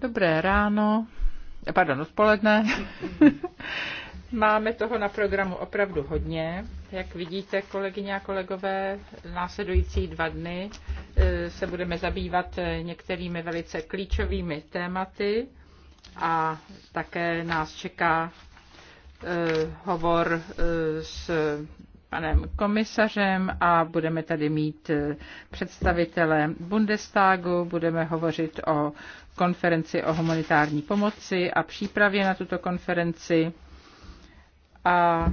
Dobré ráno, pardon, odpoledne. Máme toho na programu opravdu hodně. Jak vidíte, kolegyně a kolegové, následující dva dny eh, se budeme zabývat eh, některými velice klíčovými tématy a také nás čeká eh, hovor s panem komisařem a budeme tady mít eh, představitele Bundestagu, budeme hovořit o konferenci o humanitární pomoci a přípravě na tuto konferenci a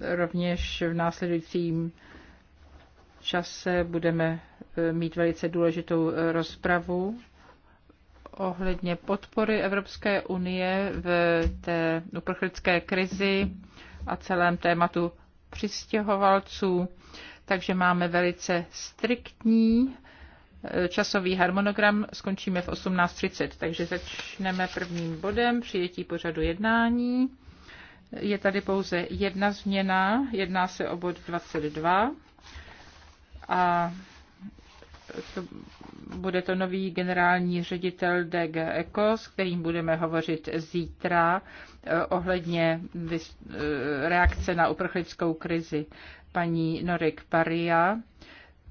rovněž v následujícím čase budeme eh, mít velice důležitou eh, rozpravu ohledně podpory Evropské unie v té uprchlické krizi a celém tématu přistěhovalců, takže máme velice striktní eh, časový harmonogram. Skončíme v 18.30, takže začneme prvním bodem přijetí pořadu jednání. Je tady pouze jedna změna, jedná se o bod 22 a to, bude to nový generální ředitel DG ECO, s kterým budeme hovořit zítra eh, ohledně eh, reakce na uprchlickou krizi. Paní Norik Paria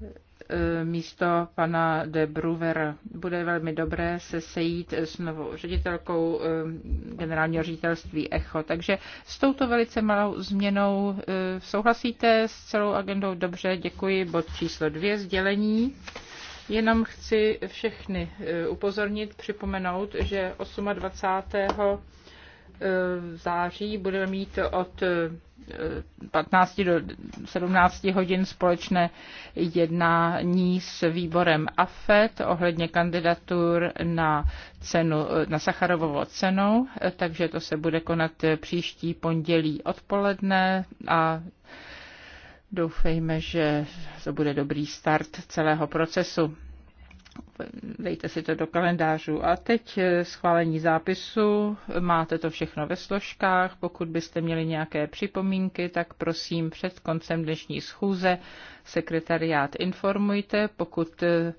eh, místo pana de Bruvera. Bude velmi dobré se sejít s novou ředitelkou generálního ředitelství ECHO. Takže s touto velice malou změnou souhlasíte s celou agendou? Dobře, děkuji. Bod číslo dvě, sdělení. Jenom chci všechny e, upozornit, připomenout, že 28. E, září budeme mít od 15 e, do 17 hodin společné jednání s výborem AFET ohledně kandidatur na, cenu, na Sacharovovo cenu, takže to se bude konat příští pondělí odpoledne a Doufejme, že to bude dobrý start celého procesu. Dejte si to do kalendářů. A teď eh, schválení zápisu. Máte to všechno ve složkách. Pokud byste měli nějaké připomínky, tak prosím před koncem dnešní schůze sekretariát informujte. Pokud eh,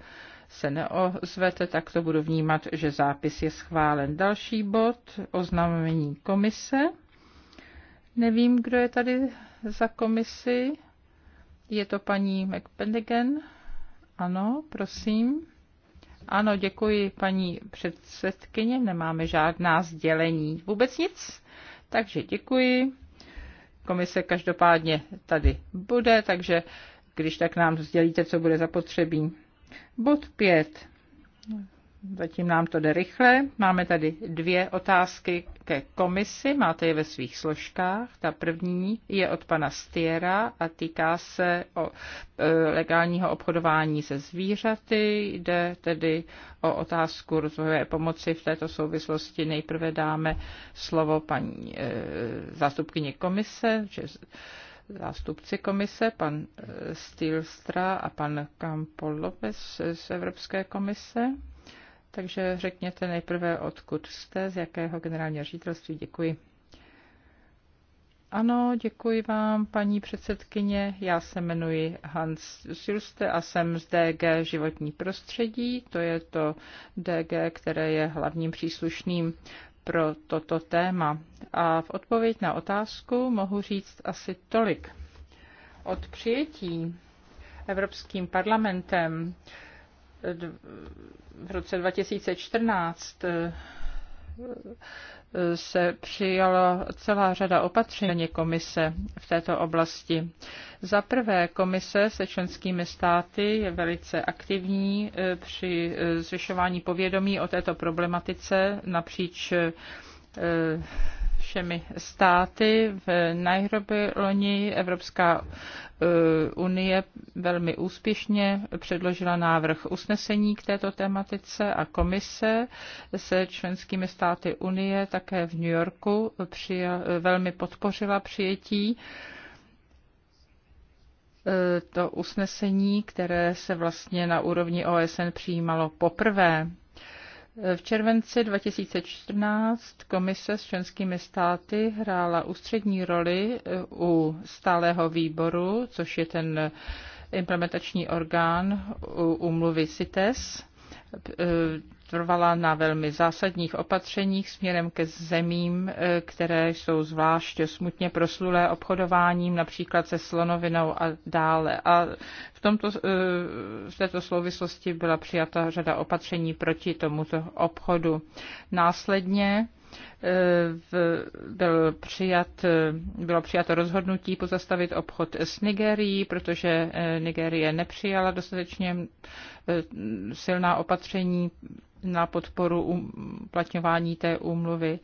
se neozvete, tak to budu vnímat, že zápis je schválen. Další bod, oznámení komise. Nevím, kdo je tady za komisi. Je to paní McPendigan? Ano, prosím. Ano, děkuji paní předsedkyně, nemáme žádná sdělení, vůbec nic, takže děkuji. Komise každopádně tady bude, takže když tak nám sdělíte, co bude zapotřebí. Bod 5. Zatím nám to jde rychle. Máme tady dvě otázky ke komisi, máte je ve svých složkách. Ta první je od pana Stiera a týká se o e, legálního obchodování se zvířaty. Jde tedy o otázku rozvojové pomoci. V této souvislosti nejprve dáme slovo paní e, zástupkyni komise, že zástupci komise, pan e, Stilstra a pan Lopez z Evropské komise. Takže řekněte nejprve, odkud jste, z jakého generálního ředitelství. Děkuji. Ano, děkuji vám, paní předsedkyně. Já se jmenuji Hans Silste a jsem z DG Životní prostředí. To je to DG, které je hlavním příslušným pro toto téma. A v odpověď na otázku mohu říct asi tolik. Od přijetí Evropským parlamentem v roce 2014 eh, eh, se přijala celá řada opatření komise v této oblasti. Za prvé, komise se členskými státy je velice aktivní eh, při zvyšování povědomí o této problematice napříč všemi státy. V Nairobi loni Evropská e, unie velmi úspěšně předložila návrh usnesení k této tematice a komise se členskými státy unie také v New Yorku přijel, velmi podpořila přijetí e, to usnesení, které se vlastně na úrovni OSN přijímalo poprvé. V červenci 2014 komise s členskými státy hrála ústřední roli eh, u stálého výboru, což je ten eh, implementační orgán úmluvy CITES eh, trvala na velmi zásadních opatřeních směrem ke zemím, eh, které jsou zvlášť smutně proslulé obchodováním, například se slonovinou a dále. A v, tomto, eh, v této souvislosti byla přijata řada opatření proti tomuto obchodu. Následně eh, byl přijat, bylo přijato rozhodnutí pozastavit obchod s Nigerií, protože Nigerie nepřijala dostatečně silná opatření na podporu um, uplatňování té úmluvy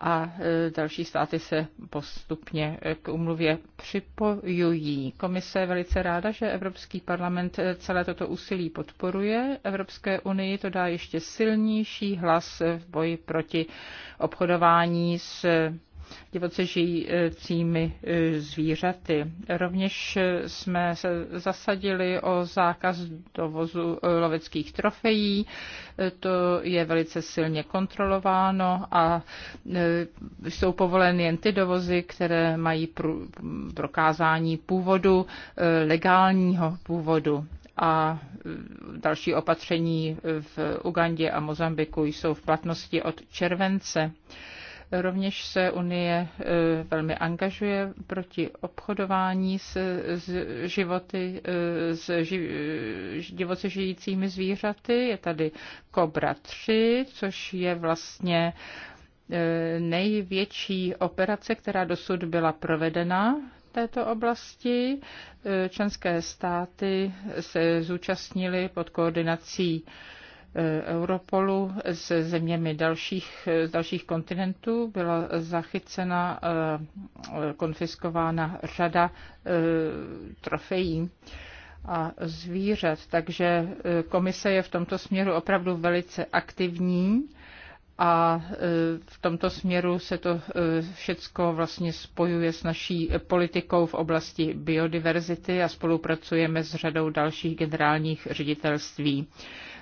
a e, další státy se postupně e, k umluvě připojují. Komise je velice ráda, že Evropský parlament e, celé toto úsilí podporuje. Evropské unii to dá ještě silnější hlas v boji proti obchodování s divoce žijícími e, e, zvířaty. Rovněž e, jsme se zasadili o zákaz dovozu loveckých trofejí. To je velice silně kontrolováno a jsou povoleny jen ty dovozy, které mají prokázání původu, legálního původu a další opatření v Ugandě a Mozambiku jsou v platnosti od července. Rovněž se Unie e, velmi angažuje proti obchodování s, s životy, e, s ži, divoce žijícími zvířaty. Je tady Cobra 3, což je vlastně e, největší operace, která dosud byla provedena této oblasti. Členské státy se zúčastnily pod koordinací Europolu s zeměmi dalších, dalších kontinentů byla zachycena, eh, konfiskována řada eh, trofejí a zvířat. Takže eh, komise je v tomto směru opravdu velice aktivní a v tomto směru se to všecko vlastně spojuje s naší politikou v oblasti biodiverzity a spolupracujeme s řadou dalších generálních ředitelství.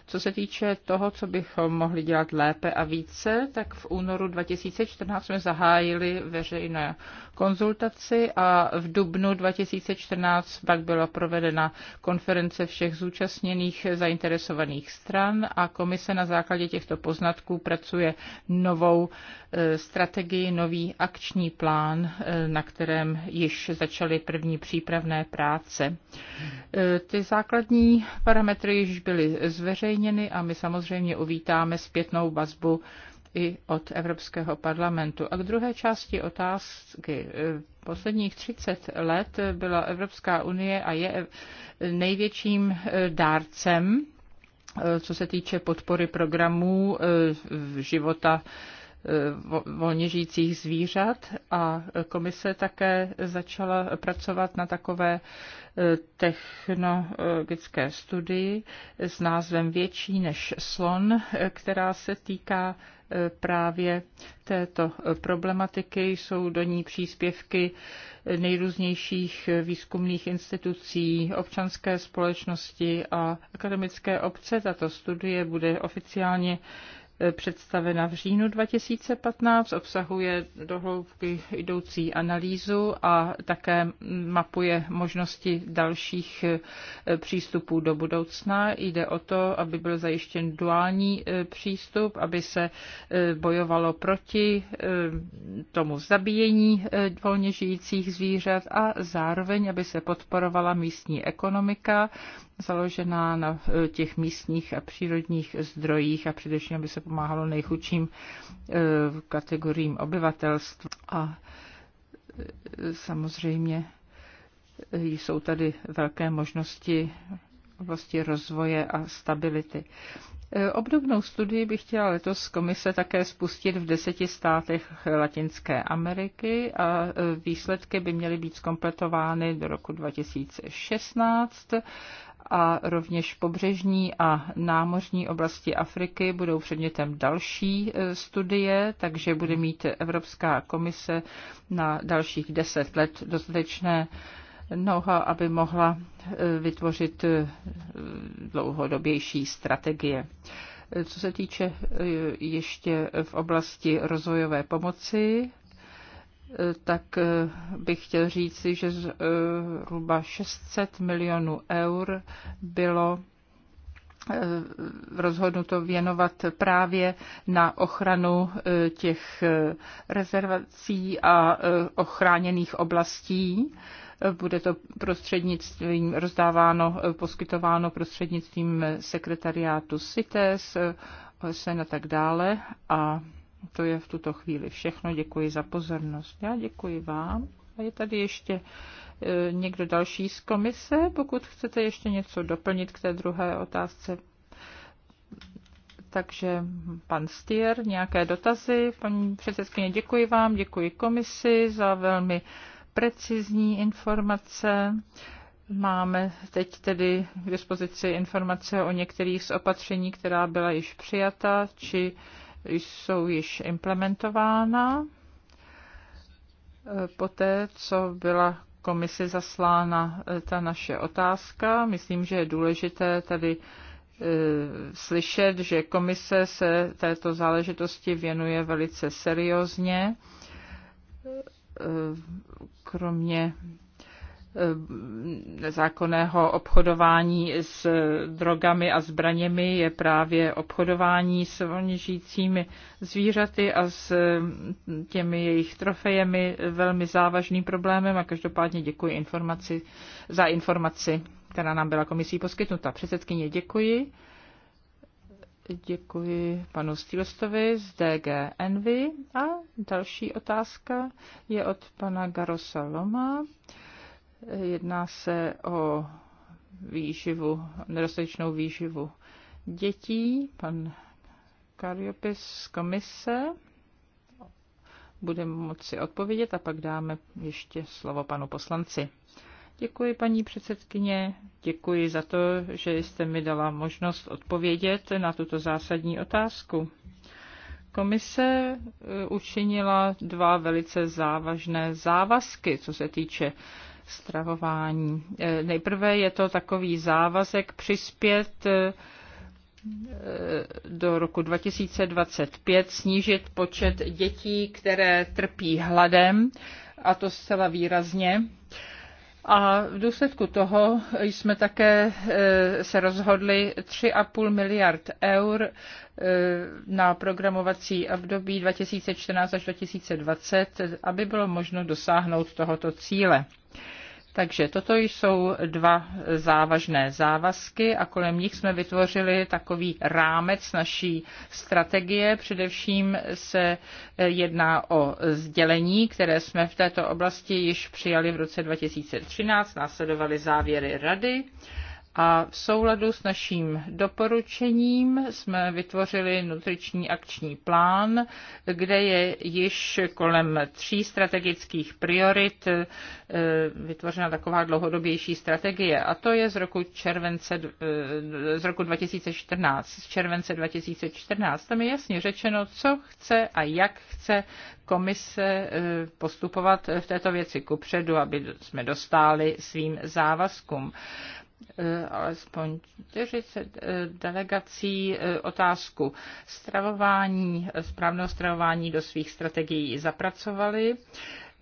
Co se týče toho, co bychom mohli dělat lépe a více, tak v únoru 2014 jsme zahájili veřejné konzultaci a v dubnu 2014 pak byla provedena konference všech zúčastněných zainteresovaných stran a komise na základě těchto poznatků pracuje novou e, strategii, nový akční plán, e, na kterém již začaly první přípravné práce. E, ty základní parametry již byly zveřejněny zveřejněny a my samozřejmě uvítáme zpětnou vazbu i od Evropského parlamentu. A k druhé části otázky. Posledních 30 let byla Evropská unie a je největším dárcem, co se týče podpory programů eh, života volně žijících zvířat a komise také začala pracovat na takové e, technologické studii s názvem Větší než slon, která se týká e, právě této problematiky. Jsou do ní příspěvky nejrůznějších výzkumných institucí, občanské společnosti a akademické obce. Tato studie bude oficiálně představena v říjnu 2015, obsahuje dohloubky jdoucí analýzu a také mapuje možnosti dalších eh, přístupů do budoucna. Jde o to, aby byl zajištěn duální eh, přístup, aby se eh, bojovalo proti tomu zabíjení volně žijících zvířat a zároveň, aby se podporovala místní ekonomika založená na e, těch místních a přírodních zdrojích a především, aby se pomáhalo nejchudším e, kategoriím obyvatelstva. A e, samozřejmě jsou tady velké možnosti vlastně rozvoje a stability. Obdobnou studii bych chtěla letos komise také spustit v deseti státech Latinské Ameriky a výsledky by měly být zkompletovány do roku 2016 a rovněž pobřežní a námořní oblasti Afriky budou předmětem další e, studie, takže bude mít Evropská komise na dalších deset let dostatečné noha, aby mohla e, vytvořit e, dlouhodobější strategie. Co se týče ještě v oblasti rozvojové pomoci, tak eh, bych chtěl říci, že eh, zhruba 600 milionů eur bylo eh, rozhodnuto věnovat právě na ochranu těch rezervací a ochráněných oblastí. Bude to prostřednictvím rozdáváno, poskytováno prostřednictvím sekretariátu CITES, OSN a tak dále. A to je v tuto chvíli všechno. Děkuji za pozornost. Já děkuji vám. A je tady ještě e, někdo další z komise, pokud chcete ještě něco doplnit k té druhé otázce. Takže pan Stier, nějaké dotazy? Paní předsedkyně, děkuji vám, děkuji komisi za velmi precizní informace. Máme teď tedy k dispozici informace o některých z opatření, která byla již přijata, či uh, jsou již implementována eh, poté, co byla komisi zaslána eh, ta naše otázka. Myslím, že je důležité tady eh, slyšet, že komise se této záležitosti věnuje velice seriózně. Kromě Eh, nezákonného obchodování s drogami a zbraněmi je právě obchodování s volně žijícími zvířaty a s mm, těmi jejich trofejemi velmi závažným problémem a každopádně děkuji informaci, za informaci, která nám byla komisí poskytnuta. Předsedkyně děkuji. Děkuji panu Stilestovi z DG Envy. A další otázka je od pana Garosa Loma Jedná se o výživu, nedostatečnou výživu dětí. Pan Kariopis z komise bude moci odpovědět a pak dáme ještě slovo panu poslanci. Děkuji, paní předsedkyně. Děkuji za to, že jste mi dala možnost odpovědět na tuto zásadní otázku. Komise eh, učinila dva velice závažné závazky, co se týče stravování. Eh, nejprve je to takový závazek přispět eh, do roku 2025 snížit počet dětí, které trpí hladem, a to zcela výrazně. A v důsledku toho jsme také eh, se rozhodli 3,5 miliard eur na programovací období 2014 až 2020, aby bylo možno dosáhnout tohoto cíle. Takže toto jsou dva závažné závazky a kolem nich jsme vytvořili takový rámec naší strategie. Především se eh, jedná o sdělení, které jsme v této oblasti již přijali v roce 2013, následovaly závěry rady a v souladu s naším doporučením jsme vytvořili nutriční akční plán, kde je již kolem tří strategických priorit eh, vytvořena taková dlouhodobější strategie. A to je z roku, července, eh, z roku 2014. Z července 2014 tam je jasně řečeno, co chce a jak chce komise eh, postupovat v této věci kupředu, aby jsme dostáli svým závazkům. E, alespoň 40 e, delegací e, otázku stravování, správného stravování do svých strategií zapracovali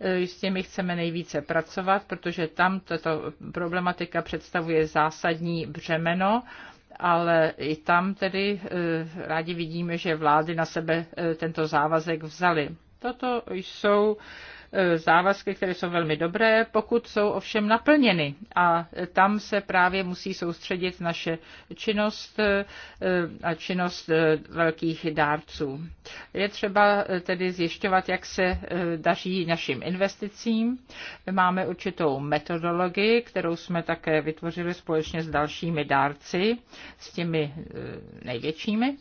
s těmi chceme nejvíce pracovat, protože tam tato problematika představuje zásadní břemeno, ale i tam tedy rádi vidíme, že vlády na sebe tento závazek vzaly. Toto jsou E, závazky, které jsou velmi dobré, pokud jsou ovšem naplněny. A tam se právě musí soustředit naše činnost e, a činnost e, velkých dárců. Je třeba tedy zjišťovat, jak se daří našim investicím. Máme určitou metodologii, kterou jsme také vytvořili společně s dalšími dárci, s těmi největšími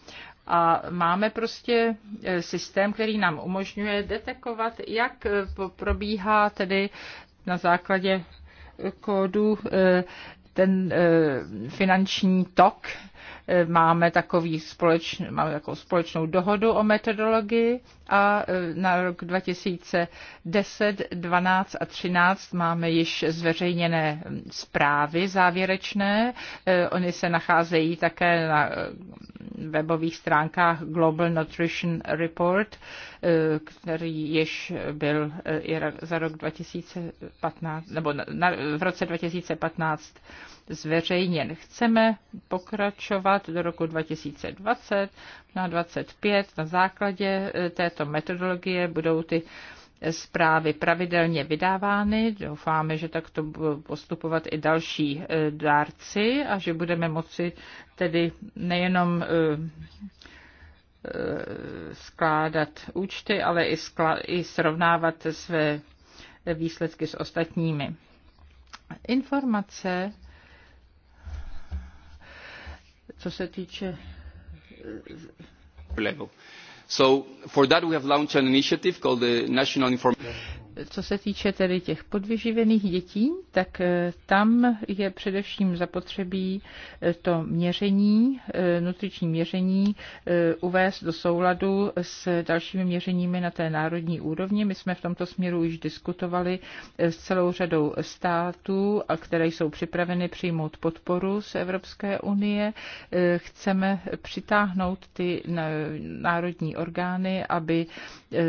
a máme prostě e, systém, který nám umožňuje detekovat, jak e, probíhá tedy na základě kódu e, ten finanční tok Máme, takový společn, máme takovou společnou dohodu o metodologii a e, na rok 2010, 12 a 13 máme již zveřejněné zprávy závěrečné. E, Oni se nacházejí také na webových stránkách Global Nutrition Report, e, který již byl za rok 2015, nebo na, na, v roce 2015 zveřejněn. Chceme pokračovat do roku 2020 na 25. Na základě eh, této metodologie budou ty eh, zprávy pravidelně vydávány. Doufáme, že takto budou postupovat i další eh, dárci a že budeme moci tedy nejenom skládat účty, ale i, skla- i srovnávat své výsledky s ostatními. Informace co se týče level. So for that we have launched an initiative called the National Information co se týče tedy těch podvyživených dětí, tak eh, tam je především zapotřebí eh, to měření, eh, nutriční měření uvést do souladu s dalšími měřeními na té národní úrovni. My jsme v tomto směru už diskutovali s celou řadou států, které jsou připraveny přijmout podporu z Evropské unie. Chceme přitáhnout ty národní orgány, aby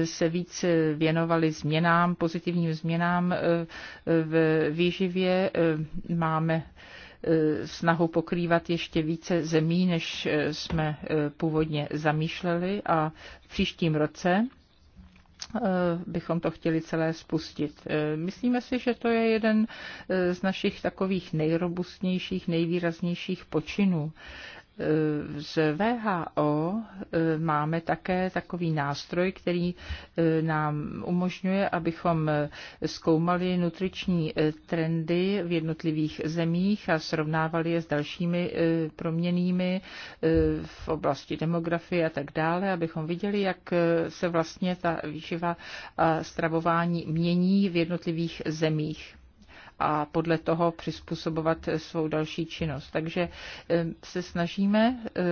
se víc věnovali změnám pozitivním změnám eh, v výživě. Eh, máme eh, snahu pokrývat ještě více zemí, než jsme původně zamýšleli a v příštím roce bychom to chtěli celé spustit. Myslíme si, že to je jeden z našich takových nejrobustnějších, nejvýraznějších počinů. Z VHO eh, máme také takový nástroj, který eh, nám umožňuje, abychom eh, zkoumali nutriční trendy v jednotlivých zemích a srovnávali je s dalšími proměnými v oblasti demografie a tak dále, abychom viděli, jak se vlastně ta výživa a stravování mění v jednotlivých zemích a podle toho přizpůsobovat svou další činnost. Takže eh, se snažíme eh,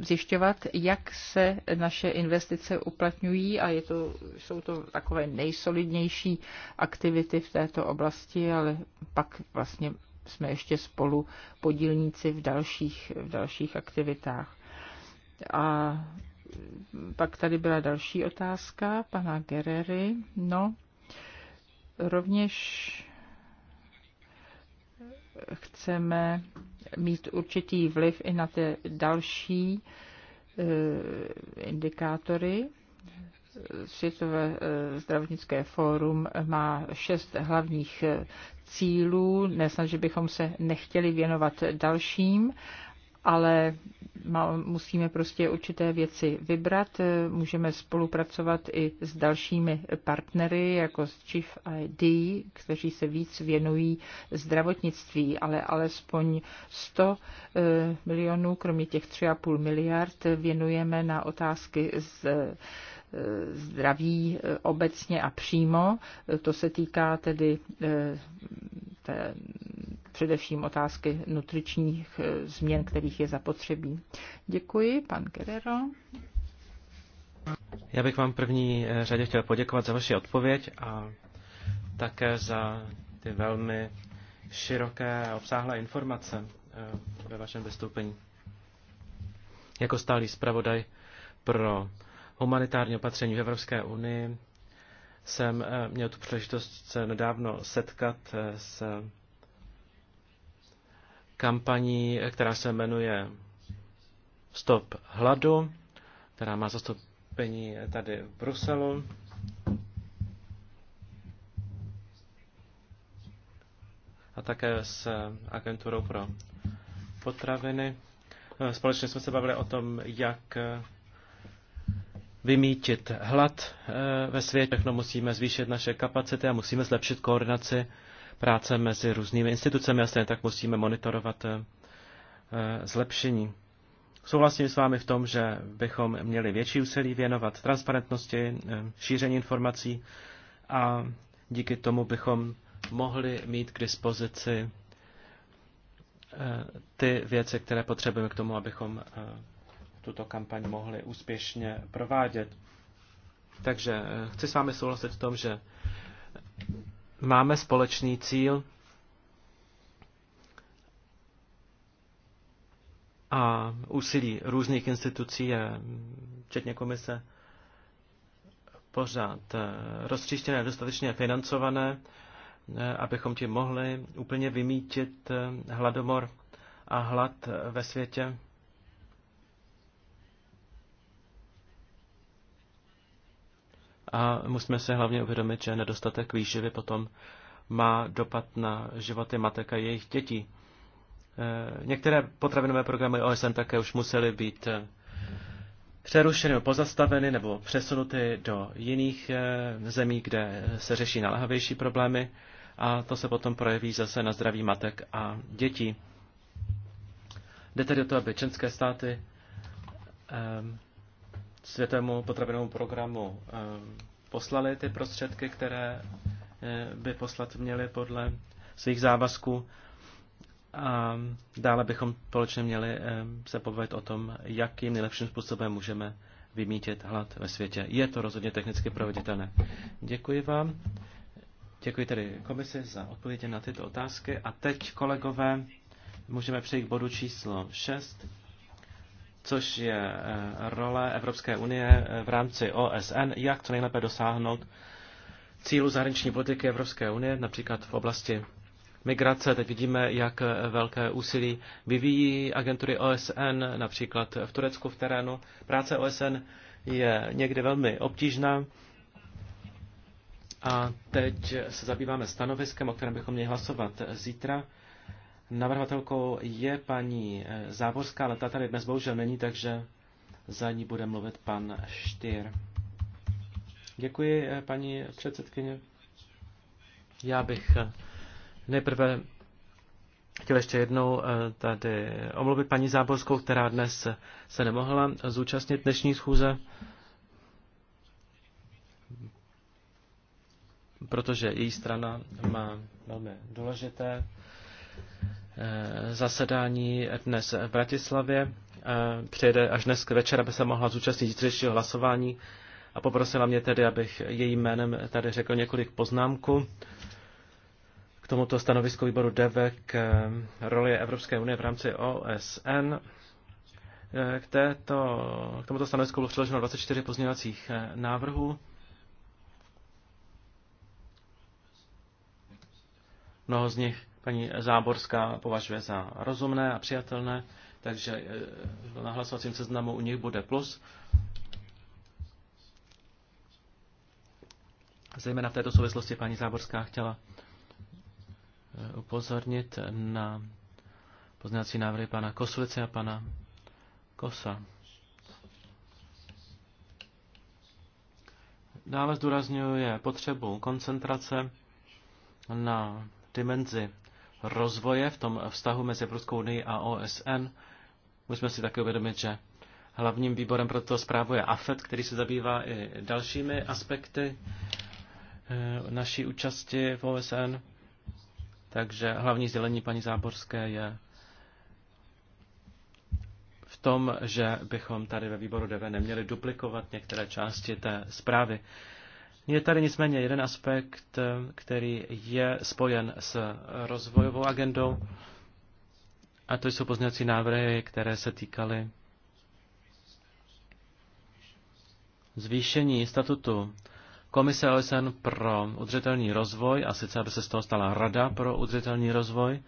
zjišťovat, jak se naše investice uplatňují a je to, jsou to takové nejsolidnější aktivity v této oblasti, ale pak vlastně jsme ještě spolu podílníci v dalších, v dalších aktivitách. A pak tady byla další otázka pana Gerery. No, rovněž chceme mít určitý vliv i na ty další eh, indikátory. Světové eh, zdravotnické fórum má šest hlavních eh, cílů. Nesnad, že bychom se nechtěli věnovat dalším, ale musíme prostě určité věci vybrat. Můžeme spolupracovat i s dalšími partnery, jako s Chief ID, kteří se víc věnují zdravotnictví, ale alespoň 100 eh, milionů, kromě těch 3,5 miliard, věnujeme na otázky z eh, zdraví eh, obecně a přímo. To se týká tedy té především otázky nutričních eh, změn, kterých je zapotřebí. Děkuji, pan Guerrero. Já bych vám první eh, řadě chtěl poděkovat za vaši odpověď a také za ty velmi široké a obsáhlé informace eh, ve vašem vystoupení. Jako stálý zpravodaj pro humanitární opatření v Evropské unii jsem měl tu příležitost se nedávno setkat s kampaní, která se jmenuje Stop hladu, která má zastoupení tady v Bruselu. A také s agenturou pro potraviny. Společně jsme se bavili o tom, jak vymítit hlad eh, ve světě. Všechno musíme zvýšit naše kapacity a musíme zlepšit koordinaci práce mezi různými institucemi a stejně tak musíme monitorovat eh, eh, zlepšení. Souhlasím s vámi v tom, že bychom měli větší úsilí věnovat transparentnosti, eh, šíření informací a díky tomu bychom mohli mít k dispozici ty věci, které potřebujeme k tomu, abychom tuto kampaň mohli úspěšně provádět. Takže chci s vámi souhlasit v tom, že Máme společný cíl a úsilí různých institucí, včetně komise, pořád eh, roztříštěné, dostatečně financované, eh, abychom ti mohli úplně vymítit eh, hladomor a hlad ve světě. A musíme se hlavně uvědomit, že nedostatek výživy potom má dopad na životy matek a jejich dětí. E, některé potravinové programy OSN také už musely být e, přerušeny, pozastaveny nebo přesunuty do jiných e, zemí, kde se řeší naléhavější problémy a to se potom projeví zase na zdraví matek a dětí. Jde tedy o to, aby členské státy světovému potravinovému programu ehm, poslali ty prostředky, které eh, by poslat měli podle svých závazků. A dále bychom společně měli ehm, se pobavit o tom, jakým nejlepším způsobem můžeme vymítit hlad ve světě. Je to rozhodně technicky proveditelné. Děkuji vám. Děkuji tedy komisi za odpovědi na tyto otázky. A teď, kolegové, můžeme přejít k bodu číslo 6 což je eh, role Evropské unie eh, v rámci OSN, jak co nejlépe dosáhnout cílu zahraniční politiky Evropské unie, například v oblasti migrace. Teď vidíme, jak eh, velké úsilí vyvíjí agentury OSN, například v Turecku v terénu. Práce OSN je někdy velmi obtížná. A teď se zabýváme stanoviskem, o kterém bychom měli hlasovat zítra. Navrhovatelkou je paní eh, Záborská, ale ta tady dnes bohužel není, takže za ní bude mluvit pan Štyr. Děkuji, eh, paní předsedkyně. Já bych eh, nejprve chtěl ještě jednou tady omluvit paní Záborskou, která dnes se nemohla zúčastnit dnešní schůze, protože její strana má velmi důležité Eh, zasedání dnes v Bratislavě. Eh, přijede až dnes večer, aby se mohla zúčastnit zítřejšího hlasování a poprosila mě tedy, abych jejím jménem tady řekl několik poznámků k tomuto stanovisku výboru DEVE k eh, roli Evropské unie v rámci OSN. K, této, k tomuto stanovisku bylo přiloženo 24 pozměňovacích návrhů. Mnoho z nich paní Záborská považuje za rozumné a přijatelné, takže eh, na hlasovacím seznamu u nich bude plus. Zejména v této souvislosti paní Záborská chtěla eh, upozornit na pozměňovací návrhy pana Kosulice a pana Kosa. Dále zdůrazňuje potřebu koncentrace na dimenzi rozvoje v tom vztahu mezi Evropskou unii a OSN. Musíme si také uvědomit, že hlavním výborem pro to zprávu je AFET, který se zabývá i dalšími aspekty eh, naší účasti v OSN. Takže hlavní sdělení paní Záborské je v tom, že bychom tady ve výboru DV neměli duplikovat některé části té zprávy. Je tady nicméně jeden aspekt, eh, který je spojen s rozvojovou agendou, a to jsou pozměňovací návrhy, které se týkaly zvýšení statutu Komise OSN pro udržitelný rozvoj, a sice aby se z toho stala Rada pro udržitelný rozvoj,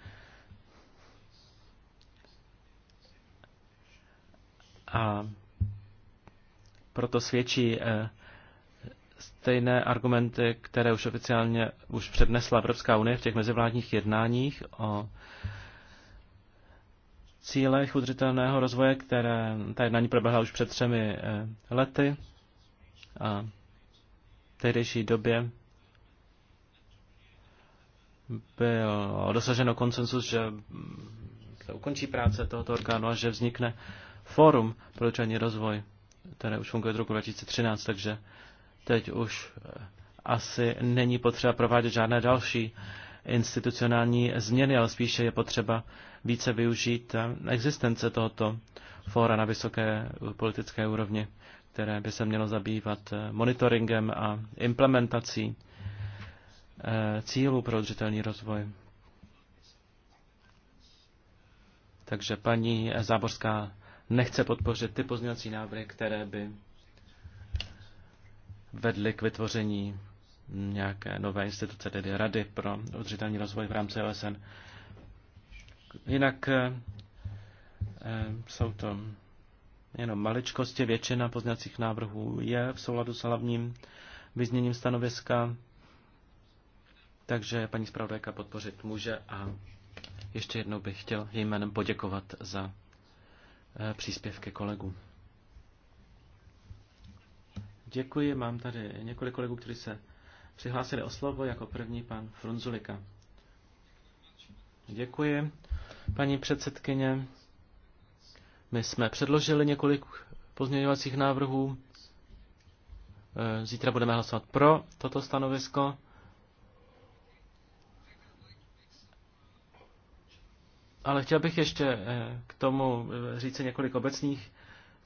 a proto svědčí eh, stejné argumenty, které už oficiálně už přednesla Evropská unie v těch mezivládních jednáních o cílech udržitelného rozvoje, které ta jednání proběhla už před třemi eh, lety a v tehdejší době bylo dosaženo konsensus, že se mm, ukončí práce tohoto orgánu a že vznikne fórum pro rozvoj, které už funguje od roku 2013, takže Teď už eh, asi není potřeba provádět žádné další institucionální změny, ale spíše je potřeba více využít eh, existence tohoto fóra na vysoké politické úrovni, které by se mělo zabývat eh, monitoringem a implementací cílů pro udržitelný rozvoj. Takže paní Záborská nechce podpořit ty pozměňovací návrhy, které by vedly k vytvoření nějaké nové instituce, tedy Rady pro udržitelný rozvoj v rámci OSN. Jinak eh, eh, jsou to jenom maličkosti. Většina pozněcích návrhů je v souladu s hlavním vyzněním stanoviska, takže paní zpravodajka podpořit může a ještě jednou bych chtěl jménem poděkovat za eh, příspěvky kolegům. Děkuji, mám tady několik kolegů, kteří se přihlásili o slovo, jako první pan Frunzulika. Děkuji, paní předsedkyně. My jsme předložili několik pozměňovacích návrhů. Eh, zítra budeme hlasovat pro toto stanovisko. Ale chtěl bych ještě eh, k tomu eh, říct několik obecných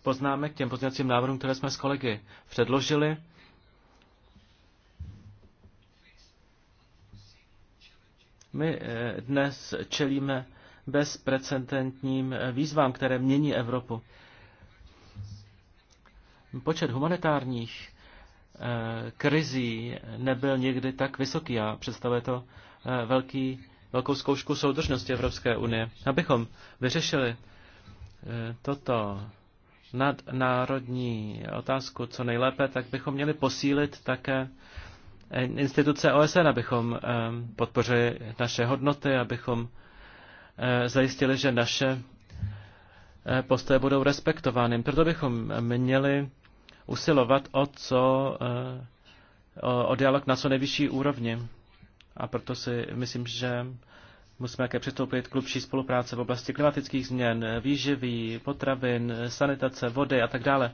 Poznáme k těm pozměňovacím návrhům, které jsme s kolegy předložili. My eh, dnes čelíme bezprecedentním eh, výzvám, které mění Evropu. Počet humanitárních eh, krizí nebyl někdy tak vysoký a představuje to velký, velkou zkoušku soudržnosti Evropské unie. Abychom vyřešili toto nadnárodní otázku co nejlépe, tak bychom měli posílit také eh, instituce OSN, abychom eh, podpořili naše hodnoty, abychom eh, zajistili, že naše postoje budou respektovány. Proto bychom měli usilovat o, co, o, dialog na co nejvyšší úrovni. A proto si myslím, že Musíme také přistoupit k hlubší spolupráce v oblasti klimatických změn, výživy, potravin, sanitace, vody a tak dále.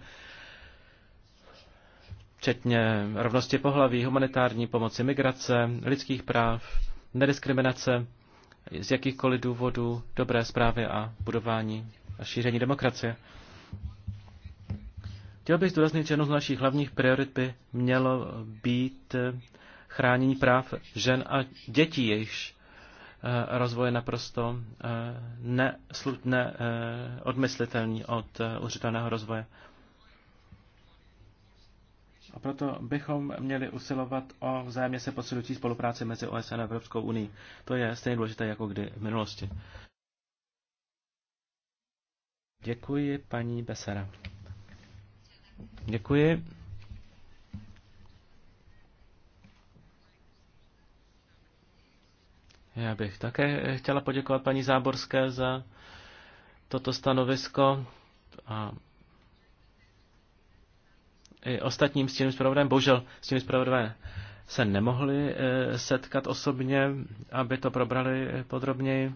Včetně rovnosti pohlaví, humanitární pomoci, migrace, lidských práv, nediskriminace z jakýchkoliv důvodů, dobré zprávy a budování a šíření demokracie. Chtěl bych zdůraznit, že jednou z našich hlavních priorit by mělo být chránění práv žen a dětí, jejichž Eh, rozvoje naprosto eh, neodmyslitelný eh, odmyslitelný od udržitelného rozvoje. A proto bychom měli usilovat o vzájemně se posilující spolupráci mezi OSN a Evropskou unii. To je stejně důležité jako kdy v minulosti. Děkuji, paní Besera. Děkuji. Já bych také chtěla poděkovat paní Záborské za toto stanovisko a i ostatním stínovým zpravodajem. Bohužel stínovým zpravodajem se nemohli eh, setkat osobně, aby to probrali eh, podrobněji.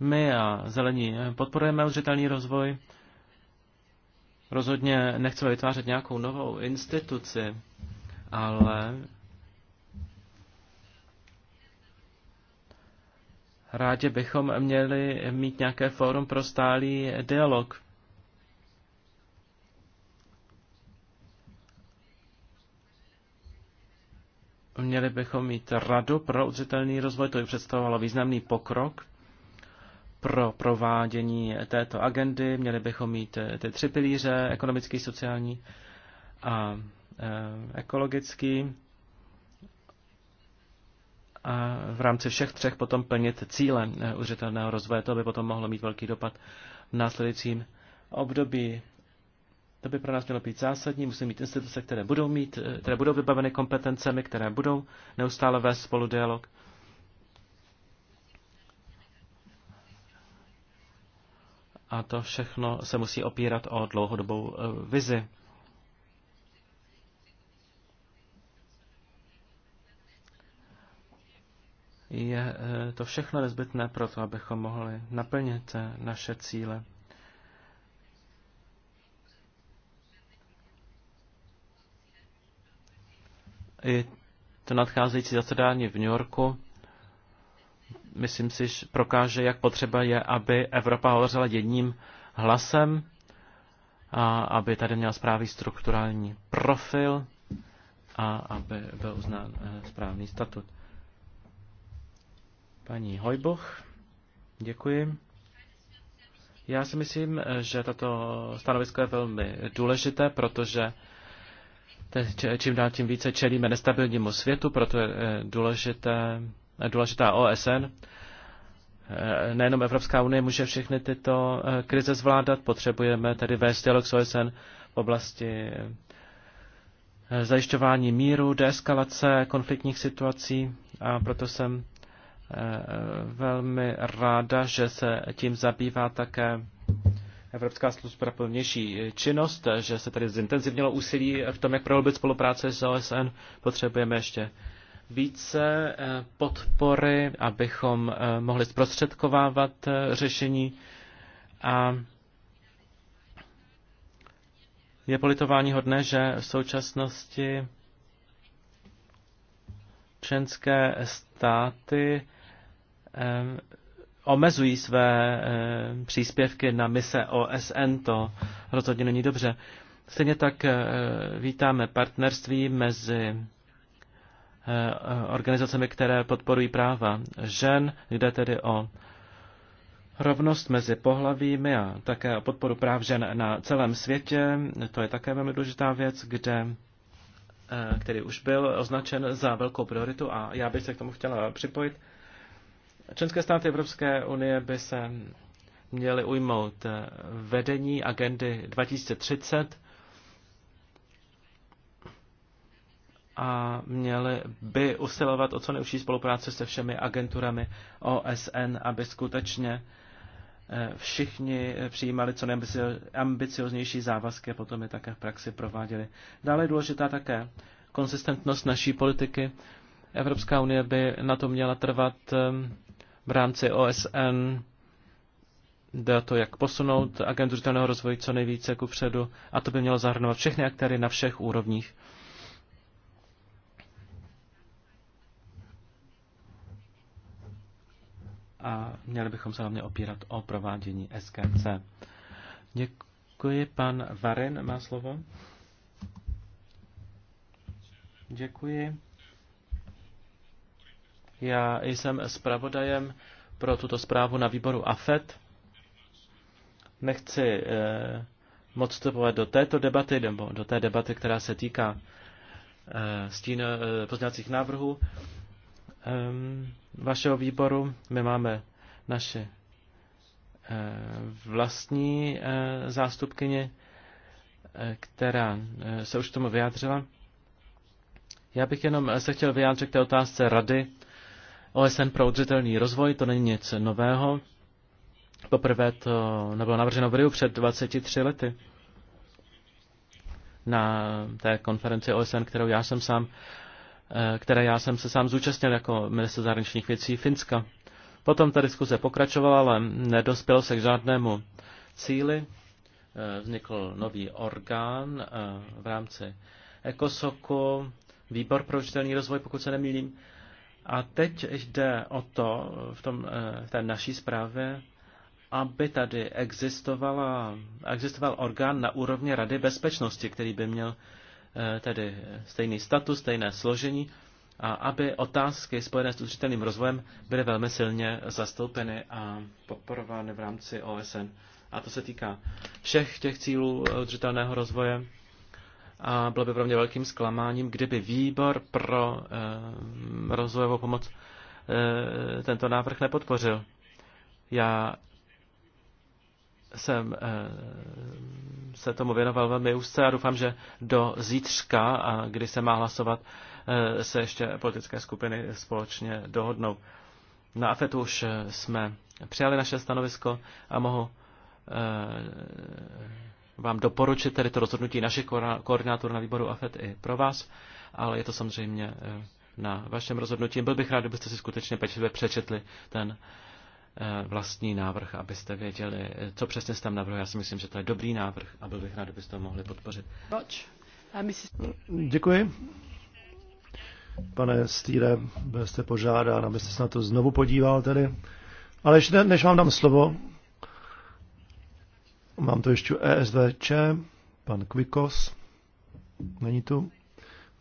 My a zelení eh, podporujeme udržitelný rozvoj. Rozhodně nechceme vytvářet nějakou novou instituci, ale rádi bychom měli mít nějaké fórum pro stálý dialog. Měli bychom mít radu pro udržitelný rozvoj, to by představovalo významný pokrok pro provádění této agendy. Měli bychom mít ty tři pilíře, ekonomický, sociální a Eh, ekologický a v rámci všech třech potom plnit cíle eh, udržitelného rozvoje. To by potom mohlo mít velký dopad v následujícím období. To by pro nás mělo být zásadní. Musíme mít instituce, které budou, mít, eh, které budou vybaveny kompetencemi, které budou neustále vést spolu dialog. A to všechno se musí opírat o dlouhodobou vizi. je eh, to všechno nezbytné pro to, abychom mohli naplnit eh, naše cíle. I to nadcházející zasedání v New Yorku, myslím si, že prokáže, jak potřeba je, aby Evropa hovořila jedním hlasem a aby tady měla správný strukturální profil a aby byl uznán eh, správný statut. Paní Hojboch, děkuji. Já si myslím, že tato stanovisko je velmi důležité, protože čím dál tím více čelíme nestabilnímu světu, proto je eh, důležité, eh, důležitá OSN. Eh, nejenom Evropská unie může všechny tyto krize zvládat, potřebujeme tedy vést dialog s OSN v oblasti zajišťování míru, deeskalace konfliktních situací a proto jsem velmi ráda, že se tím zabývá také Evropská služba pro vnější činnost, že se tady zintenzivnilo úsilí v tom, jak prohloubit spolupráce s OSN. Potřebujeme ještě více eh, podpory, abychom eh, mohli zprostředkovávat eh, řešení a je politování hodné, že v současnosti členské státy Eh, omezují své eh, příspěvky na mise OSN, to rozhodně není dobře. Stejně tak eh, vítáme partnerství mezi organizacemi, které podporují práva žen, jde tedy o rovnost mezi pohlavími a také o podporu práv žen na celém světě. To je také velmi důležitá věc, kde který už byl označen za velkou prioritu a já bych se k tomu chtěla připojit. Členské státy Evropské unie by se měly ujmout eh, vedení agendy 2030 a měly by usilovat o co neužší spolupráci se všemi agenturami OSN, aby skutečně eh, všichni eh, přijímali co nejambicioznější závazky a potom je také v praxi prováděli. Dále je důležitá také konsistentnost naší politiky. Evropská unie by na to měla trvat v rámci OSN. Jde o to, jak posunout agendu řitelného rozvoje co nejvíce ku předu a to by mělo zahrnovat všechny aktéry na všech úrovních. A měli bychom se hlavně opírat o provádění SKC. Děkuji, pan Varin má slovo. Děkuji. Já jsem zpravodajem pro tuto zprávu na výboru AFET. Nechci eh, moc vstupovat do této debaty, nebo do té debaty, která se týká eh, stín eh, pozdělacích návrhů eh, vašeho výboru. My máme naše eh, vlastní eh, zástupkyně, eh, která eh, se už k tomu vyjádřila. Já bych jenom se chtěl vyjádřit k té otázce rady OSN pro udržitelný rozvoj, to není nic nového. Poprvé to nebylo navrženo v Riu před 23 lety na té konferenci OSN, kterou já jsem sám, eh, které já jsem se sám zúčastnil jako minister zahraničních věcí Finska. Potom ta diskuze pokračovala, ale nedospěl se k žádnému cíli. Eh, vznikl nový orgán eh, v rámci ECOSOKu, výbor pro učitelný rozvoj, pokud se nemýlím, a teď jde o to v, tom, eh, v té naší zprávě, aby tady existovala, existoval orgán na úrovni Rady bezpečnosti, který by měl eh, tedy stejný status, stejné složení a aby otázky spojené s udržitelným rozvojem byly velmi silně zastoupeny a podporovány v rámci OSN. A to se týká všech těch cílů udržitelného rozvoje a bylo by pro mě velkým zklamáním, kdyby výbor pro eh, rozvojovou pomoc eh, tento návrh nepodpořil. Já jsem eh, se tomu věnoval velmi úzce a doufám, že do zítřka, a kdy se má hlasovat, eh, se ještě politické skupiny společně dohodnou. Na AFET už eh, jsme přijali naše stanovisko a mohu eh, vám doporučit tedy to rozhodnutí našich koordinátorů na výboru AFET i pro vás, ale je to samozřejmě eh, na vašem rozhodnutí. Byl bych rád, kdybyste si skutečně pečlivě přečetli ten eh, vlastní návrh, abyste věděli, eh, co přesně se tam navrhuje. Já si myslím, že to je dobrý návrh a byl bych rád, kdybyste ho mohli podpořit. Děkuji. Pane Stýre, byl jste požádán, abyste se na to znovu podíval tedy. Ale ještě než vám dám slovo, Mám tu ještě ESVČ, pan Kvikos. Není tu.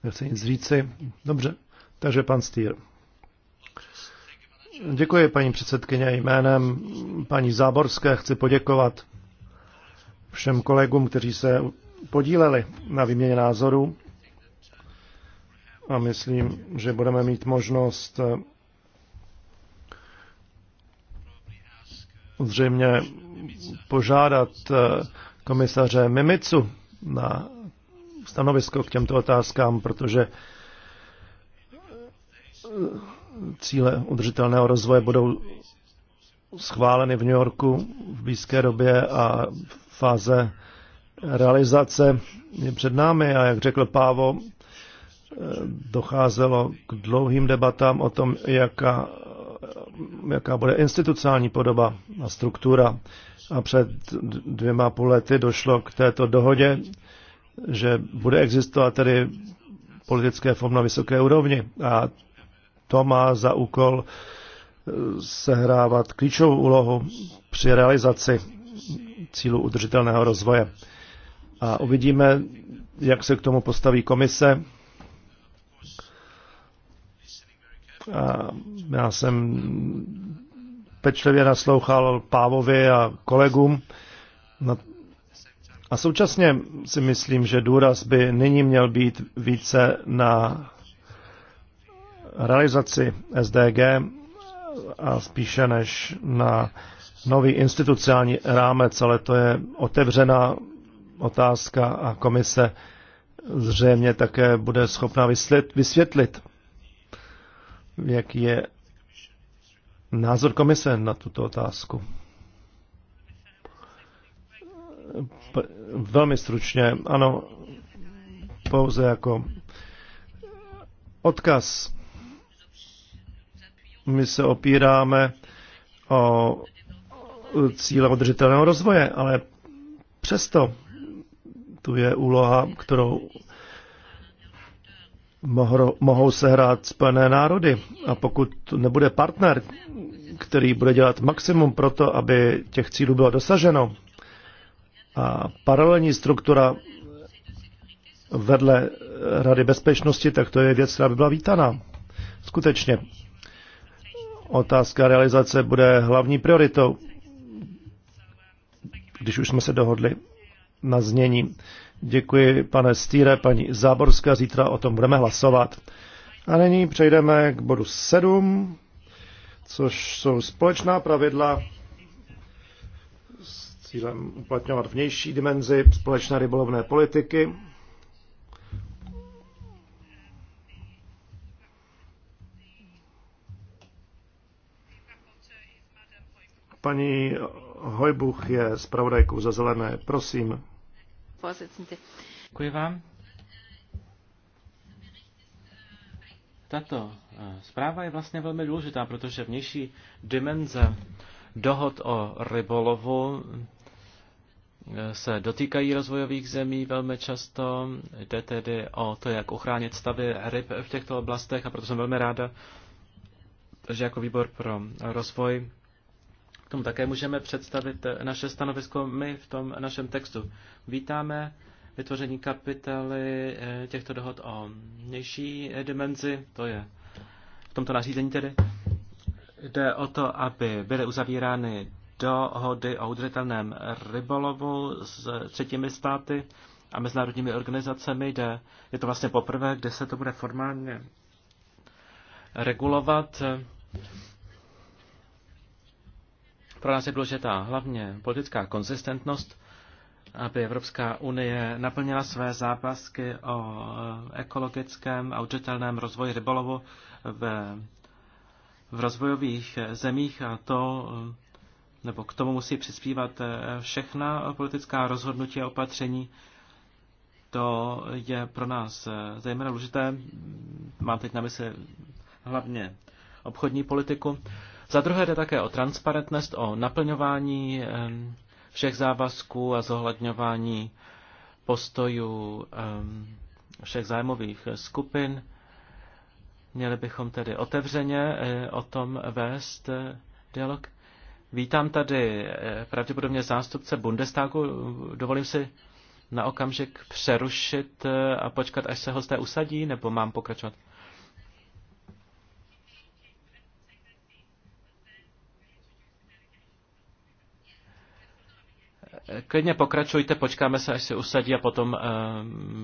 Nechce nic říci. Dobře, takže pan Stýr. Děkuji, paní předsedkyně. Jménem paní Záborské chci poděkovat všem kolegům, kteří se podíleli na výměně názorů. A myslím, že budeme mít možnost zřejmě požádat eh, komisaře Mimicu na stanovisko k těmto otázkám, protože eh, cíle udržitelného rozvoje budou schváleny v New Yorku v blízké době a fáze realizace je před námi a jak řekl Pávo, eh, docházelo k dlouhým debatám o tom, jaká Eh, jaká bude institucionální podoba a struktura. A před dvěma půl lety došlo k této dohodě, že bude existovat tedy politické fond na vysoké úrovni. A to má za úkol eh, sehrávat klíčovou úlohu při realizaci cílu udržitelného rozvoje. A uvidíme, jak se k tomu postaví komise A já jsem pečlivě naslouchal Pávovi a kolegům. No, a současně si myslím, že důraz by nyní měl být více na realizaci SDG a spíše než na nový institucionální rámec, ale to je otevřená otázka a komise zřejmě také bude schopna vysvětlit, vysvětlit jaký je názor komise na tuto otázku. Velmi stručně, ano, pouze jako odkaz. My se opíráme o cíle udržitelného rozvoje, ale přesto tu je úloha, kterou mohou, se sehrát Spojené národy. A pokud nebude partner, který bude dělat maximum pro to, aby těch cílů bylo dosaženo, a paralelní struktura vedle Rady bezpečnosti, tak to je věc, která by byla vítaná. Skutečně. Otázka realizace bude hlavní prioritou, když už jsme se dohodli na znění. Děkuji, pane Stýre, paní Záborská, zítra o tom budeme hlasovat. A nyní přejdeme k bodu 7, což jsou společná pravidla s cílem uplatňovat vnější dimenzi společné rybolovné politiky. Paní Hojbuch je zpravodajkou za zelené. Prosím. Děkuji vám. Tato eh, zpráva je vlastně velmi důležitá, protože vnější dimenze dohod o rybolovu eh, se dotýkají rozvojových zemí velmi často. Jde tedy o to, jak uchránit stavy ryb v těchto oblastech a proto jsem velmi ráda, že jako výbor pro rozvoj k tomu také můžeme představit eh, naše stanovisko my v tom našem textu. Vítáme vytvoření kapitely eh, těchto dohod o vnější eh, dimenzi, to je v tomto nařízení tedy. Jde o to, aby byly uzavírány dohody o udržitelném rybolovu s třetími státy a mezinárodními organizacemi, kde je to vlastně poprvé, kde se to bude formálně regulovat. Pro nás je důležitá hlavně politická konzistentnost, aby Evropská unie naplnila své zápasky o ekologickém a udržitelném rozvoji rybolovu v, v rozvojových zemích a to nebo k tomu musí přispívat všechna politická rozhodnutí a opatření. To je pro nás zejména důležité. Mám teď na mysli hlavně obchodní politiku. Za druhé jde také o transparentnost, o naplňování všech závazků a zohledňování postojů všech zájmových skupin. Měli bychom tedy otevřeně eh, o tom vést eh, dialog. Vítám tady eh, pravděpodobně zástupce Bundestagu. Dovolím si na okamžik přerušit a počkat, až se hosté usadí, nebo mám pokračovat? Klidně pokračujte, počkáme se, až se usadí a potom eh,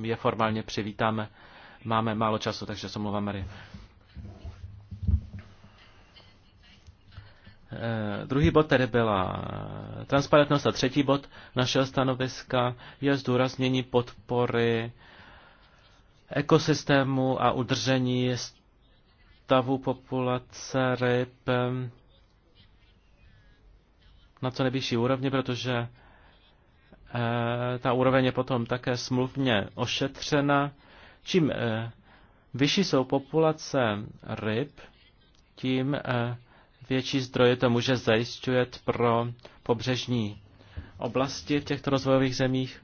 je formálně přivítáme. Máme málo času, takže se mluvám, Marie. Eh, druhý bod tedy byla eh, transparentnost a třetí bod našeho stanoviska je zdůraznění podpory ekosystému a udržení stavu populace ryb na co nejvyšší úrovni, protože Eh, ta úroveň je potom také smluvně ošetřena. Čím eh, vyšší jsou populace ryb, tím eh, větší zdroje to může zajišťovat pro pobřežní oblasti v těchto rozvojových zemích.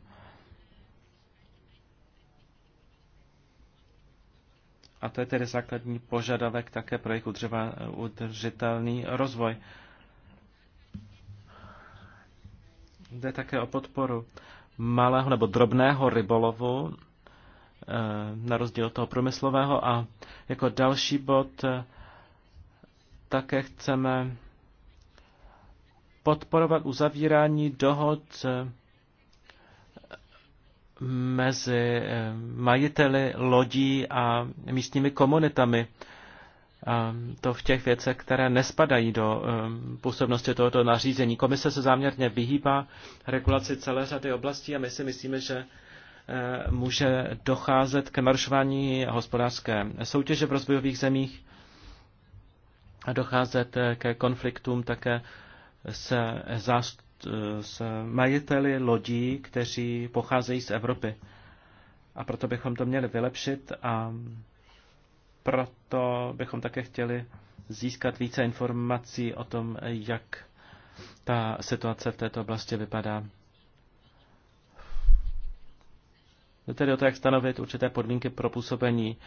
A to je tedy základní požadavek také pro jejich udržitelný rozvoj. Jde také o podporu malého nebo drobného rybolovu, eh, na rozdíl od toho průmyslového. A jako další bod eh, také chceme podporovat uzavírání dohod eh, mezi majiteli lodí a místními komunitami to v těch věcech, které nespadají do eh, působnosti tohoto nařízení. Komise se záměrně vyhýbá regulaci celé řady oblastí a my si myslíme, že eh, může docházet k narušování hospodářské soutěže v rozvojových zemích a docházet eh, ke konfliktům také se, zást, se majiteli lodí, kteří pocházejí z Evropy. A proto bychom to měli vylepšit a proto bychom také chtěli získat více informací o tom, jak ta situace v této oblasti vypadá. Jde tedy o to, jak stanovit určité podmínky pro působení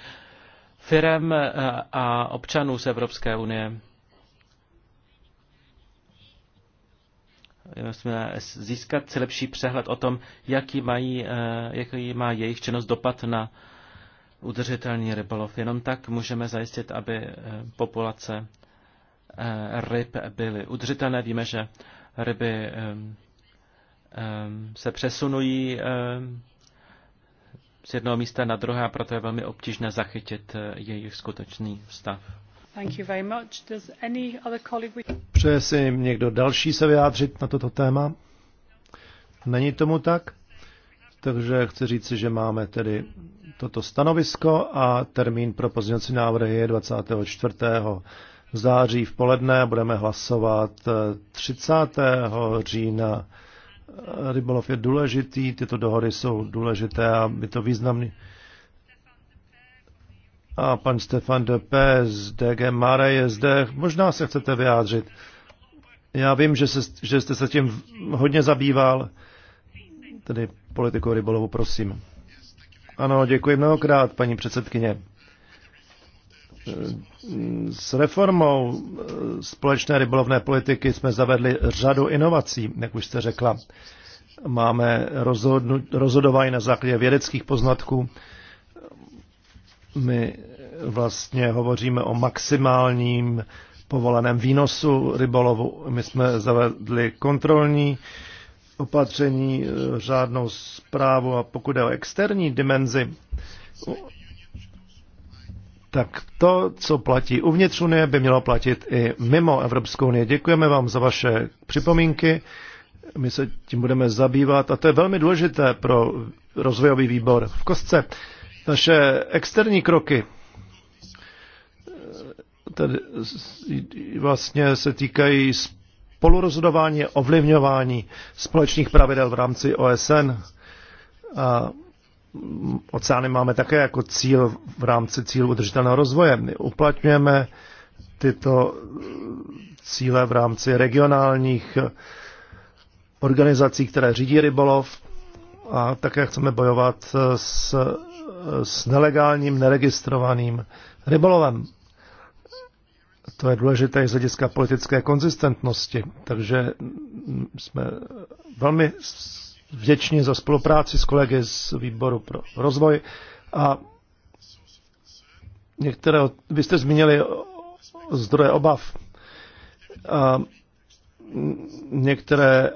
firem a občanů z Evropské unie. Musíme získat si lepší přehled o tom, jaký, mají, jaký má jejich činnost dopad na udržitelný rybolov. Jenom tak můžeme zajistit, aby eh, populace eh, ryb byly udržitelné. Víme, že ryby eh, se přesunují z jednoho místa na druhé a proto je velmi obtížné zachytit jejich skutečný stav. Thank you very much. Does any other colleague... Přeje si někdo další se vyjádřit na toto téma? Není tomu tak? Takže chci říci, že máme tedy toto stanovisko a termín pro pozměňovací návrhy je 24. září v poledne. Budeme hlasovat 30. Eh, října. Rybolov je důležitý, tyto dohody jsou důležité a by to významný. A pan Stefan de P. z DG Mare je zde. Možná se chcete vyjádřit. Já vím, že, se, že jste se tím hodně zabýval. Tedy politiku rybolovu, prosím. Ano, děkuji mnohokrát, paní předsedkyně. S reformou společné rybolovné politiky jsme zavedli řadu inovací, jak už jste řekla. Máme rozhodování na základě vědeckých poznatků. My vlastně hovoříme o maximálním povoleném výnosu rybolovu. My jsme zavedli kontrolní uh, opatření, eh, řádnou zprávu a pokud je o externí dimenzi, tak to, co platí uvnitř Unie, by mělo platit i mimo Evropskou unii. Děkujeme vám za vaše připomínky. My se tím budeme zabývat a to je velmi důležité pro rozvojový výbor. V kostce naše externí kroky eh, tedy vlastně se týkají spolurozhodování, ovlivňování společných pravidel v rámci OSN. A oceány máme také jako cíl v rámci cílu udržitelného rozvoje. My uplatňujeme tyto cíle v rámci regionálních organizací, které řídí rybolov a také chceme bojovat s, s nelegálním, neregistrovaným rybolovem. To je důležité i z hlediska politické konzistentnosti, takže jsme velmi vděční za spolupráci s kolegy z výboru pro rozvoj a některé, vy jste zmínili zdroje obav, a některé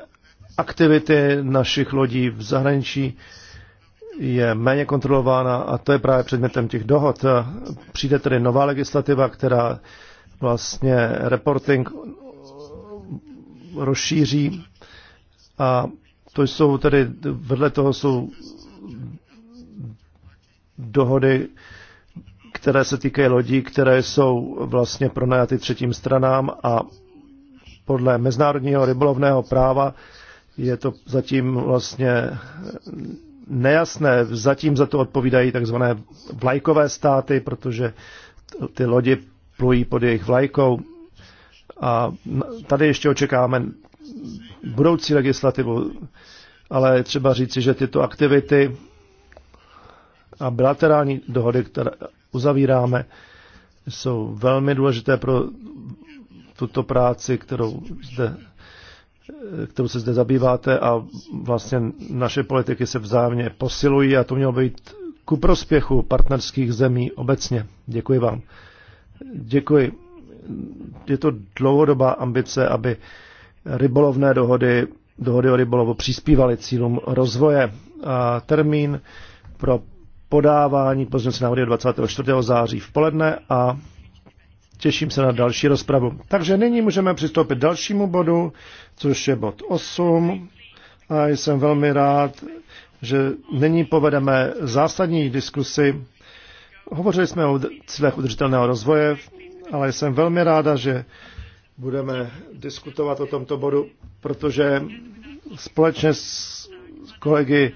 aktivity našich lodí v zahraničí je méně kontrolována a to je právě předmětem těch dohod. Přijde tedy nová legislativa, která vlastně reporting rozšíří a to jsou tedy, vedle toho jsou dohody, které se týkají lodí, které jsou vlastně pronajaty třetím stranám a podle mezinárodního rybolovného práva je to zatím vlastně nejasné. Zatím za to odpovídají takzvané vlajkové státy, protože ty lodi plují pod jejich vlajkou. A tady ještě očekáváme budoucí legislativu, ale třeba říci, že tyto aktivity a bilaterální dohody, které uzavíráme, jsou velmi důležité pro tuto práci, kterou, zde, kterou se zde zabýváte a vlastně naše politiky se vzájemně posilují a to mělo být ku prospěchu partnerských zemí obecně. Děkuji vám. Děkuji. Je to dlouhodobá ambice, aby rybolovné dohody, dohody o rybolovu přispívaly cílům rozvoje. A termín pro podávání pozměnce návrhy 24. září v poledne a těším se na další rozpravu. Takže nyní můžeme přistoupit k dalšímu bodu, což je bod 8. A jsem velmi rád, že nyní povedeme zásadní diskusy Hovořili jsme o cílech udržitelného rozvoje, ale jsem velmi ráda, že budeme diskutovat o tomto bodu, protože společně s kolegy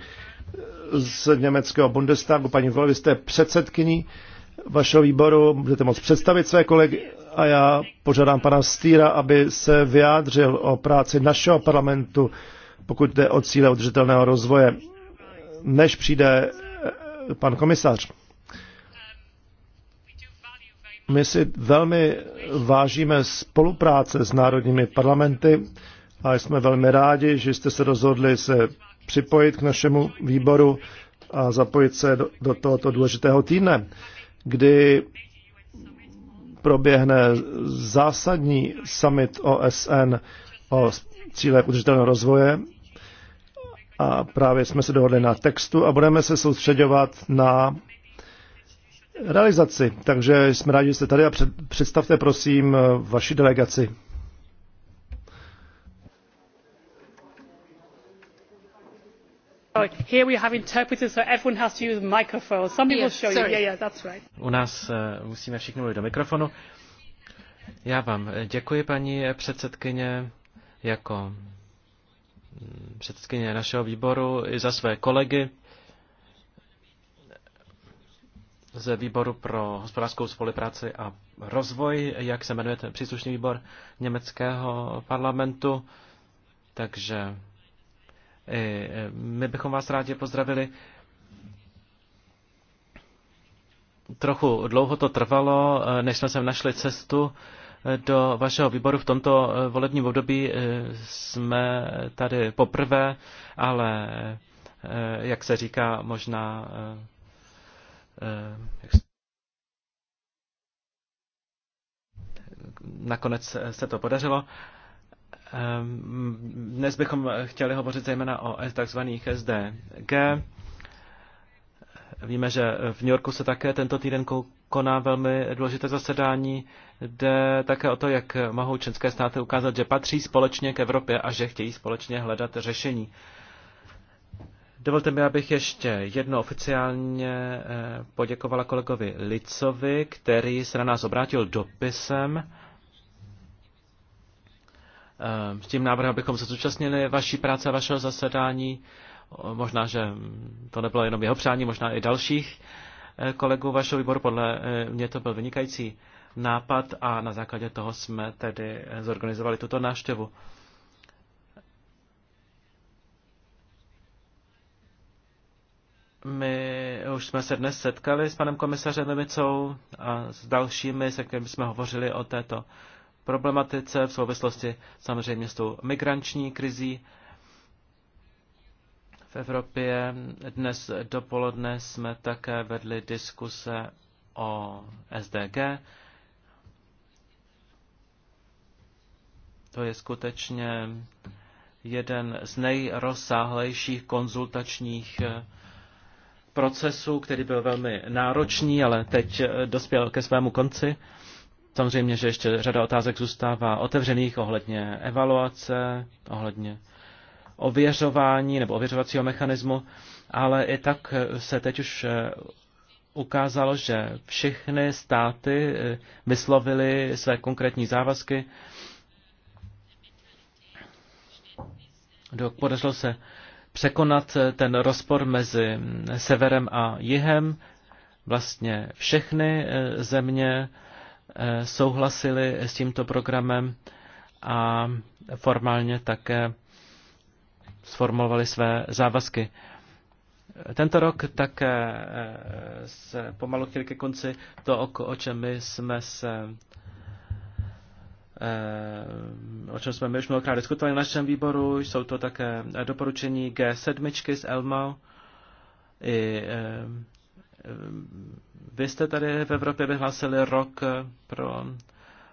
z německého Bundestagu, paní Vlovi, jste předsedkyní vašeho výboru, budete moct představit své kolegy a já požádám pana Stýra, aby se vyjádřil o práci našeho parlamentu, pokud jde o cíle udržitelného rozvoje, než přijde eh, pan komisař. My si velmi vážíme spolupráce s národními parlamenty a jsme velmi rádi, že jste se rozhodli se připojit k našemu výboru a zapojit se do, do tohoto důležitého týdne, kdy proběhne zásadní summit OSN o cílech udržitelného rozvoje. A právě jsme se dohodli na textu a budeme se soustředovat na realizaci. Takže jsme rádi, že jste tady a představte prosím vaši delegaci. U nás eh, musíme všichni mluvit do mikrofonu. Já vám eh, děkuji, paní předsedkyně, jako mm, předsedkyně našeho výboru i za své kolegy z výboru pro hospodářskou spolupráci a rozvoj, jak se jmenuje ten příslušný výbor německého parlamentu. Takže my bychom vás rádi pozdravili. Trochu dlouho to trvalo, e, než jsme sem našli cestu e, do vašeho výboru v tomto e, volebním období. Jsme tady poprvé, ale jak se říká, možná Eh, nakonec se to podařilo. Eh, dnes bychom chtěli hovořit zejména o tzv. SDG. Víme, že v New Yorku se také tento týden koná velmi důležité zasedání, Jde také o to, jak mohou členské státy ukázat, že patří společně k Evropě a že chtějí společně hledat řešení Dovolte mi, abych ještě jedno oficiálně eh, poděkovala kolegovi Licovi, který se na nás obrátil dopisem eh, s tím návrhem, abychom se zúčastnili vaší práce a vašeho zasedání. Možná, že to nebylo jenom jeho přání, možná i dalších eh, kolegů vašeho výboru. Podle mě to byl vynikající nápad a na základě toho jsme tedy zorganizovali tuto návštěvu. My už jsme se dnes setkali s panem komisařem Mimicou a s dalšími, se kterými jsme hovořili o této problematice v souvislosti samozřejmě s tou migranční krizí. V Evropě dnes dopoledne jsme také vedli diskuse o SDG. To je skutečně jeden z nejrozsáhlejších konzultačních procesu, který byl velmi náročný, ale teď eh, dospěl ke svému konci. Samozřejmě, že ještě řada otázek zůstává otevřených ohledně evaluace, ohledně ověřování nebo ověřovacího mechanismu, ale i tak eh, se teď už eh, ukázalo, že všechny státy vyslovily své konkrétní závazky. Podařilo se překonat eh, ten rozpor mezi mm, severem a jihem. Vlastně všechny eh, země eh, souhlasily s tímto programem a formálně také sformulovali své závazky. Tento rok také se pomalu chvíli ke konci to, o čem my jsme se Eh, o čem jsme už mnohokrát diskutovali na našem výboru, jsou to také doporučení G7 z ELMO. I eh, vy jste tady v Evropě vyhlásili rok eh, pro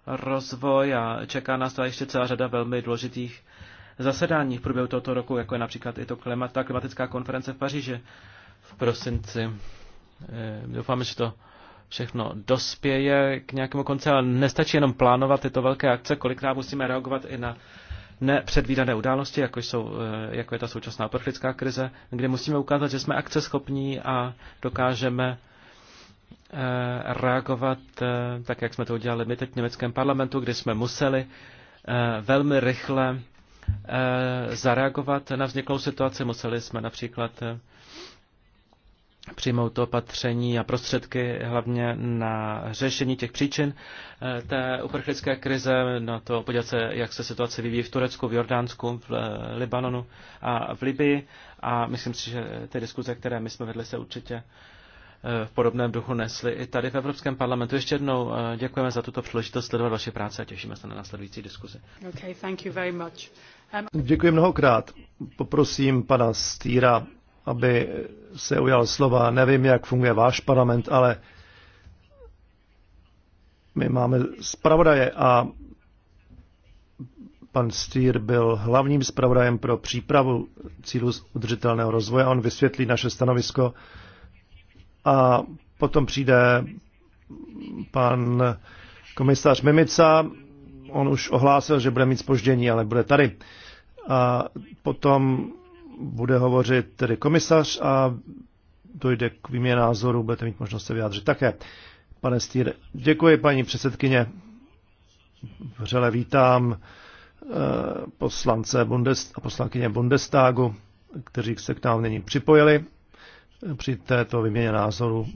rozvoj a čeká nás tady ještě celá řada velmi důležitých zasedání v průběhu tohoto roku, jako je například i to klimat, ta klimatická konference v Paříži v prosinci. Doufáme, že to všechno dospěje k nějakému konci, ale nestačí jenom plánovat tyto velké akce, kolikrát musíme reagovat i na nepředvídané události, jako, jsou, eh, jako je ta současná uprchlická krize, kde musíme ukázat, že jsme akceschopní a dokážeme eh, reagovat eh, tak, jak jsme to udělali my teď v německém parlamentu, kdy jsme museli velmi rychle zareagovat na vzniklou situaci. Museli jsme například přijmout to opatření a prostředky hlavně na řešení těch příčin eh, té uprchlické krize, na to podívat se, jak se situace vyvíjí v Turecku, v Jordánsku, v eh, Libanonu a v Libii. A myslím si, že ty diskuze, které my jsme vedli, se určitě eh, v podobném duchu nesly i tady v Evropském parlamentu. Ještě jednou děkujeme za tuto příležitost sledovat vaše práce a těšíme se na následující diskuzi. Okay, thank you very much. Um... Děkuji mnohokrát. Poprosím pana Stýra, aby se ujal slova. Nevím, jak funguje váš parlament, ale my máme zpravodaje a pan Stýr byl hlavním zpravodajem pro přípravu cílů udržitelného rozvoje. On vysvětlí naše stanovisko a potom přijde pan komisař Mimica. On už ohlásil, že bude mít spoždění, ale bude tady. A potom bude hovořit tedy komisař a dojde k výměně názoru, budete mít možnost se vyjádřit také. Pane Stýr, děkuji paní předsedkyně. Vřele vítám eh, poslance Bundes, a poslankyně Bundestagu, kteří se k nám nyní připojili eh, při této výměně názoru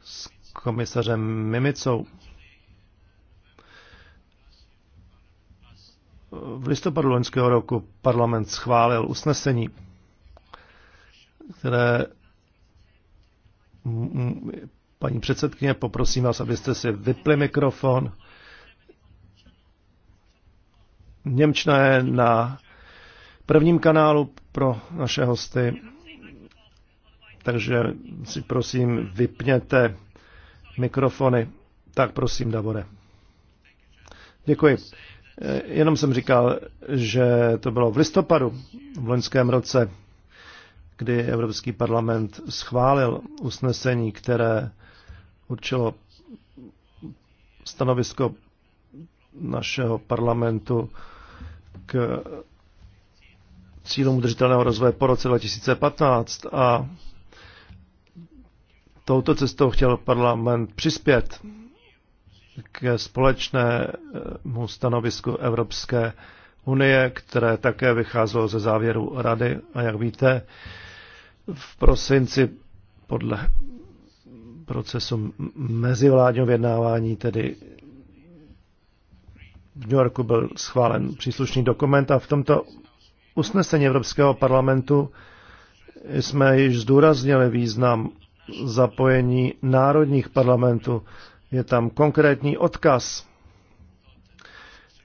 s komisařem Mimicou. V listopadu loňského roku parlament schválil usnesení které paní předsedkyně, poprosím vás, abyste si vypli mikrofon. Němčina je na prvním kanálu pro naše hosty, takže si prosím vypněte mikrofony. Tak prosím, Davore. Děkuji. Jenom jsem říkal, že to bylo v listopadu v loňském roce kdy Evropský parlament schválil usnesení, které určilo stanovisko našeho parlamentu k cílům udržitelného rozvoje po roce 2015 a touto cestou chtěl parlament přispět ke společnému stanovisku Evropské unie, které také vycházelo ze závěru Rady. A jak víte, v prosinci podle procesu mezivládního vědnávání, tedy v New Yorku byl schválen příslušný dokument a v tomto usnesení Evropského parlamentu jsme již zdůraznili význam zapojení národních parlamentů. Je tam konkrétní odkaz.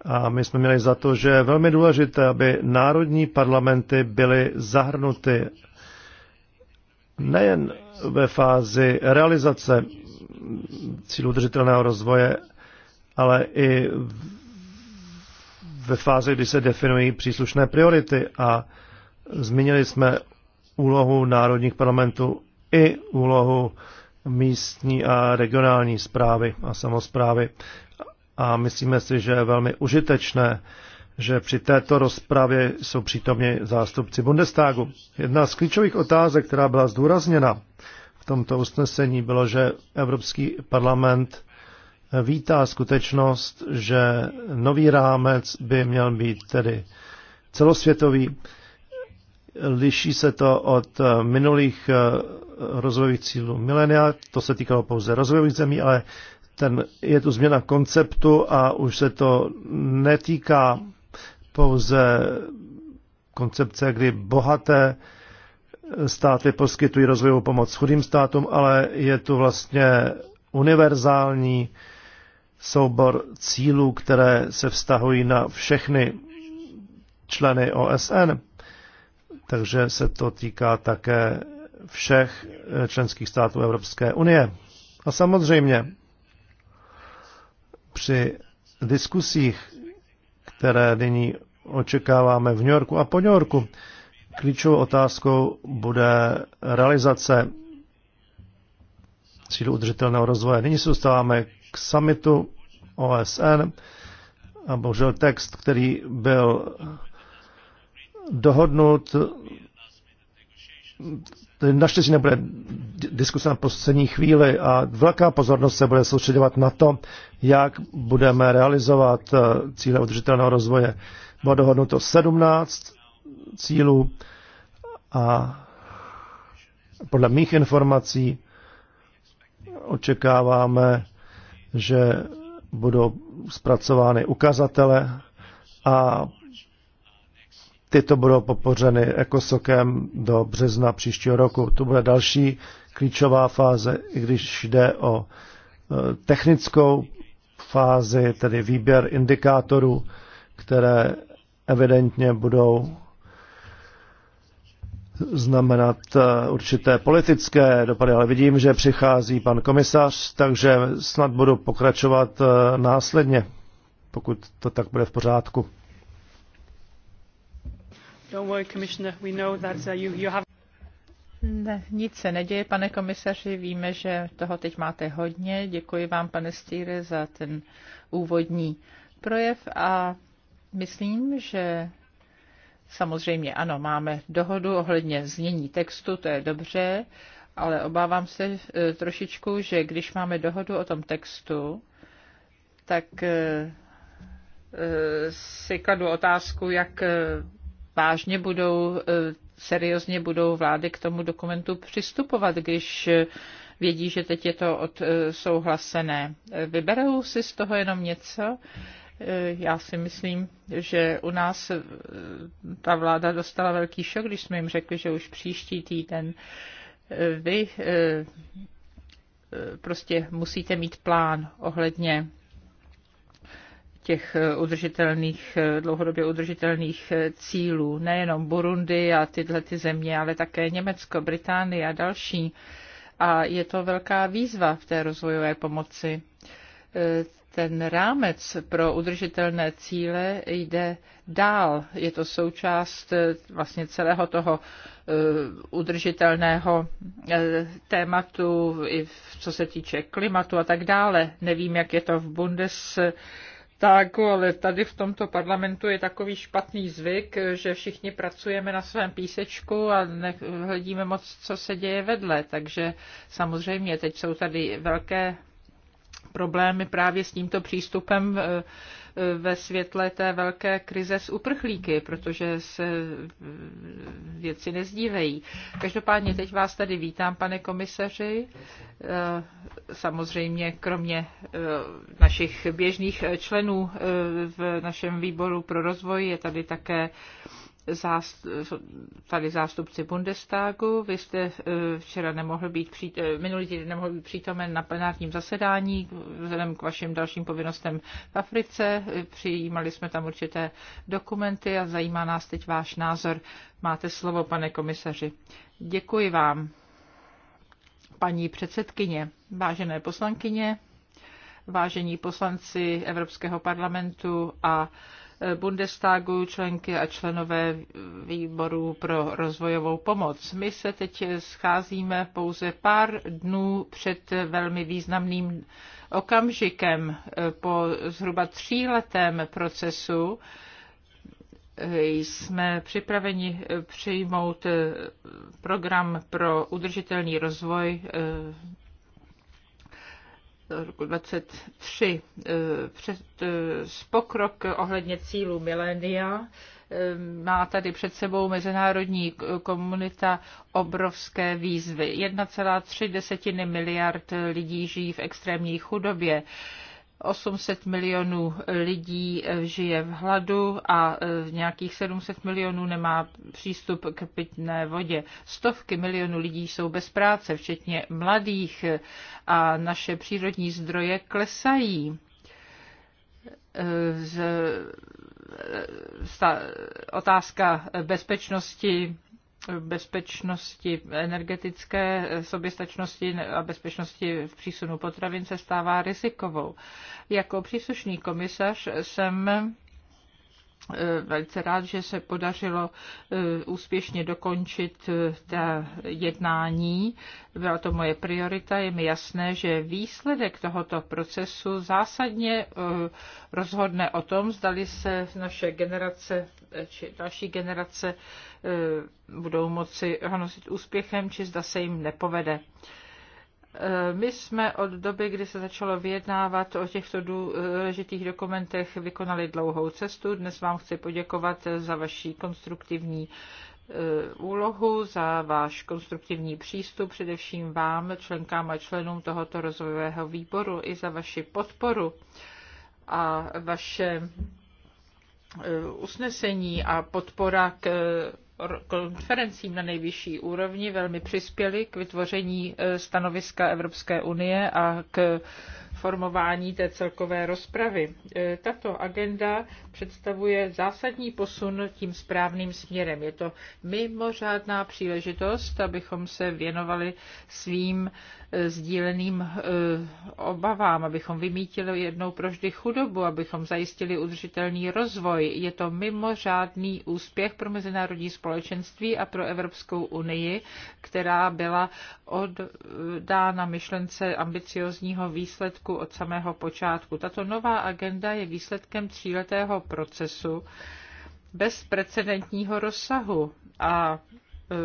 A my jsme měli za to, že je velmi důležité, aby národní parlamenty byly zahrnuty nejen ve fázi realizace cílů držitelného rozvoje, ale i ve fázi, kdy se definují příslušné priority a zmínili jsme úlohu národních parlamentů i úlohu místní a regionální zprávy a samozprávy. A myslíme si, že je velmi užitečné že při této rozpravě jsou přítomni zástupci Bundestagu. Jedna z klíčových otázek, která byla zdůrazněna v tomto usnesení, bylo, že Evropský parlament vítá skutečnost, že nový rámec by měl být tedy celosvětový. Liší se to od minulých rozvojových cílů milenia, to se týkalo pouze rozvojových zemí, ale ten, je tu změna konceptu a už se to netýká pouze koncepce, kdy bohaté státy poskytují rozvojovou pomoc chudým státům, ale je tu vlastně univerzální soubor cílů, které se vztahují na všechny členy OSN. Takže se to týká také všech členských států Evropské unie. A samozřejmě při diskusích, které nyní očekáváme v New Yorku a po New Yorku. Klíčovou otázkou bude realizace cílu udržitelného rozvoje. Nyní se dostáváme k summitu OSN a bohužel text, který byl dohodnut, naštěstí nebude diskuse na poslední chvíli a velká pozornost se bude soustředovat na to, jak budeme realizovat cíle udržitelného rozvoje. Bylo dohodnuto 17 cílů a podle mých informací očekáváme, že budou zpracovány ukazatele a tyto budou popořeny ekosokem do března příštího roku. To bude další klíčová fáze, i když jde o e, technickou fázi, tedy výběr indikátorů, které evidentně budou znamenat eh, určité politické dopady, ale vidím, že přichází pan komisař, takže snad budu pokračovat eh, následně, pokud to tak bude v pořádku. Uh, ne, nic se neděje, pane komisaři, víme, že toho teď máte hodně. Děkuji vám, pane Stýre, za ten úvodní projev a Myslím, že samozřejmě ano, máme dohodu ohledně znění textu, to je dobře, ale obávám se e, trošičku, že když máme dohodu o tom textu, tak e, e, si kladu otázku, jak vážně budou, seriózně budou vlády k tomu dokumentu přistupovat, když vědí, že teď je to odsouhlasené. Vyberou si z toho jenom něco? Eh, já si myslím, že u nás eh, ta vláda dostala velký šok, když jsme jim řekli, že už příští týden eh, vy prostě musíte mít plán ohledně těch udržitelných, dlouhodobě udržitelných cílů. Nejenom Burundi a tyhle ty země, ale také Německo, Británie a další. A je to velká výzva v té rozvojové pomoci ten rámec pro udržitelné cíle jde dál. Je to součást eh, vlastně celého toho eh, udržitelného eh, tématu, i co se týče klimatu a tak dále. Nevím, jak je to v Bundes tak, ale tady v tomto parlamentu je takový špatný zvyk, že všichni pracujeme na svém písečku a nehledíme moc, co se děje vedle. Takže samozřejmě teď jsou tady velké problémy právě s tímto přístupem eh, eh, ve světle té velké krize s uprchlíky, protože se eh, věci nezdílejí. Každopádně teď vás tady vítám, pane komisaři. Samozřejmě kromě našich běžných členů v našem výboru pro rozvoj je tady také zást, tady zástupci Bundestagu. Vy jste eh, včera nemohl být přít, eh, minulý týden nemohl být přítomen na plenárním zasedání vzhledem k vašim dalším povinnostem v Africe. Eh, přijímali jsme tam určité dokumenty a zajímá nás teď váš názor. Máte slovo, pane komisaři. Děkuji vám, paní předsedkyně, vážené poslankyně, vážení poslanci Evropského parlamentu a Bundestagu, členky a členové výboru pro rozvojovou pomoc. My se teď scházíme pouze pár dnů před velmi významným okamžikem po zhruba tříletém procesu, jsme připraveni přijmout program pro udržitelný rozvoj do roku 23 eh, před, eh, pokrok ohledně cílů milénia eh, má tady před sebou mezinárodní komunita obrovské výzvy. 1,3 miliard lidí žijí v extrémní chudobě. 800 milionů lidí eh, žije v hladu a eh, nějakých 700 milionů nemá přístup k pitné vodě. Stovky milionů lidí jsou bez práce, včetně mladých, eh, a naše přírodní zdroje klesají. Z, otázka bezpečnosti bezpečnosti energetické soběstačnosti a bezpečnosti v přísunu potravin se stává rizikovou. Jako příslušný komisař jsem Eh, velice rád, že se podařilo eh, úspěšně dokončit eh, ta jednání. Byla to moje priorita. Je mi jasné, že výsledek tohoto procesu zásadně rozhodne o tom, zdali se naše generace či další generace budou moci honosit úspěchem, či zda se jim nepovede. Eh, my jsme od doby, kdy se začalo vyjednávat o těchto důležitých dokumentech, vykonali dlouhou cestu. Dnes vám chci poděkovat za vaši konstruktivní eh, úlohu, za váš konstruktivní přístup, především vám, členkám a členům tohoto rozvojového výboru, i za vaši podporu a vaše eh, usnesení a podpora k konferencím na nejvyšší úrovni velmi přispěly k vytvoření e, stanoviska Evropské unie a k formování té celkové rozpravy. E, tato agenda představuje zásadní posun tím správným směrem. Je to mimořádná příležitost, abychom se věnovali svým e, sdíleným e, obavám, abychom vymítili jednou proždy chudobu, abychom zajistili udržitelný rozvoj. Je to mimořádný úspěch pro mezinárodní společenství a pro Evropskou unii, která byla oddána myšlence ambiciozního výsledku Turecku od samého počátku. Tato nová agenda je výsledkem tříletého procesu bezprecedentního rozsahu a e,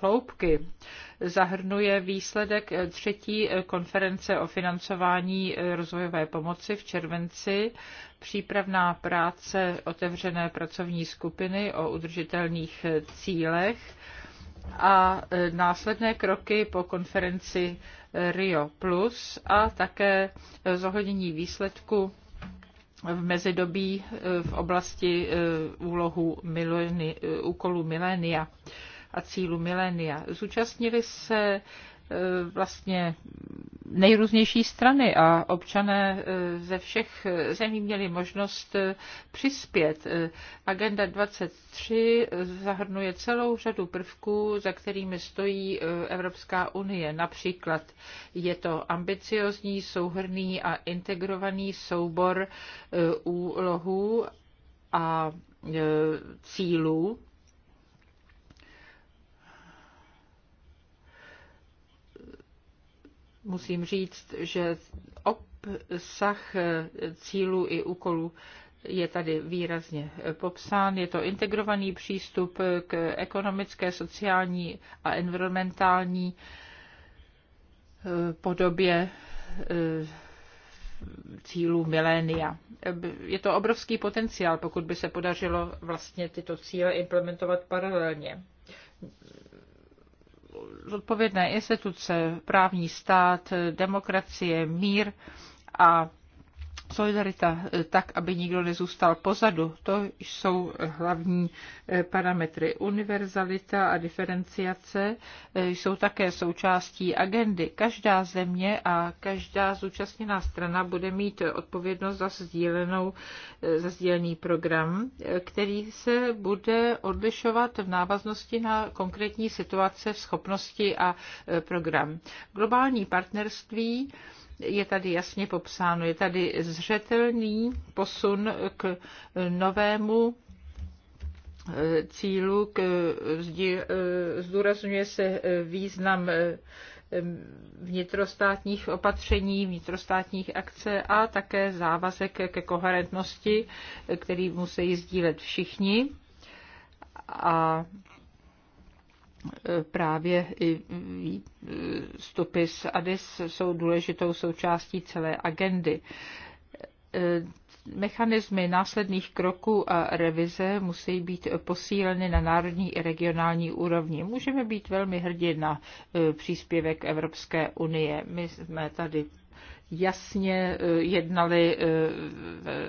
hloubky zahrnuje výsledek e, třetí e, konference o financování rozvojové pomoci v červenci, přípravná práce otevřené pracovní skupiny o udržitelných cílech a následné kroky po konferenci Rio Plus a také zohlednění výsledku v mezidobí e, v oblasti e, úlohu mileni, e, úkolu milénia a cílu milénia. Zúčastnili se vlastně nejrůznější strany a občané eh, ze všech eh, zemí měli možnost eh, přispět. Agenda 23 zahrnuje celou řadu prvků, za kterými stojí Evropská unie. Například je to ambiciozní, souhrný a integrovaný soubor úlohů a cílů musím říct, že obsah cílů i úkolů je tady výrazně popsán. Je to integrovaný přístup k ekonomické, sociální a environmentální eh, podobě eh, cílů milénia. Je to obrovský potenciál, pokud by se podařilo vlastně tyto cíle implementovat paralelně zodpovědné instituce, právní stát, demokracie, mír a solidarita eh, tak, aby nikdo nezůstal pozadu, to jsou hlavní eh, parametry. Univerzalita a diferenciace eh, jsou také součástí agendy. Každá země a každá zúčastněná strana bude mít odpovědnost za, sdílenou, za sdílený program, který se bude odlišovat v návaznosti na konkrétní situace, schopnosti a program. Globální partnerství je tady jasně popsáno. Je tady zřetelný posun k novému eh, cílu, k, eh, eh, zdůrazňuje se význam vnitrostátních opatření, vnitrostátních akce a také závazek ke koherentnosti, který musí sdílet všichni. A právě i vstupy z ADIS jsou důležitou součástí celé agendy. E, mechanismy následných kroků a revize musí být posíleny na národní i regionální úrovni. Můžeme být velmi hrdí na e, příspěvek Evropské unie. My jsme tady jasně eh, jednali eh,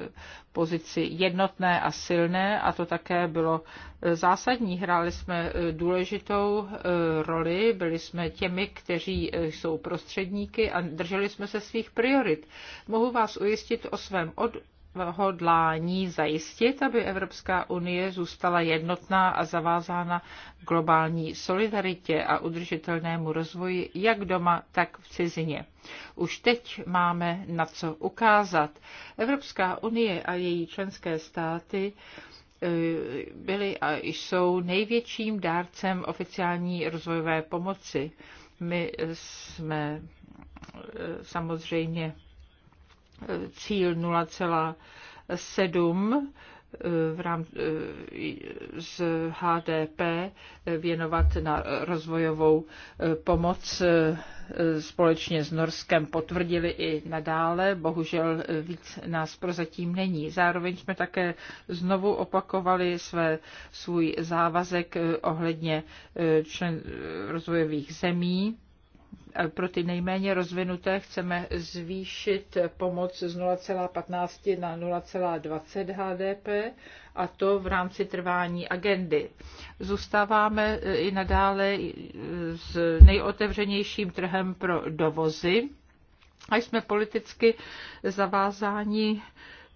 v pozici jednotné a silné a to také bylo eh, zásadní. Hráli jsme důležitou roli, byli jsme těmi, kteří jsou prostředníky a drželi jsme se svých priorit. Mohu vás ujistit o svém od hodlání zajistit, aby Evropská unie zůstala jednotná a zavázána globální solidaritě a udržitelnému rozvoji jak doma, tak v cizině. Už teď máme na co ukázat. Evropská unie a její členské státy eh, byly a jsou největším dárcem oficiální rozvojové pomoci. My jsme eh, samozřejmě cíl 0,7 eh, v rám, eh, z HDP věnovat na rozvojovou eh, pomoc společně s Norskem potvrdili i nadále. Bohužel víc nás prozatím není. Zároveň jsme také znovu opakovali své, svůj závazek ohledně člen rozvojových zemí pro ty nejméně rozvinuté chceme zvýšit pomoc z 0,15 na 0,20 HDP a to v rámci trvání agendy. Zůstáváme eh, i nadále eh, s nejotevřenějším trhem pro dovozy a jsme politicky zavázáni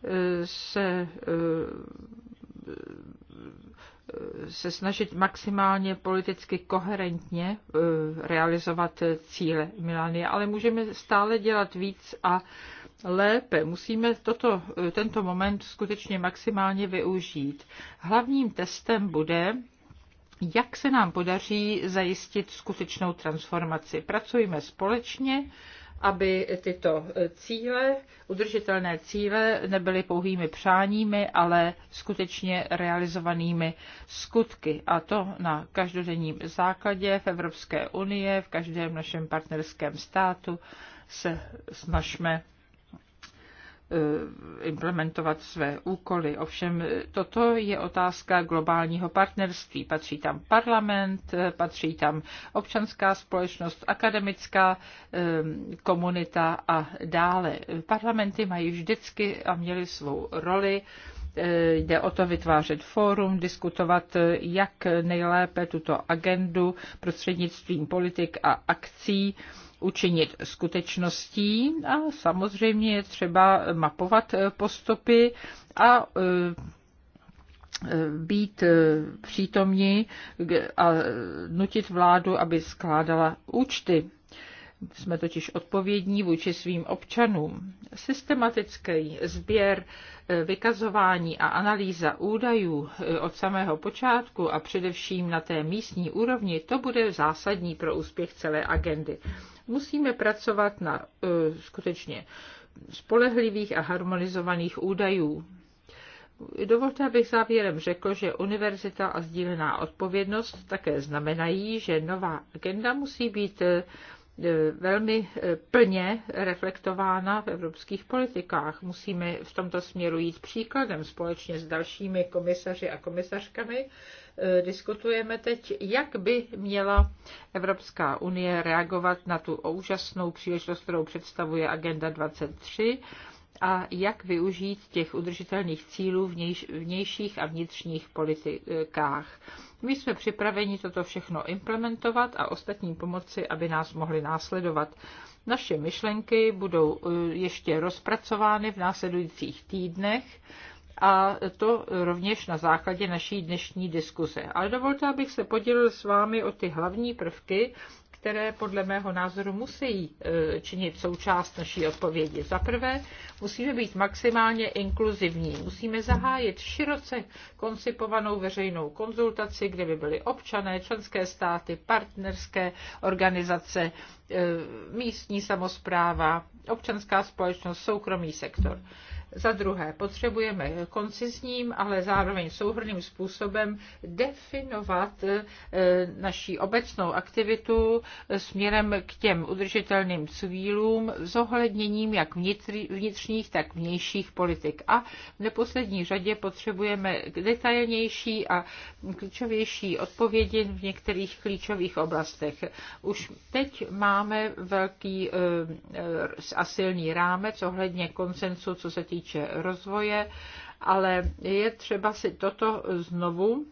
eh, se se snažit maximálně politicky koherentně eh, realizovat cíle Milány, ale můžeme stále dělat víc a lépe. Musíme toto, eh, tento moment skutečně maximálně využít. Hlavním testem bude, jak se nám podaří zajistit skutečnou transformaci. Pracujeme společně, aby tyto cíle, udržitelné cíle, nebyly pouhými přáními, ale skutečně realizovanými skutky. A to na každodenním základě v Evropské unii, v každém našem partnerském státu se snažme Eh, implementovat své úkoly. Ovšem toto je otázka globálního partnerství. Patří tam parlament, eh, patří tam občanská společnost, akademická eh, komunita a dále. Parlamenty mají vždycky a měly svou roli jde o to vytvářet fórum, diskutovat, jak nejlépe tuto agendu prostřednictvím politik a akcí učinit skutečností a samozřejmě je třeba mapovat eh, postupy a eh, eh, být přítomní a nutit vládu, aby skládala účty. Jsme totiž odpovědní vůči svým občanům. Systematický sběr, vykazování a analýza údajů od samého počátku a především na té místní úrovni, to bude zásadní pro úspěch celé agendy. Musíme pracovat na e, skutečně spolehlivých a harmonizovaných údajů. Dovolte, abych závěrem řekl, že univerzita a sdílená odpovědnost také znamenají, že nová agenda musí být e, E, velmi e, plně reflektována v evropských politikách. Musíme v tomto směru jít příkladem společně s dalšími komisaři a komisařkami. E, diskutujeme teď, jak by měla Evropská unie reagovat na tu úžasnou příležitost, kterou představuje Agenda 23 a jak využít těch udržitelných cílů v vnějších a vnitřních politikách. My jsme připraveni toto všechno implementovat a ostatním pomoci, aby nás mohli následovat. Naše myšlenky budou e, ještě rozpracovány v následujících týdnech a to rovněž na základě naší dnešní diskuse. Ale dovolte, abych se podělil s vámi o ty hlavní prvky, které podle mého názoru musí eh, činit součást naší odpovědi. Za prvé, musíme být maximálně inkluzivní. Musíme zahájit široce koncipovanou veřejnou konzultaci, kde by byly občané, členské státy, partnerské organizace, eh, místní samozpráva, občanská společnost, soukromý sektor. Za druhé, potřebujeme koncizním, ale zároveň souhrným způsobem definovat eh, naší obecnou aktivitu eh, směrem k těm udržitelným cílům zohledněním jak vnitřních, tak vnějších politik. A v neposlední řadě potřebujeme detailnější a klíčovější odpovědi v některých klíčových oblastech. Už teď máme velký eh, a silný rámec ohledně konsensu, co se týče týče rozvoje, ale je třeba si toto znovu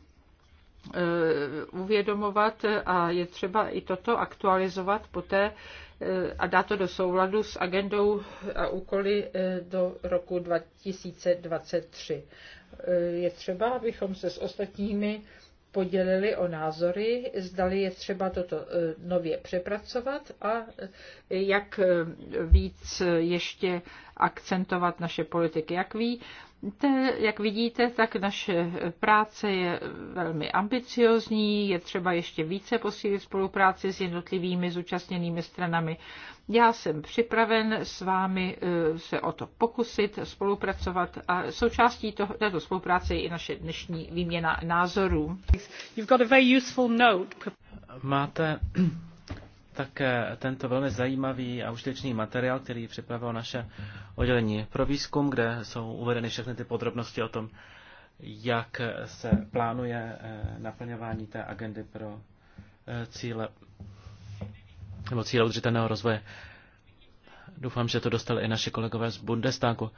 e, uvědomovat a je třeba i toto aktualizovat poté e, a dát to do souladu s agendou a úkoly e, do roku 2023. Je třeba, abychom se s ostatními podělili o názory, zdali je třeba toto e, nově přepracovat a e, jak e, víc ještě akcentovat naše politiky. Jak ví, jak vidíte, tak naše práce je velmi ambiciozní, je třeba ještě více posílit spolupráci s jednotlivými zúčastněnými stranami. Já jsem připraven s vámi eh, se o to pokusit, spolupracovat a součástí toho, této spolupráce je i naše dnešní výměna názorů. Máte také eh, tento velmi zajímavý a užitečný materiál, který připravilo naše oddělení pro výzkum, kde jsou uvedeny všechny ty podrobnosti o tom, jak se plánuje eh, naplňování té agendy pro eh, cíle nebo cíle udržitelného rozvoje. Doufám, že to dostali i naši kolegové z Bundestagu,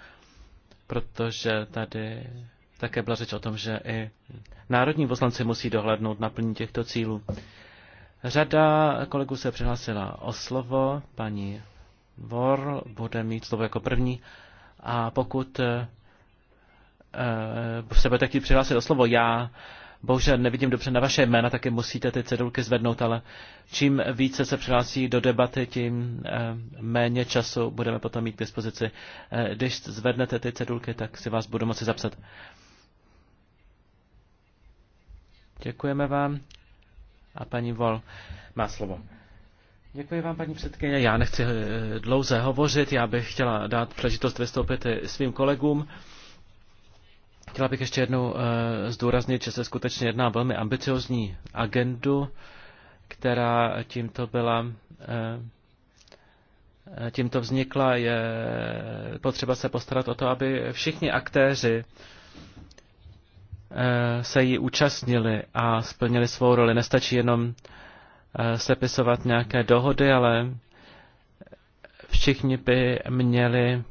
protože tady také byla řeč o tom, že i národní poslanci musí dohlednout naplnění těchto cílů. Řada kolegů se přihlásila o slovo, paní Vor bude mít slovo jako první a pokud uh, se budete chtít přihlásit o slovo, já bohužel nevidím dobře na vaše jména, taky musíte ty cedulky zvednout, ale čím více se přihlásí do debaty, tím eh, méně času budeme potom mít k dispozici. Když zvednete ty cedulky, tak si vás budu moci zapsat. Děkujeme vám. A paní Vol má slovo. Děkuji vám, paní předkyně. Já nechci eh, dlouze hovořit, já bych chtěla dát příležitost vystoupit svým kolegům. Chtěla bych ještě jednou eh, zdůraznit, že se skutečně jedná velmi ambiciozní agendu, která tímto byla eh, tímto vznikla, je potřeba se postarat o to, aby všichni aktéři Eh, se jí účastnili a splnili svou roli. Nestačí jenom eh, sepisovat nějaké dohody, ale všichni by měli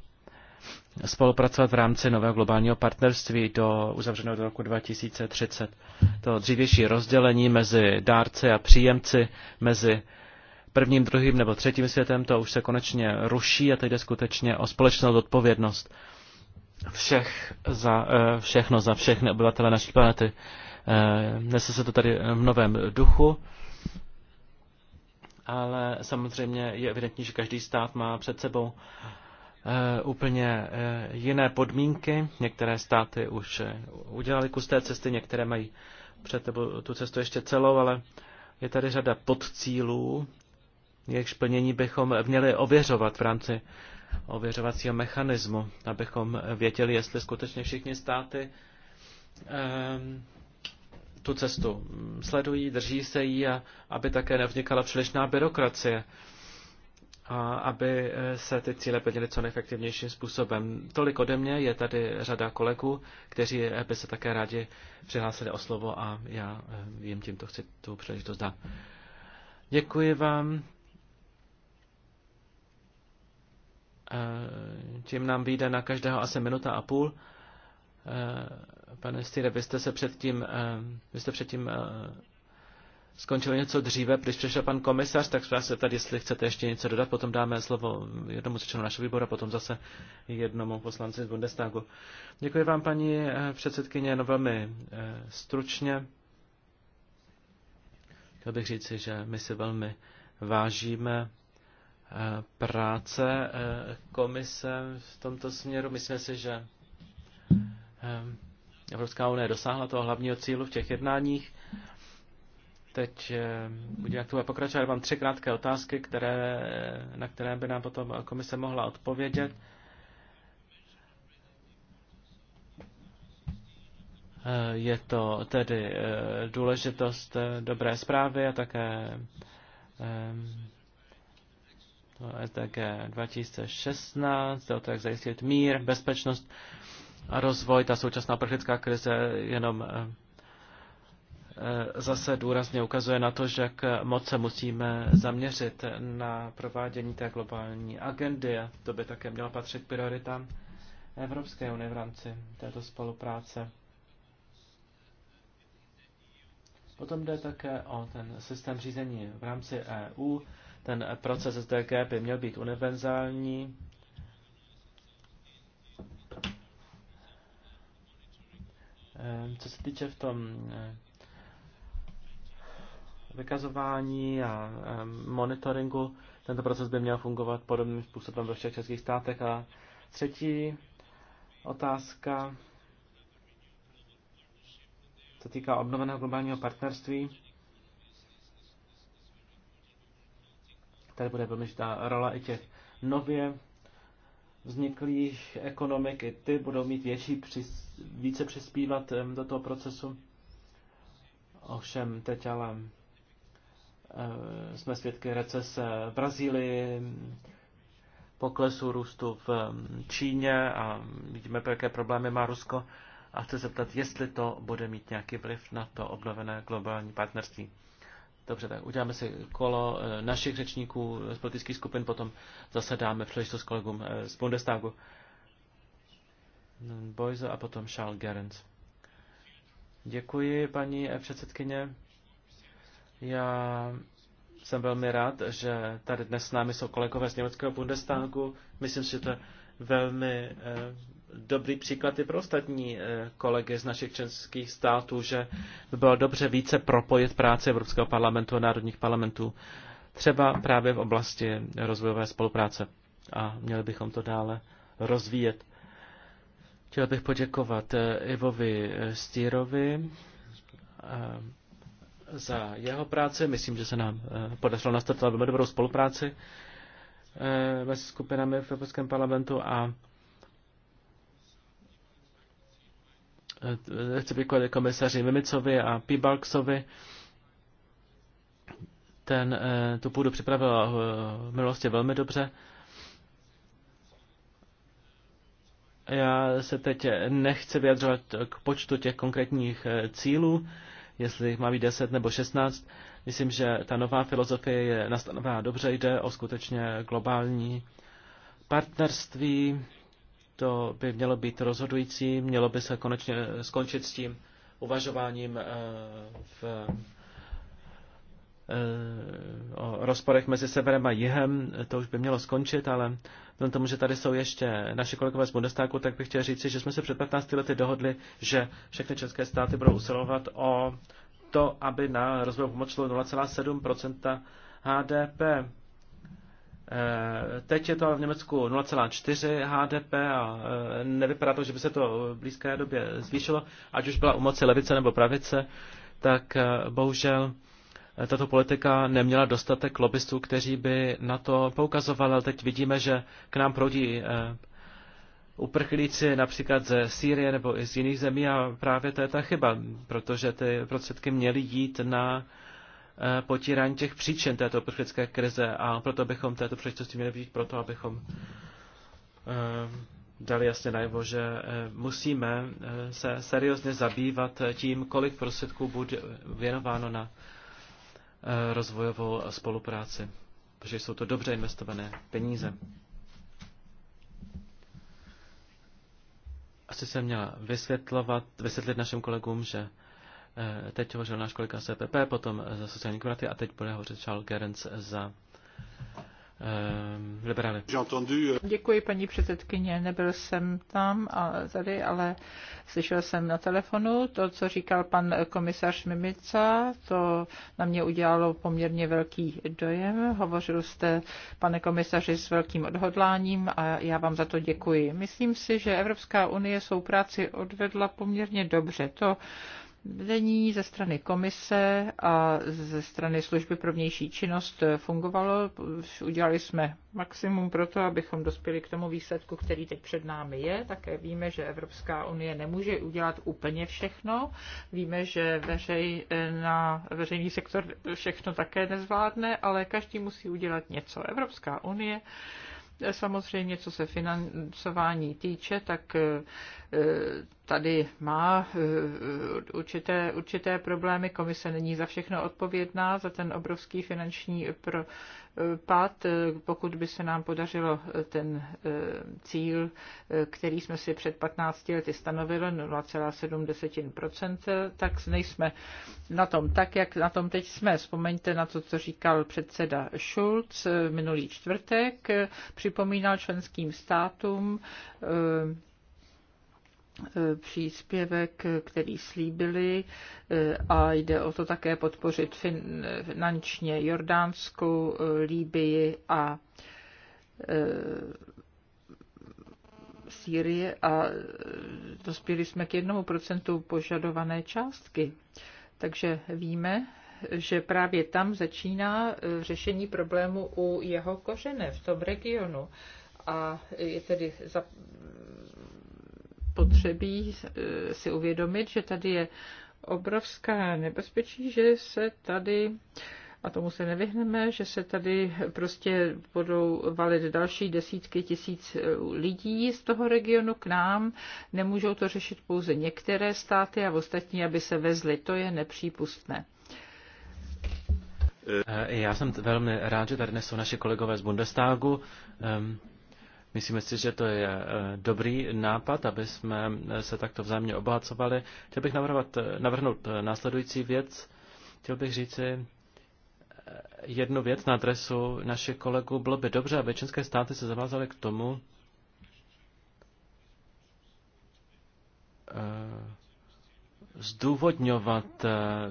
spolupracovat v rámci nového globálního partnerství do uzavřeného do roku 2030. To dřívější rozdělení mezi dárci a příjemci, mezi prvním, druhým nebo třetím světem, to už se konečně ruší a teď jde skutečně o společnou odpovědnost všech za eh, všechno, za všechny obyvatele naší planety. Eh, nese se to tady v novém duchu, ale samozřejmě je evidentní, že každý stát má před sebou eh, úplně jiné podmínky. Některé státy už udělali kus té cesty, některé mají před tebou tu cestu ještě celou, ale je tady řada podcílů, jejich splnění bychom měli ověřovat v rámci ověřovacího mechanismu, abychom věděli, jestli skutečně všichni státy ehm, tu cestu sledují, drží se jí a aby také nevznikala přílišná byrokracie a aby eh, se ty cíle plnily co nejefektivnějším způsobem. Tolik ode mě, je tady řada kolegů, kteří eh, by se také rádi přihlásili o slovo a já eh, jim tímto chci tu příležitost dát. Děkuji vám. Eh, tím nám vyjde na každého asi minuta a půl. Eh, pane Stýre, vy jste se předtím, eh, vy jste předtím skončili něco dříve, když přišel pan komisař, tak vás se tady, jestli chcete ještě něco dodat, potom dáme slovo jednomu z členů našeho výboru a potom zase jednomu poslanci z Bundestagu. Děkuji vám, paní předsedkyně, no velmi stručně. Chtěl bych říci, že my si velmi vážíme práce eh, komise v tomto směru. Myslím si, že eh, Evropská unie dosáhla toho hlavního cílu v těch jednáních. Teď budu eh, jak to pokračovat. Mám tři krátké otázky, které, na které by nám potom komise mohla odpovědět. Je to tedy důležitost dobré zprávy a také SDG 2016, jde o to, jak zajistit mír, bezpečnost a rozvoj. Ta současná prchlická krize jenom eh, eh, zase důrazně ukazuje na to, že jak moc se musíme zaměřit na provádění té globální agendy. A to by také mělo patřit prioritám Evropské unie v rámci této spolupráce. Potom jde také o ten systém řízení v rámci EU. Ten proces SDG by měl být univerzální. Ehm, co se týče v tom eh, vykazování a ehm, monitoringu, tento proces by měl fungovat podobným způsobem ve všech českých státech. A třetí otázka se týká obnoveného globálního partnerství. Tady bude velmi důležitá rola i těch nově vzniklých ekonomik, i ty budou mít větší, přis, více přispívat do toho procesu. Ovšem teď ale jsme svědky recese v Brazílii, poklesu růstu v Číně a vidíme, jaké problémy má Rusko. A chci zeptat, jestli to bude mít nějaký vliv na to obnovené globální partnerství. Dobře, tak uděláme si kolo eh, našich řečníků z politických skupin, potom zase dáme příležitost kolegům eh, z Bundestagu. Bojzo a potom Charles Gerens. Děkuji, paní eh, předsedkyně. Já jsem velmi rád, že tady dnes s námi jsou kolegové z německého Bundestagu. Myslím si, že to je velmi dobrý příklad i pro ostatní eh, kolegy z našich členských států, že by bylo dobře více propojit práci Evropského parlamentu a národních parlamentů, třeba právě v oblasti rozvojové spolupráce. A měli bychom to dále rozvíjet. Chtěl bych poděkovat eh, Ivovi eh, Stírovi za jeho práci. Myslím, že se nám podařilo nastartovat velmi dobrou spolupráci mezi skupinami v Evropském parlamentu a chci poděkovat komisaři Mimicovi a Pibalksovi. Ten eh, tu půdu připravil eh, v minulosti velmi dobře. Já se teď nechci vyjadřovat k počtu těch konkrétních eh, cílů, jestli jich má být 10 nebo 16. Myslím, že ta nová filozofie je nastavená dobře, jde o skutečně globální partnerství to by mělo být rozhodující, mělo by se konečně skončit s tím uvažováním eh, v eh, o rozporech mezi severem a jihem, to už by mělo skončit, ale vzhledem tomu, že tady jsou ještě naše kolegové z Bundestagu, tak bych chtěl říci, že jsme se před 15 lety dohodli, že všechny české státy budou usilovat o to, aby na rozvoj pomoc 0,7 HDP. Eh, teď je to v Německu 0,4 HDP a eh, nevypadá to, že by se to v blízké době zvýšilo, ať už byla u moci levice nebo pravice, tak eh, bohužel tato politika neměla dostatek lobbystů, kteří by na to poukazovali. Ale teď vidíme, že k nám proudí uprchlíci například ze Sýrie nebo i z jiných zemí a právě to je ta chyba, protože ty prostředky měly jít na Eh, potírání těch příčin této uprchlické krize a proto bychom této příležitosti měli využít proto, abychom eh, dali jasně najevo, že eh, musíme se seriózně zabývat tím, kolik prostředků bude věnováno na rozvojovou spolupráci, protože jsou to dobře investované peníze. Asi jsem měla vysvětlovat, vysvětlit našim kolegům, že Eh, teď hovořil náš kolega z CPP, e potom eh, za sociální demokraty a teď bude hovořit Charles Gerenc za eh, liberály. Děkuji, paní předsedkyně. Nebyl jsem tam a tady, ale slyšel jsem na telefonu to, co říkal pan komisař Mimica. To na mě udělalo poměrně velký dojem. Hovořil jste, pane komisaři, s velkým odhodláním a já vám za to děkuji. Myslím si, že Evropská unie svou práci odvedla poměrně dobře. To vedení ze strany komise a ze strany služby pro vnější činnost fungovalo. Udělali jsme maximum pro to, abychom dospěli k tomu výsledku, který teď před námi je. Také víme, že Evropská unie nemůže udělat úplně všechno. Víme, že veřej, na veřejný sektor všechno také nezvládne, ale každý musí udělat něco. Evropská unie Samozřejmě, co se financování týče, tak eh, tady má eh, určité, určité problémy. Komise není za všechno odpovědná, za ten obrovský finanční pro pad, pokud by se nám podařilo ten eh, cíl, eh, který jsme si před 15 lety stanovili, 0,7%, tak nejsme na tom tak, jak na tom teď jsme. Vzpomeňte na to, co říkal předseda Schulz eh, minulý čtvrtek. Připomínal členským státům, E, příspěvek, který slíbili e, a jde o to také podpořit finančně Jordánsku, e, Líbii a Sýrie a dospěli jsme k jednomu procentu požadované částky. Takže víme, že právě tam začíná řešení problému u jeho kořene, v tom regionu. A je tedy za, zapotřebí eh, si uvědomit, že tady je obrovská nebezpečí, že se tady a tomu se nevyhneme, že se tady prostě budou valit další desítky tisíc eh, lidí z toho regionu k nám. Nemůžou to řešit pouze některé státy a ostatní, aby se vezli. To je nepřípustné. Eh, já jsem velmi rád, že tady dnes jsou naše kolegové z Bundestagu. Ehm, Myslíme si, že to je eh, dobrý nápad, aby jsme eh, se takto vzájemně obohacovali. Chtěl bych navrhovat, eh, navrhnout následující věc. Chtěl bych říci jednu věc na adresu našich kolegů. Bylo by dobře, aby české státy se zavázaly k tomu, zdůvodňovat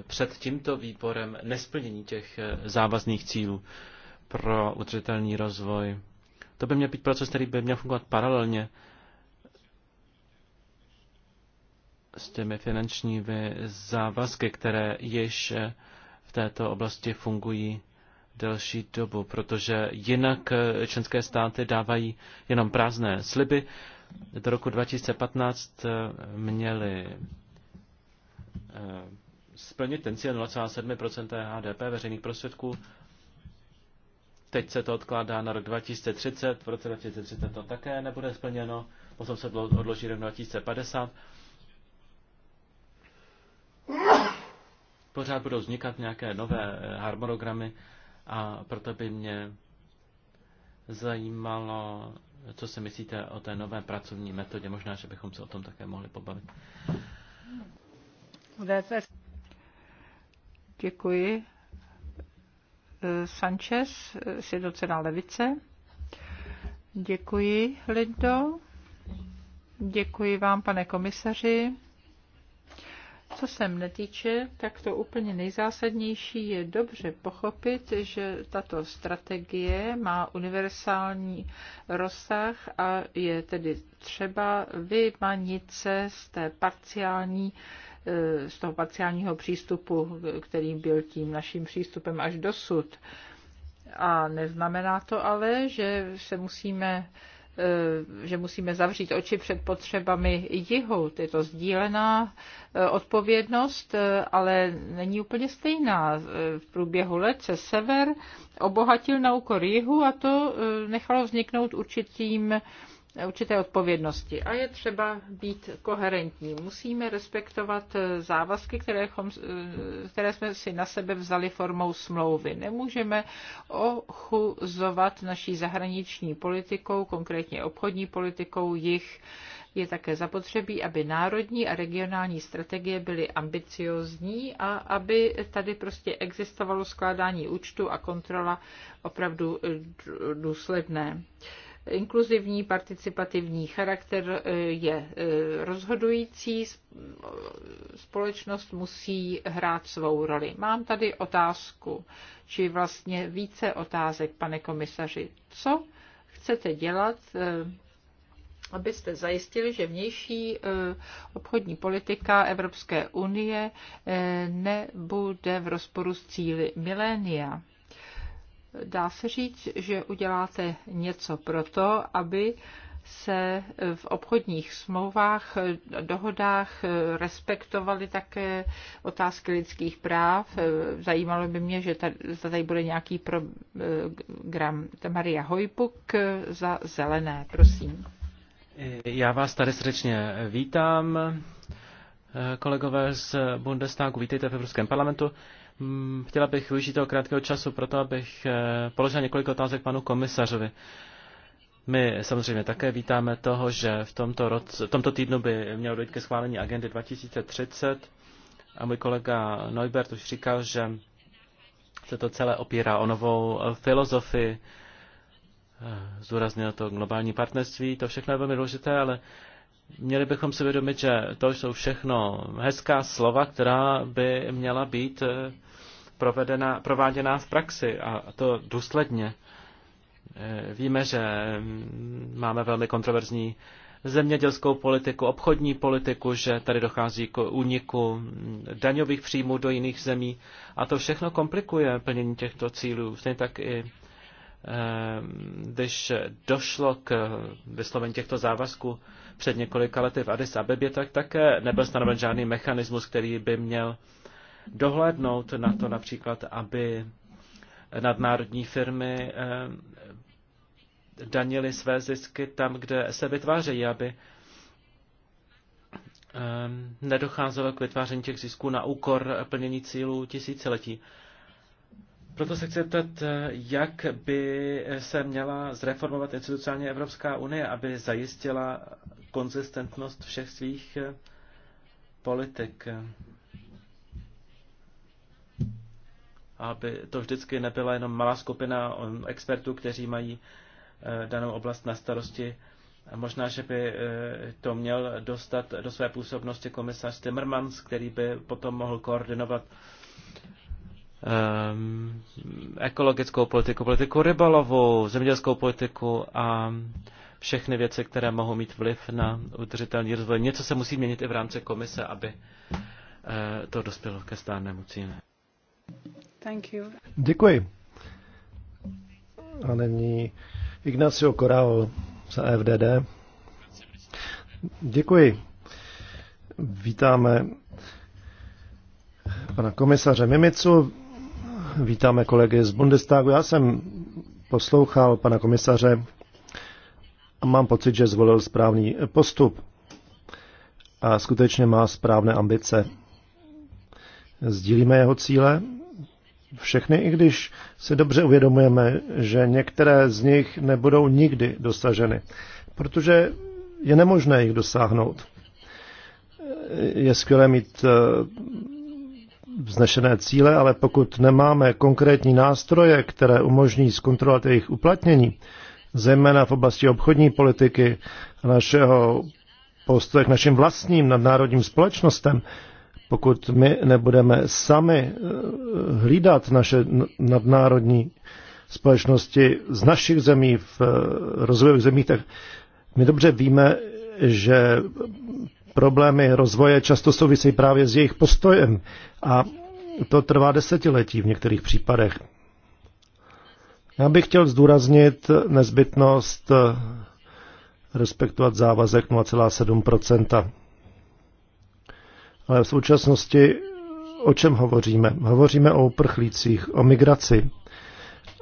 před tímto výborem nesplnění těch závazných cílů pro udržitelný rozvoj to by měl být proces, který by měl fungovat paralelně s těmi finančními závazky, které již v této oblasti fungují delší dobu, protože jinak členské státy dávají jenom prázdné sliby. Do roku 2015 eh, měli eh, splnit ten cíl 0,7 HDP veřejných prostředků Teď se to odkládá na rok 2030, v roce 2030 to také nebude splněno, potom se to odloží rok 2050. Pořád budou vznikat nějaké nové eh, harmonogramy a proto by mě zajímalo, co si myslíte o té nové pracovní metodě. Možná, že bychom se o tom také mohli pobavit. Děkuji. Eh, Sanchez, eh, sjednocená levice. Děkuji, Lindo. Děkuji vám, pane komisaři. Co se mne týče, tak to úplně nejzásadnější je dobře pochopit, že tato strategie má univerzální rozsah a je tedy třeba vymanit se z té parciální uh, Eh, z toho parciálního přístupu, který byl tím naším přístupem až dosud. A neznamená to ale, že se musíme eh, že musíme zavřít oči před potřebami jihu. Je to sdílená eh, odpovědnost, ale není úplně stejná. V průběhu let se sever obohatil na úkor jihu a to nechalo vzniknout určitým určité odpovědnosti. A je třeba být koherentní. Musíme respektovat závazky, které, které jsme si na sebe vzali formou smlouvy. Nemůžeme ochuzovat naší zahraniční politikou, konkrétně obchodní politikou, jich je také zapotřebí, aby národní a regionální strategie byly ambiciozní a aby tady prostě existovalo skládání účtu a kontrola opravdu důsledné. Inkluzivní participativní charakter eh, je eh, rozhodující, společnost musí hrát svou roli. Mám tady otázku, či vlastně více otázek, pane komisaři. Co chcete dělat, eh, abyste zajistili, že vnější obchodní politika Evropské unie nebude v rozporu s cíly milénia? Dá se říct, že uděláte něco pro to, aby se v obchodních smlouvách, dohodách respektovaly také otázky lidských práv. Zajímalo by mě, že tady, tady bude nějaký program Maria Hojpuk za zelené, prosím. Já vás tady srdečně vítám, kolegové z Bundestagu, vítejte v Evropském parlamentu. Mm, chtěla bych využít toho krátkého času proto, abych eh, položila několik otázek panu komisařovi. My samozřejmě také vítáme toho, že v tomto, roce, v tomto týdnu by mělo dojít ke schválení agendy 2030 a můj kolega Neubert už říkal, že se to celé opírá o novou filozofii, eh, zúraznil to globální partnerství, to všechno je velmi důležité, ale měli bychom si vědomit, že to jsou všechno hezká slova, která by měla být eh, provedena, prováděná v praxi a to důsledně. Eh, víme, že mm, máme velmi kontroverzní zemědělskou politiku, obchodní politiku, že tady dochází k úniku mm, daňových příjmů do jiných zemí a to všechno komplikuje plnění těchto cílů. Stejně tak i eh, když došlo k vyslovení těchto závazků před několika lety v Addis Abebě, tak také nebyl stanoven žádný mechanismus, který by měl dohlédnout na to například, aby nadnárodní firmy eh, danily své zisky tam, kde se vytvářejí, aby eh, nedocházelo k vytváření těch zisků na úkor plnění cílů tisíciletí. Proto se chci zeptat, jak by se měla zreformovat institucionálně Evropská unie, aby zajistila konzistentnost všech svých politik. Aby to vždycky nebyla jenom malá skupina expertů, kteří mají eh, danou oblast na starosti. A možná, že by eh, to měl dostat do své působnosti komisař Timmermans, který by potom mohl koordinovat um, ekologickou politiku, politiku rybalovou, zemědělskou politiku a všechny věci, které mohou mít vliv na udržitelný rozvoj. Něco se musí měnit i v rámci komise, aby eh, to dospělo ke stárnému cíli. Thank you. Děkuji. A není Ignacio Corao za FDD. Děkuji. Vítáme pana komisaře Mimicu. Vítáme kolegy z Bundestagu. Já jsem poslouchal pana komisaře a mám pocit, že zvolil správný postup a skutečně má správné ambice. Sdílíme jeho cíle, všechny, i když se dobře uvědomujeme, že některé z nich nebudou nikdy dosaženy, protože je nemožné jich dosáhnout. Je skvělé mít eh, vznešené cíle, ale pokud nemáme konkrétní nástroje, které umožní zkontrolovat jejich uplatnění, zejména v oblasti obchodní politiky a našeho postoje k našim vlastním nadnárodním společnostem, pokud my nebudeme sami eh, hlídat naše nadnárodní společnosti z našich zemí v eh, rozvojových zemích, tak my dobře víme, že problémy rozvoje často souvisí právě s jejich postojem a to trvá desetiletí v některých případech. Já bych chtěl zdůraznit nezbytnost eh, respektovat závazek 0,7%. Ale v současnosti o čem hovoříme? Hovoříme o uprchlících, o migraci.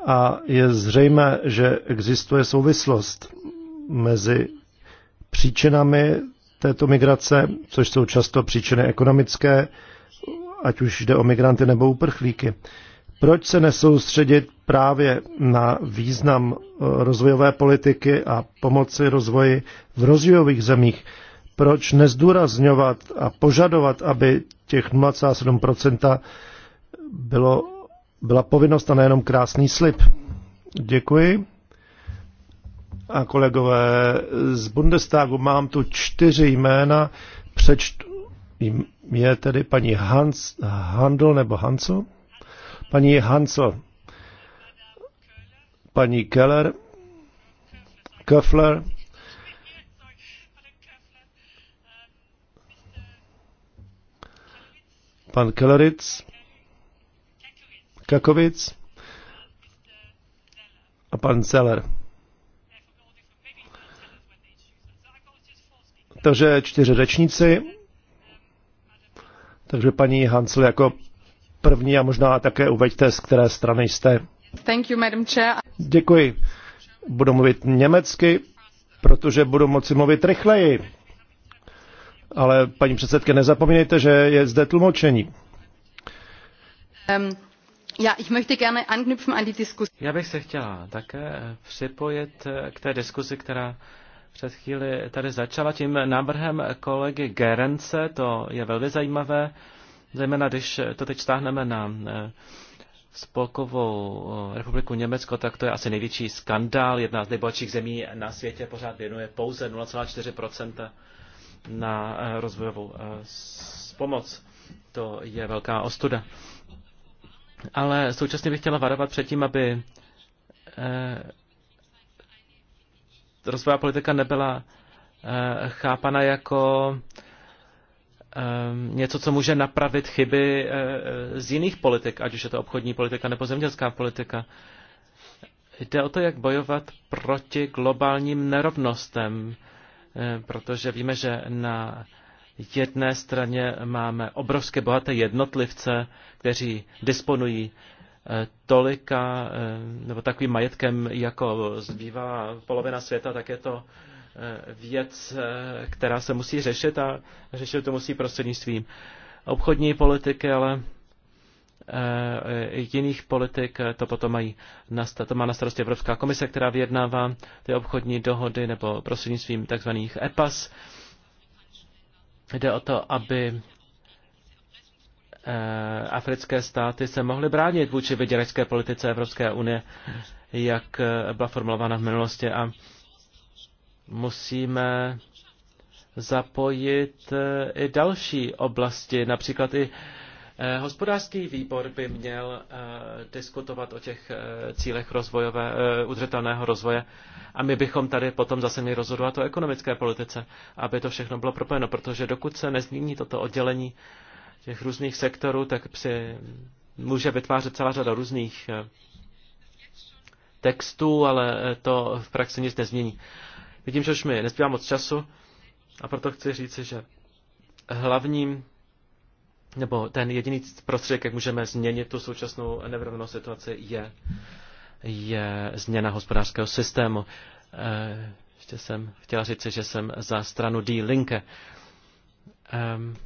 A je zřejmé, že existuje souvislost mezi příčinami této migrace, což jsou často příčiny ekonomické, ať už jde o migranty nebo uprchlíky. Proč se nesoustředit právě na význam eh, rozvojové politiky a pomoci rozvoji v rozvojových zemích? Proč nezdůrazňovat a požadovat, aby těch 0,7% bylo, byla povinnost a nejenom krásný slib? Děkuji a kolegové, z Bundestagu mám tu čtyři jména, přečtu je tedy paní Hans, Handel nebo Hanco? Paní Hanco, paní Keller, Köffler, pan Kelleric, Kakovic a pan Zeller. Takže čtyři řečníci. Takže paní Hansl jako první a možná také uveďte, z které strany jste. Thank you, Madam Chair. Děkuji. Budu mluvit německy, protože budu moci mluvit rychleji. Ale paní předsedky, nezapomínejte, že je zde tlumočení. Um. Já, bych se chtěla také připojit k té diskuzi, která před chvíli tady začala tím návrhem kolegy Gerence, to je velmi zajímavé, zejména když to teď stáhneme na eh, Spolkovou eh, republiku Německo, tak to je asi největší skandál. Jedna z nejbohatších zemí na světě pořád věnuje pouze 0,4 na eh, rozvojovou pomoc. To je velká ostuda. Ale současně bych chtěla varovat před tím, aby rozvojová politika nebyla eh, chápana jako eh, něco, co může napravit chyby eh, z jiných politik, ať už je to obchodní politika nebo zemědělská politika. Jde o to, jak bojovat proti globálním nerovnostem, protože víme, že na jedné straně máme obrovské bohaté jednotlivce, kteří disponují Eh, tolika, eh, nebo takovým majetkem, jako zbývá polovina světa, tak je to eh, věc, která se musí řešit a řešit to musí prostřednictvím obchodní politiky, ale jiných politik, to potom mají na, to má na starosti Evropská komise, která vyjednává ty obchodní dohody nebo prostřednictvím tzv. EPAS. Jde o to, aby Eh, africké státy se mohly bránit vůči vyděračské politice Evropské unie, jak eh, byla formulována v minulosti. A musíme zapojit eh, i další oblasti, například i Hospodářský výbor by měl diskutovat o těch cílech rozvojové, udržitelného rozvoje a my bychom tady potom zase měli rozhodovat o ekonomické politice, aby to všechno bylo propojeno, protože dokud se nezmění toto oddělení, těch různých sektorů, tak při, může vytvářet celá řada různých eh, textů, ale eh, to v praxi nic nezmění. Vidím, že už mi nezbývá moc času a proto chci říct, že hlavním nebo ten jediný prostředek, jak můžeme změnit tu současnou nevrovnou situaci, je, je změna hospodářského systému. Eh, ještě jsem chtěla říct, že jsem za stranu D-Linke. Um,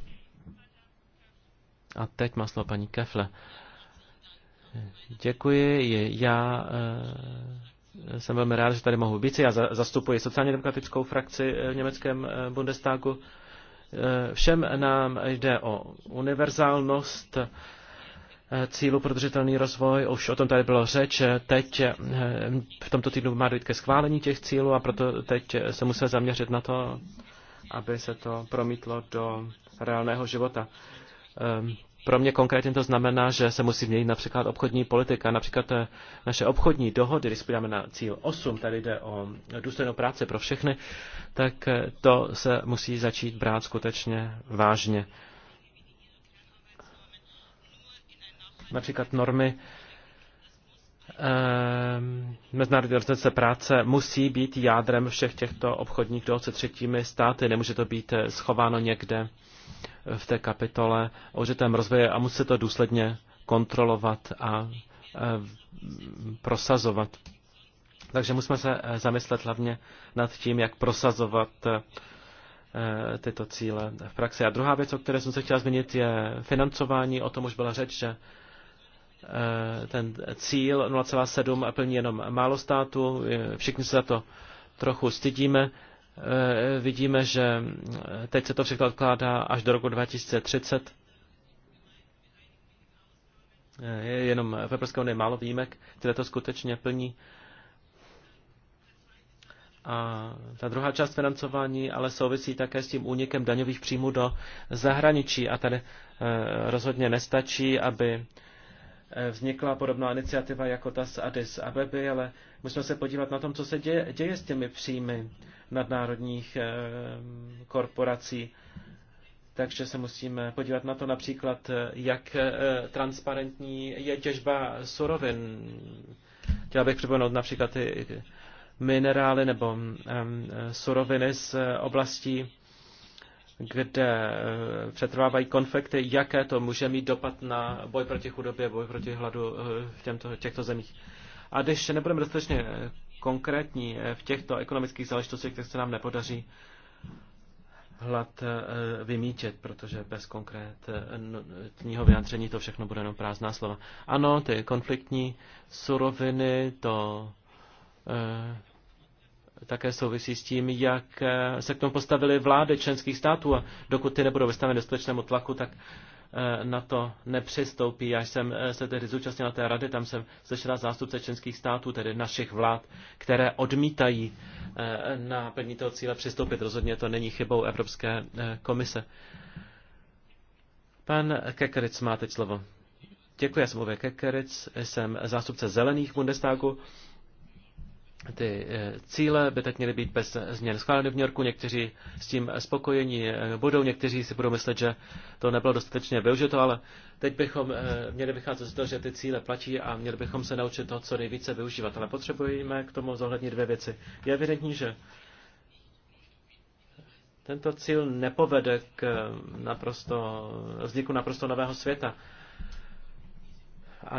a teď má slovo paní Kefle. Děkuji. Já eh, jsem velmi rád, že tady mohu být. Já zastupuji sociálně demokratickou frakci eh, v německém eh, Bundestagu. Všem nám jde o univerzálnost cílu pro držitelný rozvoj. Už o tom tady bylo řeč. Teď v tomto týdnu má dojít ke schválení těch cílů a proto teď se musíme zaměřit na to, aby se to promítlo do reálného života. Ehm, pro mě konkrétně to znamená, že se musí měnit například obchodní politika, například eh, naše obchodní dohody, když spíráme na cíl 8, tady jde o důstojnou práci pro všechny, tak eh, to se musí začít brát skutečně vážně. Například normy ehm, Mezinárodní organizace práce musí být jádrem všech těchto obchodních dohod se třetími státy. Nemůže to být eh, schováno někde v té kapitole o určitém rozvoji a musí se to důsledně kontrolovat a e, prosazovat. Takže musíme se e, zamyslet hlavně nad tím, jak prosazovat e, tyto cíle v praxi. A druhá věc, o které jsem se chtěla zmínit, je financování. O tom už byla řeč, že ten cíl 0,7 plní jenom málo států. Všichni se za to trochu stydíme. Eh, vidíme, že eh, teď se to všechno odkládá až do roku 2030. Eh, je jenom v Evropské unii málo výjimek, které to skutečně plní. A ta druhá část financování ale souvisí také s tím únikem daňových příjmů do zahraničí. A tady rozhodně nestačí, aby vznikla podobná iniciativa jako ta z Addis Abeby, ale musíme se podívat na tom, co se děje, děje s těmi příjmy nadnárodních eh, korporací. Takže se musíme podívat na to například, eh, jak eh, transparentní je těžba surovin. Chtěl bych připomenout například ty minerály nebo suroviny z oblastí, kde přetrvávají konflikty, jaké to může mít dopad na boj proti chudobě, boj proti hladu v těmto, těchto zemích. A když nebudeme dostatečně konkrétní eh, v těchto ekonomických záležitostech, které se nám nepodaří hlad eh, vymítit, protože bez konkrétního vyjádření to všechno bude jenom prázdná slova. Ano, ty konfliktní suroviny, to eh, také souvisí s tím, jak se k tomu postavily vlády členských států a dokud ty nebudou vystaveny dostatečnému tlaku, tak Eh, na to nepřistoupí. Já jsem eh, se tedy zúčastnila té rady, tam jsem slyšela zástupce členských států, tedy našich vlád, které odmítají eh, na plní toho cíle přistoupit. Rozhodně to není chybou Evropské komise. Pan Kekeric má teď slovo. Děkuji, já jsem Uwe Kekeric, jsem zástupce Zelených Bundestagu ty eh, cíle by tak měly být bez změn schváleny v New Yorku. Někteří s tím spokojení eh, budou, někteří si budou myslet, že to nebylo dostatečně využito, ale teď bychom eh, měli vycházet z toho, že ty cíle platí a měli bychom se naučit to, co nejvíce využívat. Ale potřebujeme k tomu zohlednit dvě věci. Je evidentní, že tento cíl nepovede k naprosto, vzniku naprosto nového světa a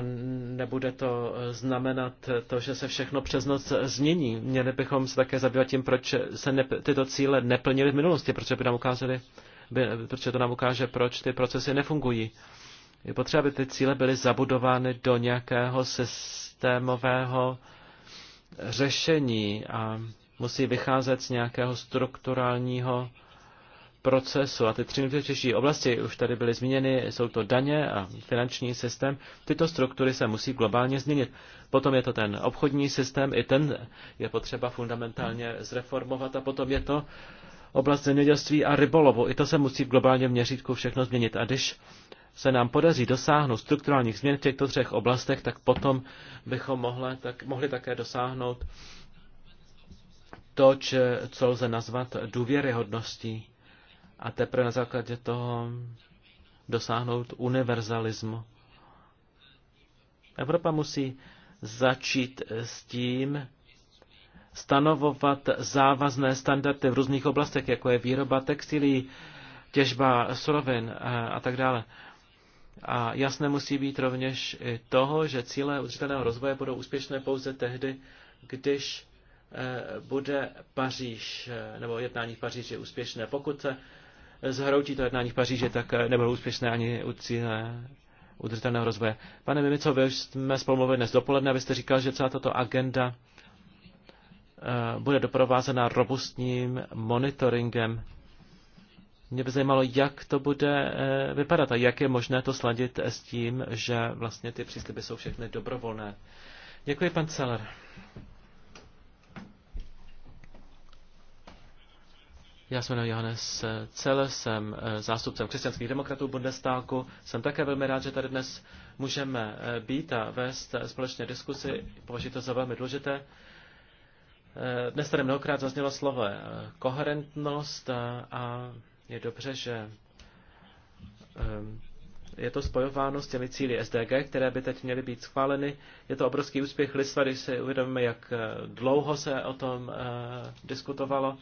nebude to znamenat to, že se všechno přes noc změní. Měli bychom se také zabývat tím, proč se ne, tyto cíle neplnily v minulosti, proč by nám ukázali, by, protože to nám ukáže, proč ty procesy nefungují. Je potřeba, aby ty cíle byly zabudovány do nějakého systémového řešení a musí vycházet z nějakého strukturálního procesu a ty tři nejtěžší oblasti už tady byly zmíněny, jsou to daně a finanční systém. Tyto struktury se musí globálně změnit. Potom je to ten obchodní systém, i ten je potřeba fundamentálně zreformovat a potom je to oblast zemědělství a rybolovu. I to se musí v globálně měřítku všechno změnit. A když se nám podaří dosáhnout strukturálních změn v těchto třech oblastech, tak potom bychom mohli, tak, mohli také dosáhnout to, če, co lze nazvat důvěryhodností a teprve na základě toho dosáhnout univerzalismu. Evropa musí začít s tím, stanovovat závazné standardy v různých oblastech, jako je výroba textilí, těžba surovin eh, a tak dále. A jasné musí být rovněž i toho, že cíle udržitelného rozvoje budou úspěšné pouze tehdy, když eh, bude Paříž, eh, nebo jednání v Paříži úspěšné. Pokud se zhroutí to jednání v Paříži, tak eh, nebylo úspěšné ani u cíle udržitelného rozvoje. Pane Mimico, vy už jsme spolu mluvili dnes dopoledne, abyste říkal, že celá tato agenda eh, bude doprovázena robustním monitoringem. Mě by zajímalo, jak to bude eh, vypadat a jak je možné to sladit s tím, že vlastně ty přísliby jsou všechny dobrovolné. Děkuji, pan Celer. Já jsem jmenuji Johannes Cel, jsem eh, zástupcem křesťanských demokratů Bundestáku. Jsem také velmi rád, že tady dnes můžeme eh, být a vést eh, společně diskusi. Považuji to za velmi důležité. Dnes tady mnohokrát zaznělo slovo koherentnost a je dobře, že je to spojováno s těmi cíly SDG, které by teď měly být schváleny. Je to obrovský úspěch Lisva, když si uvědomíme, jak dlouho se o tom diskutovalo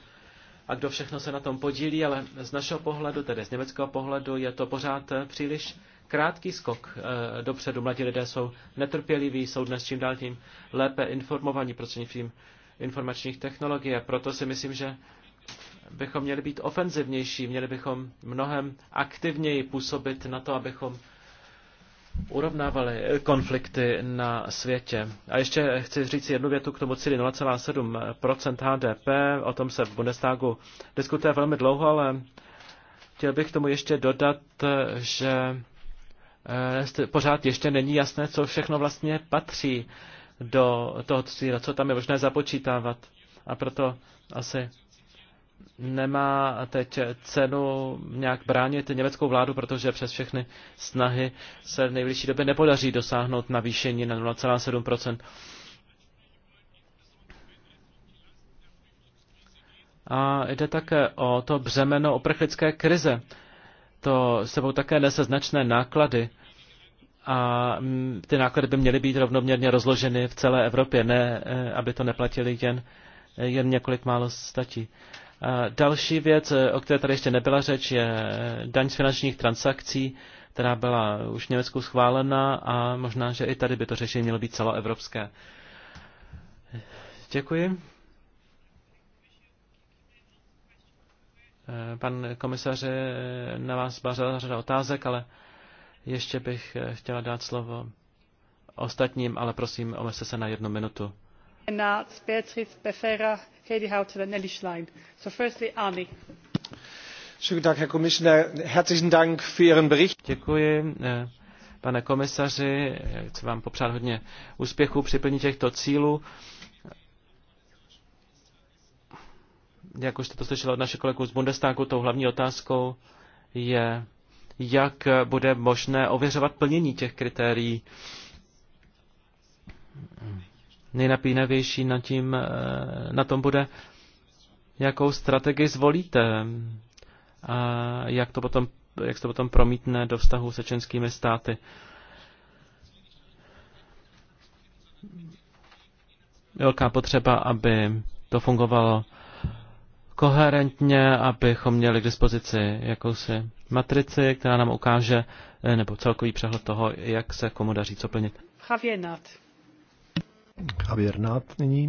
a kdo všechno se na tom podílí, ale z našeho pohledu, tedy z německého pohledu, je to pořád eh, příliš krátký skok eh, dopředu. Mladí lidé jsou netrpěliví, jsou dnes čím dál tím lépe informovaní prostřednictvím informačních technologií a proto si myslím, že bychom měli být ofenzivnější, měli bychom mnohem aktivněji působit na to, abychom urovnávaly konflikty na světě. A ještě chci říct jednu větu k tomu cíli 0,7 HDP. O tom se v Bundestagu diskutuje velmi dlouho, ale chtěl bych tomu ještě dodat, že eh, pořád ještě není jasné, co všechno vlastně patří do toho cíle, co tam je možné započítávat. A proto asi nemá teď cenu nějak bránit německou vládu, protože přes všechny snahy se v nejbližší době nepodaří dosáhnout navýšení na 0,7 A jde také o to břemeno oprchlické krize. To sebou také nese značné náklady a ty náklady by měly být rovnoměrně rozloženy v celé Evropě, ne eh, aby to neplatili jen, eh, jen několik málo statí další věc, eh, o které tady ještě nebyla řeč, je eh, daň z finančních transakcí, která byla už v Německu schválena a možná, že i tady by to řešení mělo být celoevropské. Děkuji. Eh, pan komisař, na vás byla řada otázek, ale ještě bych chtěla dát slovo ostatním, ale prosím, omezte se na jednu minutu. Děkuji, eh, pane komisaři, eh, chci vám popřát hodně úspěchů při plnění těchto cílů. Jak už jste to slyšeli od našich kolegů z Bundestagu, tou hlavní otázkou je, jak bude možné ověřovat plnění těch kritérií nejnapínavější na, tím, eh, na tom bude, jakou strategii zvolíte a jak to potom, jak se to potom promítne do vztahu se českými státy. Velká potřeba, aby to fungovalo koherentně, abychom měli k dispozici jakousi matrici, která nám ukáže, eh, nebo celkový přehled toho, jak se komu daří co plnit. Javier Javier Nát nyní.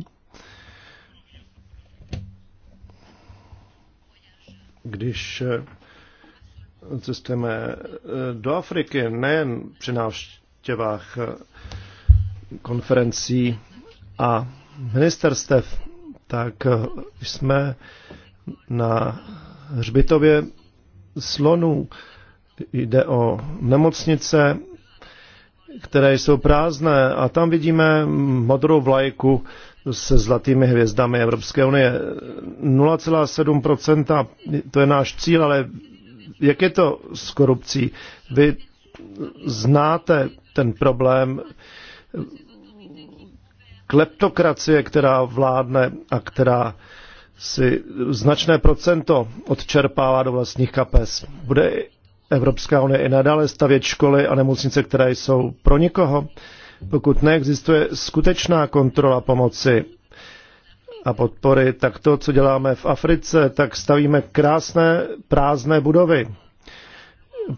Když eh, cestujeme eh, do Afriky, nejen při návštěvách eh, konferencí a ministerstev, tak jsme na hřbitově slonů. Jde o nemocnice, které jsou prázdné a tam vidíme modrou vlajku se zlatými hvězdami Evropské unie. 0,7% to je náš cíl, ale jak je to s korupcí? Vy znáte ten problém kleptokracie, která vládne a která si značné procento odčerpává do vlastních kapes. Bude Evropská unie i nadále stavět školy a nemocnice, které jsou pro nikoho, pokud neexistuje skutečná kontrola pomoci a podpory, tak to, co děláme v Africe, tak stavíme krásné prázdné budovy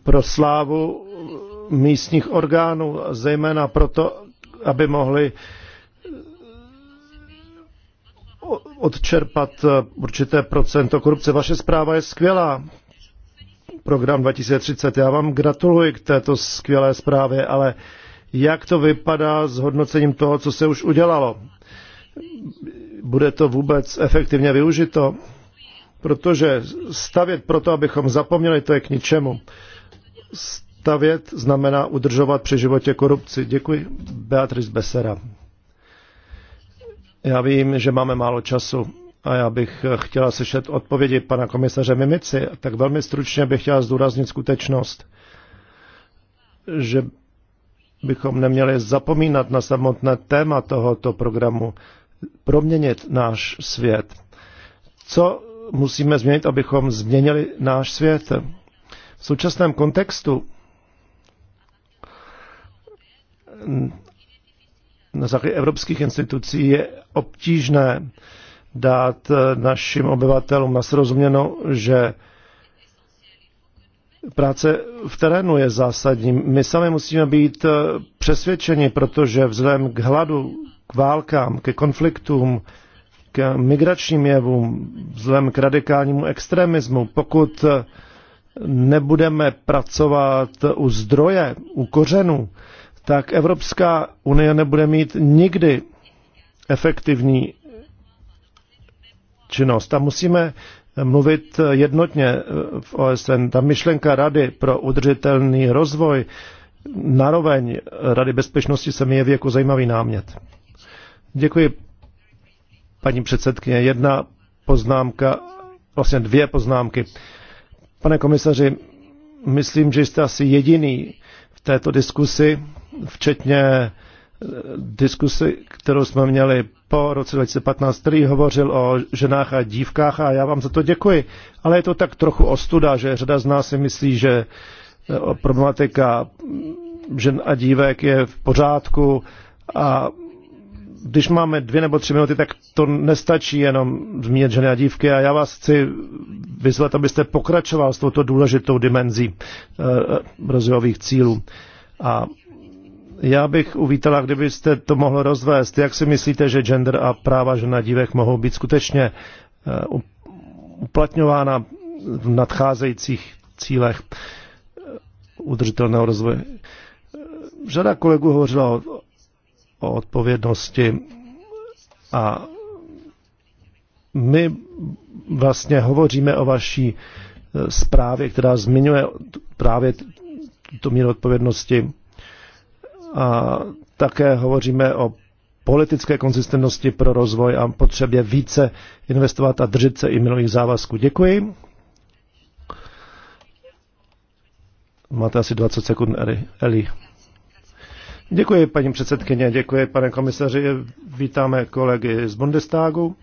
pro slávu místních orgánů, zejména proto, aby mohli odčerpat určité procento korupce. Vaše zpráva je skvělá, program 2030. Já vám gratuluji k této skvělé zprávě, ale jak to vypadá s hodnocením toho, co se už udělalo? Bude to vůbec efektivně využito? Protože stavět proto, abychom zapomněli, to je k ničemu. Stavět znamená udržovat při životě korupci. Děkuji, Beatrice Besera. Já vím, že máme málo času a já bych eh, chtěla slyšet odpovědi pana komisaře Mimici, tak velmi stručně bych chtěla zdůraznit skutečnost, že bychom neměli zapomínat na samotné téma tohoto programu, proměnit náš svět. Co musíme změnit, abychom změnili náš svět? V současném kontextu na základě evropských institucí je obtížné dát eh, našim obyvatelům na srozuměno, že práce v terénu je zásadní. My sami musíme být eh, přesvědčeni, protože vzhledem k hladu, k válkám, ke konfliktům, k migračním jevům, vzhledem k radikálnímu extremismu, pokud eh, nebudeme pracovat u zdroje, u kořenů, tak Evropská unie nebude mít nikdy efektivní činnost. A musíme mluvit jednotně eh, v OSN. Ta myšlenka Rady pro udržitelný rozvoj naroveň Rady bezpečnosti se mi jeví jako zajímavý námět. Děkuji, paní předsedkyně. Jedna poznámka, vlastně dvě poznámky. Pane komisaři, myslím, že jste asi jediný v této diskusi, včetně eh, diskusi, kterou jsme měli po roce 2015, který hovořil o ženách a dívkách a já vám za to děkuji. Ale je to tak trochu ostuda, že řada z nás si myslí, že eh, problematika žen a dívek je v pořádku a když máme dvě nebo tři minuty, tak to nestačí jenom zmínit ženy a dívky a já vás chci vyzvat, abyste pokračoval s touto důležitou dimenzí eh, eh, rozvojových cílů. A já bych uvítala, kdybyste to mohl rozvést. Jak si myslíte, že gender a práva žen a dívek mohou být skutečně eh, uplatňována v nadcházejících cílech eh, udržitelného rozvoje? Eh, řada kolegů hovořila o, o odpovědnosti a my vlastně hovoříme o vaší zprávě, která zmiňuje právě tuto míru odpovědnosti a také hovoříme o politické konzistentnosti pro rozvoj a potřebě více investovat a držet se i minulých závazků. Děkuji. Máte asi 20 sekund, Eli. Děkuji, paní předsedkyně, děkuji, pane komisaři. Vítáme kolegy z Bundestagu.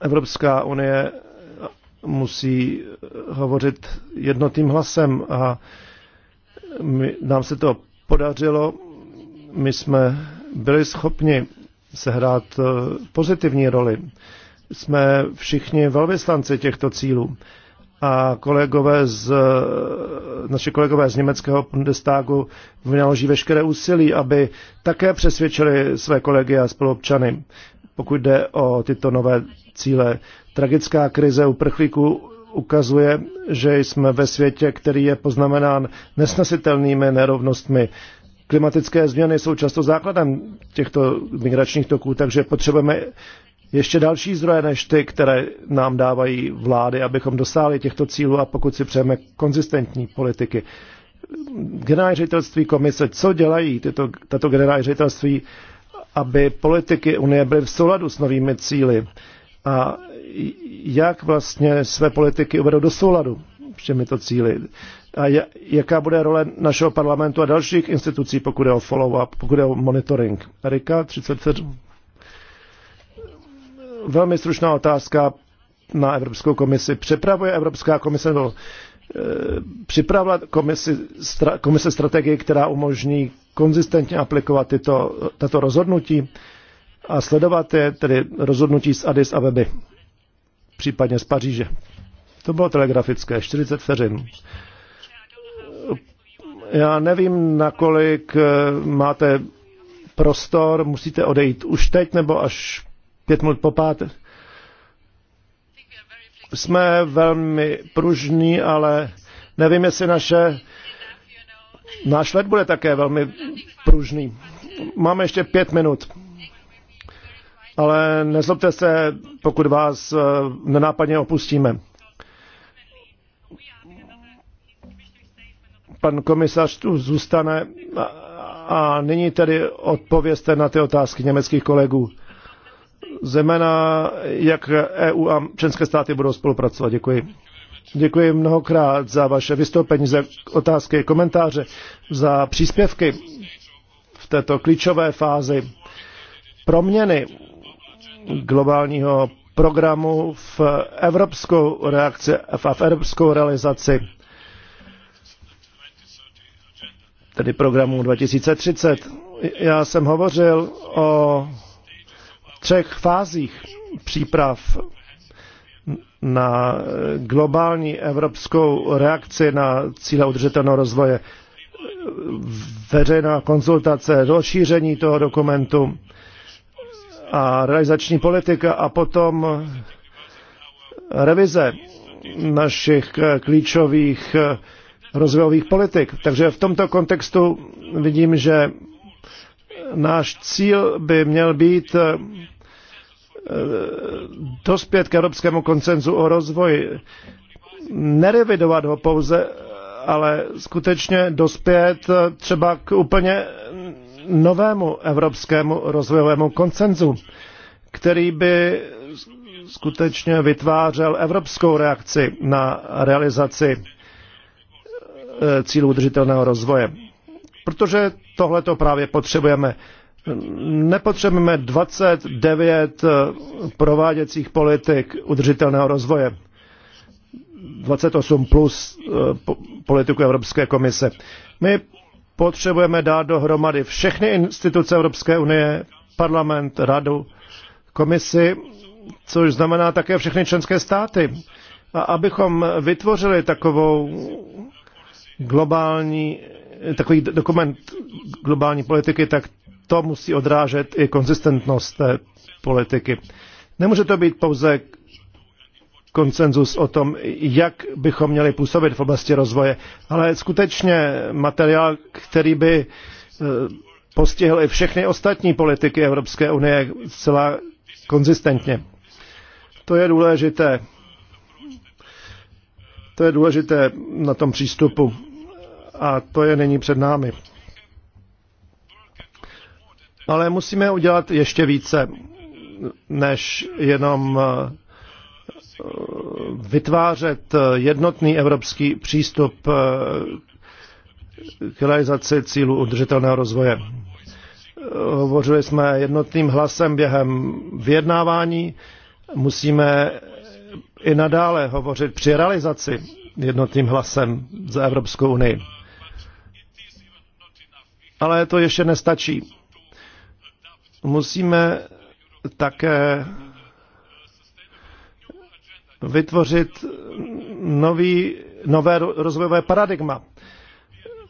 Evropská unie musí hovořit jednotým hlasem a my, nám se to podařilo, my jsme byli schopni sehrát eh, pozitivní roli. Jsme všichni velvyslanci těchto cílů a kolegové z, eh, naši kolegové z německého Bundestagu vynaloží veškeré úsilí, aby také přesvědčili své kolegy a spoluobčany, pokud jde o tyto nové cíle. Tragická krize uprchlíků ukazuje, že jsme ve světě, který je poznamenán nesnesitelnými nerovnostmi. Klimatické změny jsou často základem těchto migračních toků, takže potřebujeme ještě další zdroje než ty, které nám dávají vlády, abychom dosáhli těchto cílů a pokud si přejeme konzistentní politiky. Generální ředitelství komise, co dělají tyto, tato generální ředitelství, aby politiky Unie byly v souladu s novými cíly? A jak vlastně své politiky uvedou do souladu s těmito cíly a jaká bude role našeho parlamentu a dalších institucí, pokud je o follow-up, pokud je o monitoring. Erika, 30 Velmi stručná otázka na Evropskou komisi. Připravuje Evropská komise nebo e, připravila komisi, stra, komise strategii, která umožní konzistentně aplikovat tyto, tato rozhodnutí a sledovat je tedy rozhodnutí z Addis Abeby případně z Paříže. To bylo telegrafické, 40 vteřin. Já nevím, nakolik eh, máte prostor, musíte odejít už teď nebo až pět minut po pát. Jsme velmi pružní, ale nevím, jestli naše, náš let bude také velmi pružný. Máme ještě pět minut ale nezlobte se, pokud vás eh, nenápadně opustíme. Pan komisař tu zůstane a, a nyní tedy odpověste na ty otázky německých kolegů. Zemena, jak EU a české státy budou spolupracovat. Děkuji. Děkuji mnohokrát za vaše vystoupení, za otázky, komentáře, za příspěvky v této klíčové fázi proměny globálního programu v evropskou reakci, v evropskou realizaci, tedy programu 2030. Já jsem hovořil o třech fázích příprav na globální evropskou reakci na cíle udržitelného rozvoje, veřejná konzultace, rozšíření toho dokumentu, a realizační politika a potom revize našich klíčových rozvojových politik. Takže v tomto kontextu vidím, že náš cíl by měl být eh, dospět k evropskému koncenzu o rozvoji. Nerevidovat ho pouze, ale skutečně dospět eh, třeba k úplně novému evropskému rozvojovému koncenzu, který by skutečně vytvářel evropskou reakci na realizaci eh, cílů udržitelného rozvoje. Protože tohle to právě potřebujeme. Nepotřebujeme 29 eh, prováděcích politik udržitelného rozvoje. 28 plus eh, politiku Evropské komise. My potřebujeme dát dohromady všechny instituce Evropské unie, parlament, radu, komisi, což znamená také všechny členské státy. A abychom vytvořili takovou globální, takový dokument globální politiky, tak to musí odrážet i konzistentnost té politiky. Nemůže to být pouze konsenzus o tom, jak bychom měli působit v oblasti rozvoje, ale skutečně materiál, který by eh, postihl i všechny ostatní politiky Evropské unie zcela konzistentně. To je důležité. To je důležité na tom přístupu a to je není před námi. Ale musíme udělat ještě více, než jenom eh, vytvářet jednotný evropský přístup k realizaci cílů udržitelného rozvoje. Hovořili jsme jednotným hlasem během vyjednávání. Musíme i nadále hovořit při realizaci jednotným hlasem za Evropskou unii. Ale to ještě nestačí. Musíme také vytvořit nový, nové rozvojové paradigma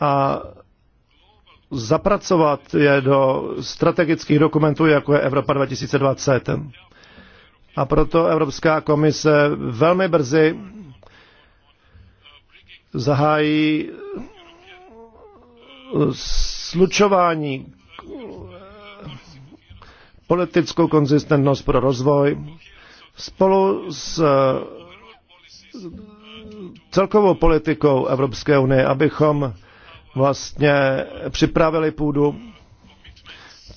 a zapracovat je do strategických dokumentů, jako je Evropa 2020. A proto Evropská komise velmi brzy zahájí slučování politickou konzistentnost pro rozvoj spolu s eh, celkovou politikou Evropské unie, abychom vlastně připravili půdu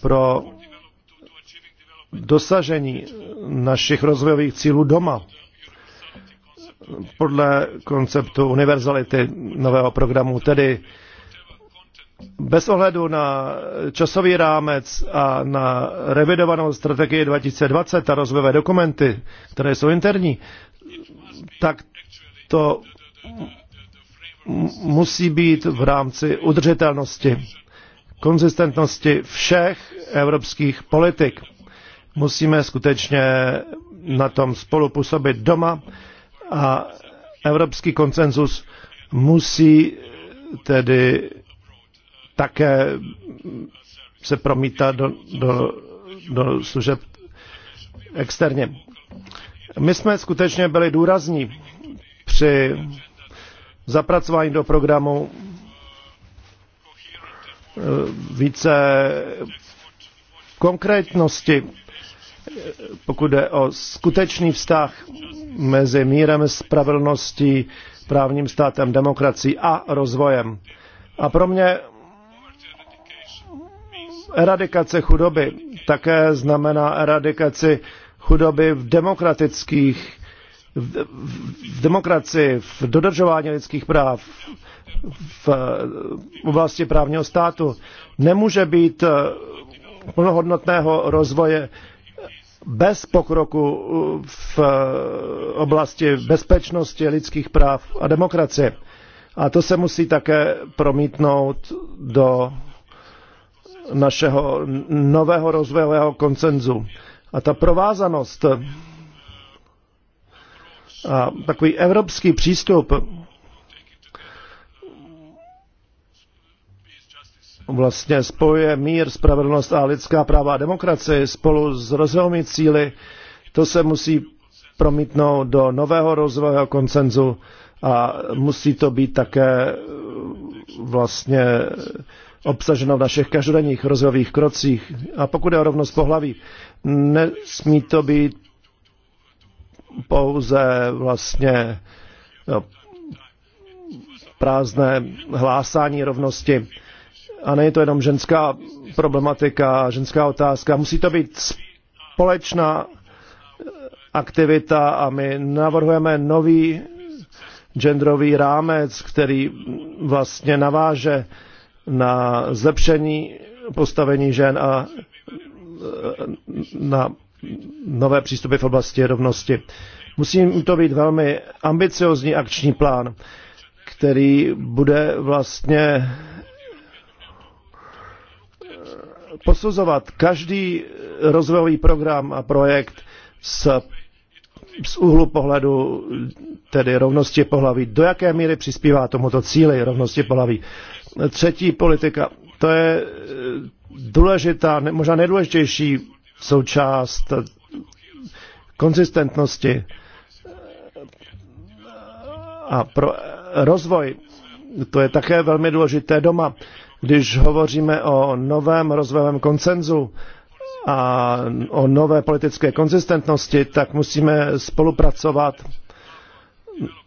pro dosažení našich rozvojových cílů doma podle konceptu univerzality nového programu, tedy bez ohledu na časový rámec a na revidovanou strategii 2020 a rozvojové dokumenty, které jsou interní, tak to musí být v rámci udržitelnosti, konzistentnosti všech evropských politik. Musíme skutečně na tom spolu působit doma a evropský konsenzus musí tedy také se promítá do, do, do služeb externě. My jsme skutečně byli důrazní při zapracování do programu eh, více konkrétnosti, pokud jde o skutečný vztah mezi mírem, spravedlností, právním státem, demokracií a rozvojem. A pro mě eradikace chudoby také znamená eradikaci chudoby v demokratických v, v demokracii, v dodržování lidských práv, v oblasti právního státu. Nemůže být plnohodnotného rozvoje bez pokroku v oblasti bezpečnosti, lidských práv a demokracie. A to se musí také promítnout do našeho nového rozvojového koncenzu. A ta provázanost a takový evropský přístup vlastně spojuje mír, spravedlnost a lidská práva a demokracie spolu s rozvojovými cíly. To se musí promítnout do nového rozvojového koncenzu a musí to být také vlastně obsaženo v našich každodenních rozvojových krocích. A pokud je o rovnost pohlaví, nesmí to být pouze vlastně no, prázdné hlásání rovnosti. A není to jenom ženská problematika, ženská otázka. Musí to být společná aktivita a my navrhujeme nový genderový rámec, který vlastně naváže na zlepšení postavení žen a na nové přístupy v oblasti rovnosti. Musím to být velmi ambiciozní akční plán, který bude vlastně eh, posuzovat každý rozvojový program a projekt z, z úhlu pohledu tedy rovnosti pohlaví. Do jaké míry přispívá tomuto cíli rovnosti pohlaví? Třetí politika, to je eh, důležitá, možná nejdůležitější součást eh, konzistentnosti eh, a pro rozvoj. To je také velmi důležité doma, když hovoříme o novém rozvojovém koncenzu a o nové politické konzistentnosti, tak musíme spolupracovat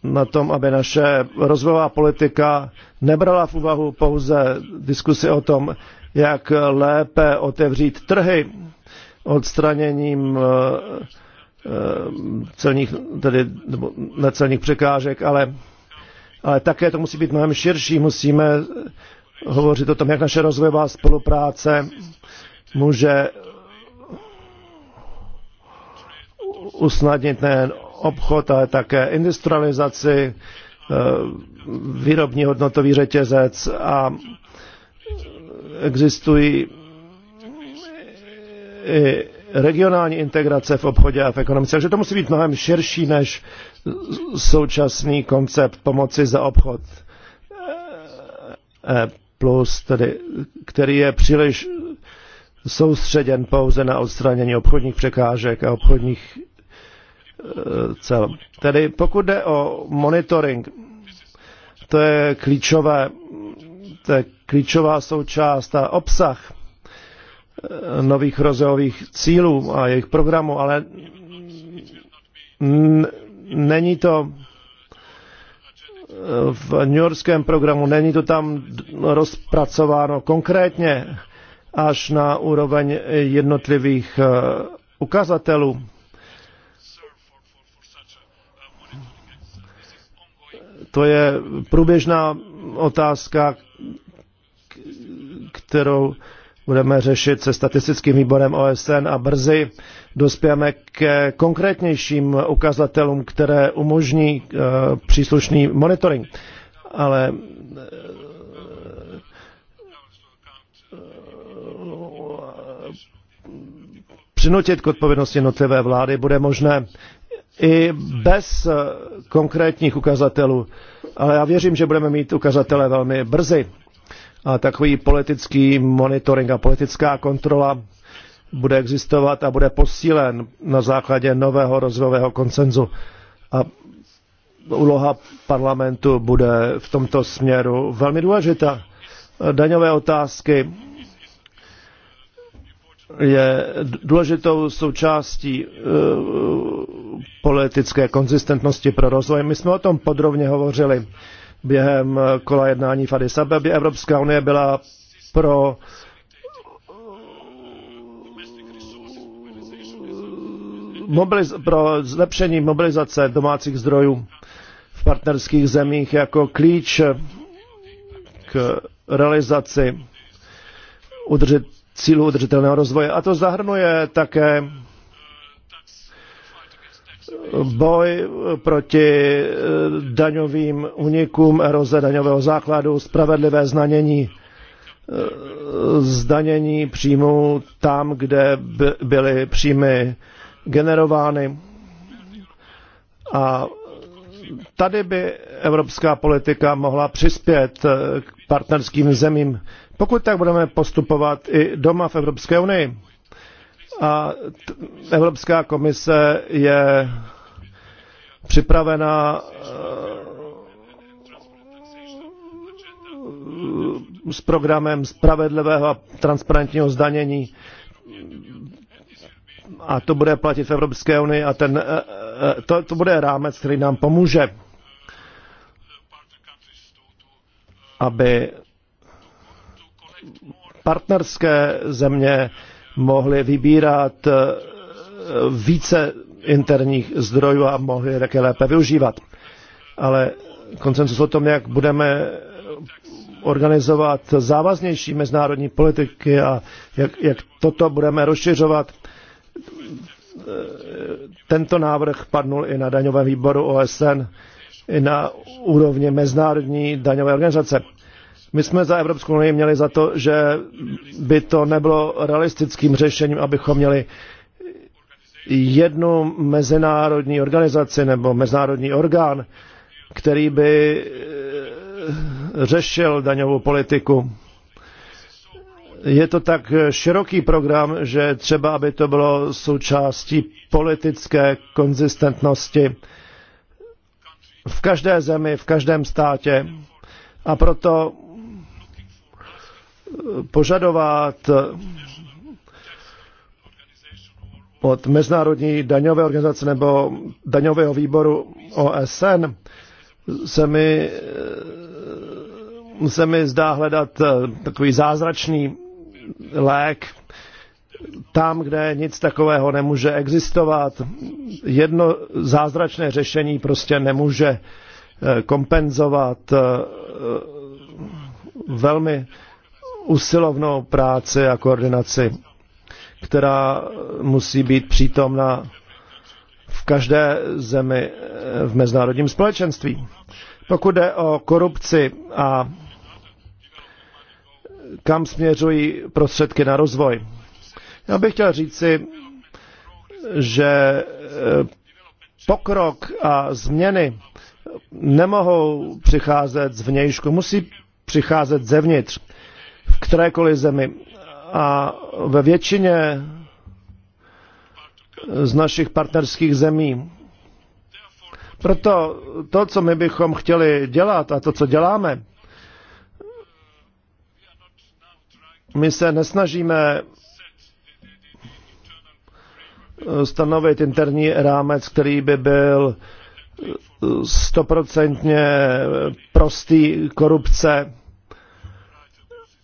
na tom, aby naše rozvojová politika nebrala v úvahu pouze diskusy o tom, jak lépe otevřít trhy odstraněním eh, eh, celních, tedy necelních překážek, ale, ale také to musí být mnohem širší. Musíme hovořit o tom, jak naše rozvojová spolupráce může usnadnit nejen obchod, ale také industrializaci, eh, výrobní hodnotový řetězec a existují i regionální integrace v obchodě a v ekonomice. Takže to musí být mnohem širší než současný koncept pomoci za obchod e, e plus, tedy, který je příliš soustředěn pouze na odstranění obchodních překážek a obchodních Eh, cel. Tedy pokud jde o monitoring, to je klíčové, to je klíčová součást a obsah eh, nových rozvojových cílů a jejich programů, ale není to eh, v New Yorkském programu, není to tam rozpracováno konkrétně až na úroveň jednotlivých ukazatelů. To je průběžná otázka, kterou budeme řešit se statistickým výborem OSN a brzy dospějeme k konkrétnějším ukazatelům, které umožní eh, příslušný monitoring. Ale eh, přinutit k odpovědnosti jednotlivé vlády bude možné i bez eh, konkrétních ukazatelů. Ale já věřím, že budeme mít ukazatele velmi brzy. A takový politický monitoring a politická kontrola bude existovat a bude posílen na základě nového rozvojového koncenzu. A úloha parlamentu bude v tomto směru velmi důležitá. Daňové otázky je důležitou součástí e, politické konzistentnosti pro rozvoj. My jsme o tom podrobně hovořili během e, kola jednání v Addis Abebě. Evropská unie byla pro e, pro zlepšení mobilizace domácích zdrojů v partnerských zemích jako klíč k realizaci udržit cílů udržitelného rozvoje. A to zahrnuje také boj proti eh, daňovým unikům, eroze daňového základu, spravedlivé znanění, eh, zdanění příjmů tam, kde byly příjmy generovány. A tady by evropská politika mohla přispět eh, k partnerským zemím pokud tak budeme postupovat i doma v Evropské unii. A Evropská komise je připravena eh, s programem spravedlivého a transparentního zdanění. A to bude platit v Evropské unii a ten, eh, eh, to, to bude rámec, který nám pomůže, aby partnerské země mohly vybírat eh, více interních zdrojů a mohly je také lépe využívat. Ale koncensus o tom, jak budeme organizovat závaznější mezinárodní politiky a jak, jak toto budeme rozšiřovat, eh, tento návrh padnul i na daňovém výboru OSN, i na úrovni mezinárodní daňové organizace. My jsme za Evropskou unii měli za to, že by to nebylo realistickým řešením, abychom měli jednu mezinárodní organizaci nebo mezinárodní orgán, který by eh, řešil daňovou politiku. Je to tak široký program, že třeba, aby to bylo součástí politické konzistentnosti v každé zemi, v každém státě. A proto požadovat eh, od Mezinárodní daňové organizace nebo daňového výboru OSN se mi, eh, se mi zdá hledat eh, takový zázračný lék tam, kde nic takového nemůže existovat. Jedno zázračné řešení prostě nemůže kompenzovat velmi usilovnou práci a koordinaci, která musí být přítomna v každé zemi eh, v mezinárodním společenství. Pokud jde o korupci a kam směřují prostředky na rozvoj, já bych chtěl říci, že eh, pokrok a změny nemohou přicházet zvnějšku, musí přicházet zevnitř v kterékoliv zemi. A ve většině z našich partnerských zemí. Proto to, co my bychom chtěli dělat a to, co děláme, my se nesnažíme stanovit interní rámec, který by byl stoprocentně prostý korupce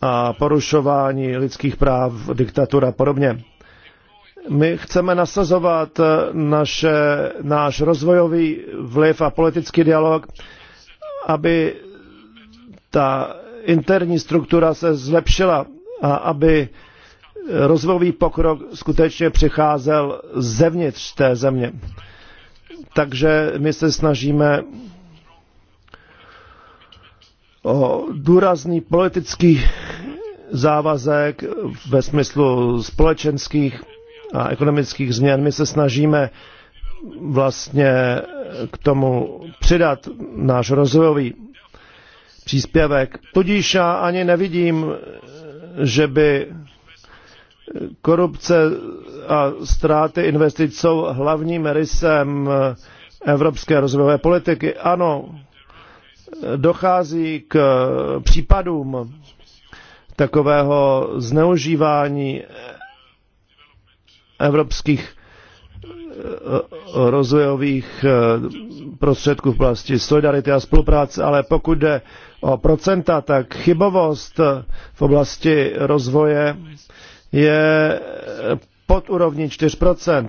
a porušování lidských práv, diktatura a podobně. My chceme nasazovat naše, náš rozvojový vliv a politický dialog, aby ta interní struktura se zlepšila a aby rozvojový pokrok skutečně přicházel zevnitř té země. Takže my se snažíme důrazný politický závazek ve smyslu společenských a ekonomických změn. My se snažíme vlastně k tomu přidat náš rozvojový příspěvek. Tudíž já ani nevidím, že by korupce a ztráty investic jsou hlavním rysem evropské rozvojové politiky. Ano, dochází k případům takového zneužívání evropských eh, rozvojových eh, prostředků v oblasti solidarity a spolupráce, ale pokud jde o procenta, tak chybovost eh, v oblasti rozvoje je pod úrovní 4%,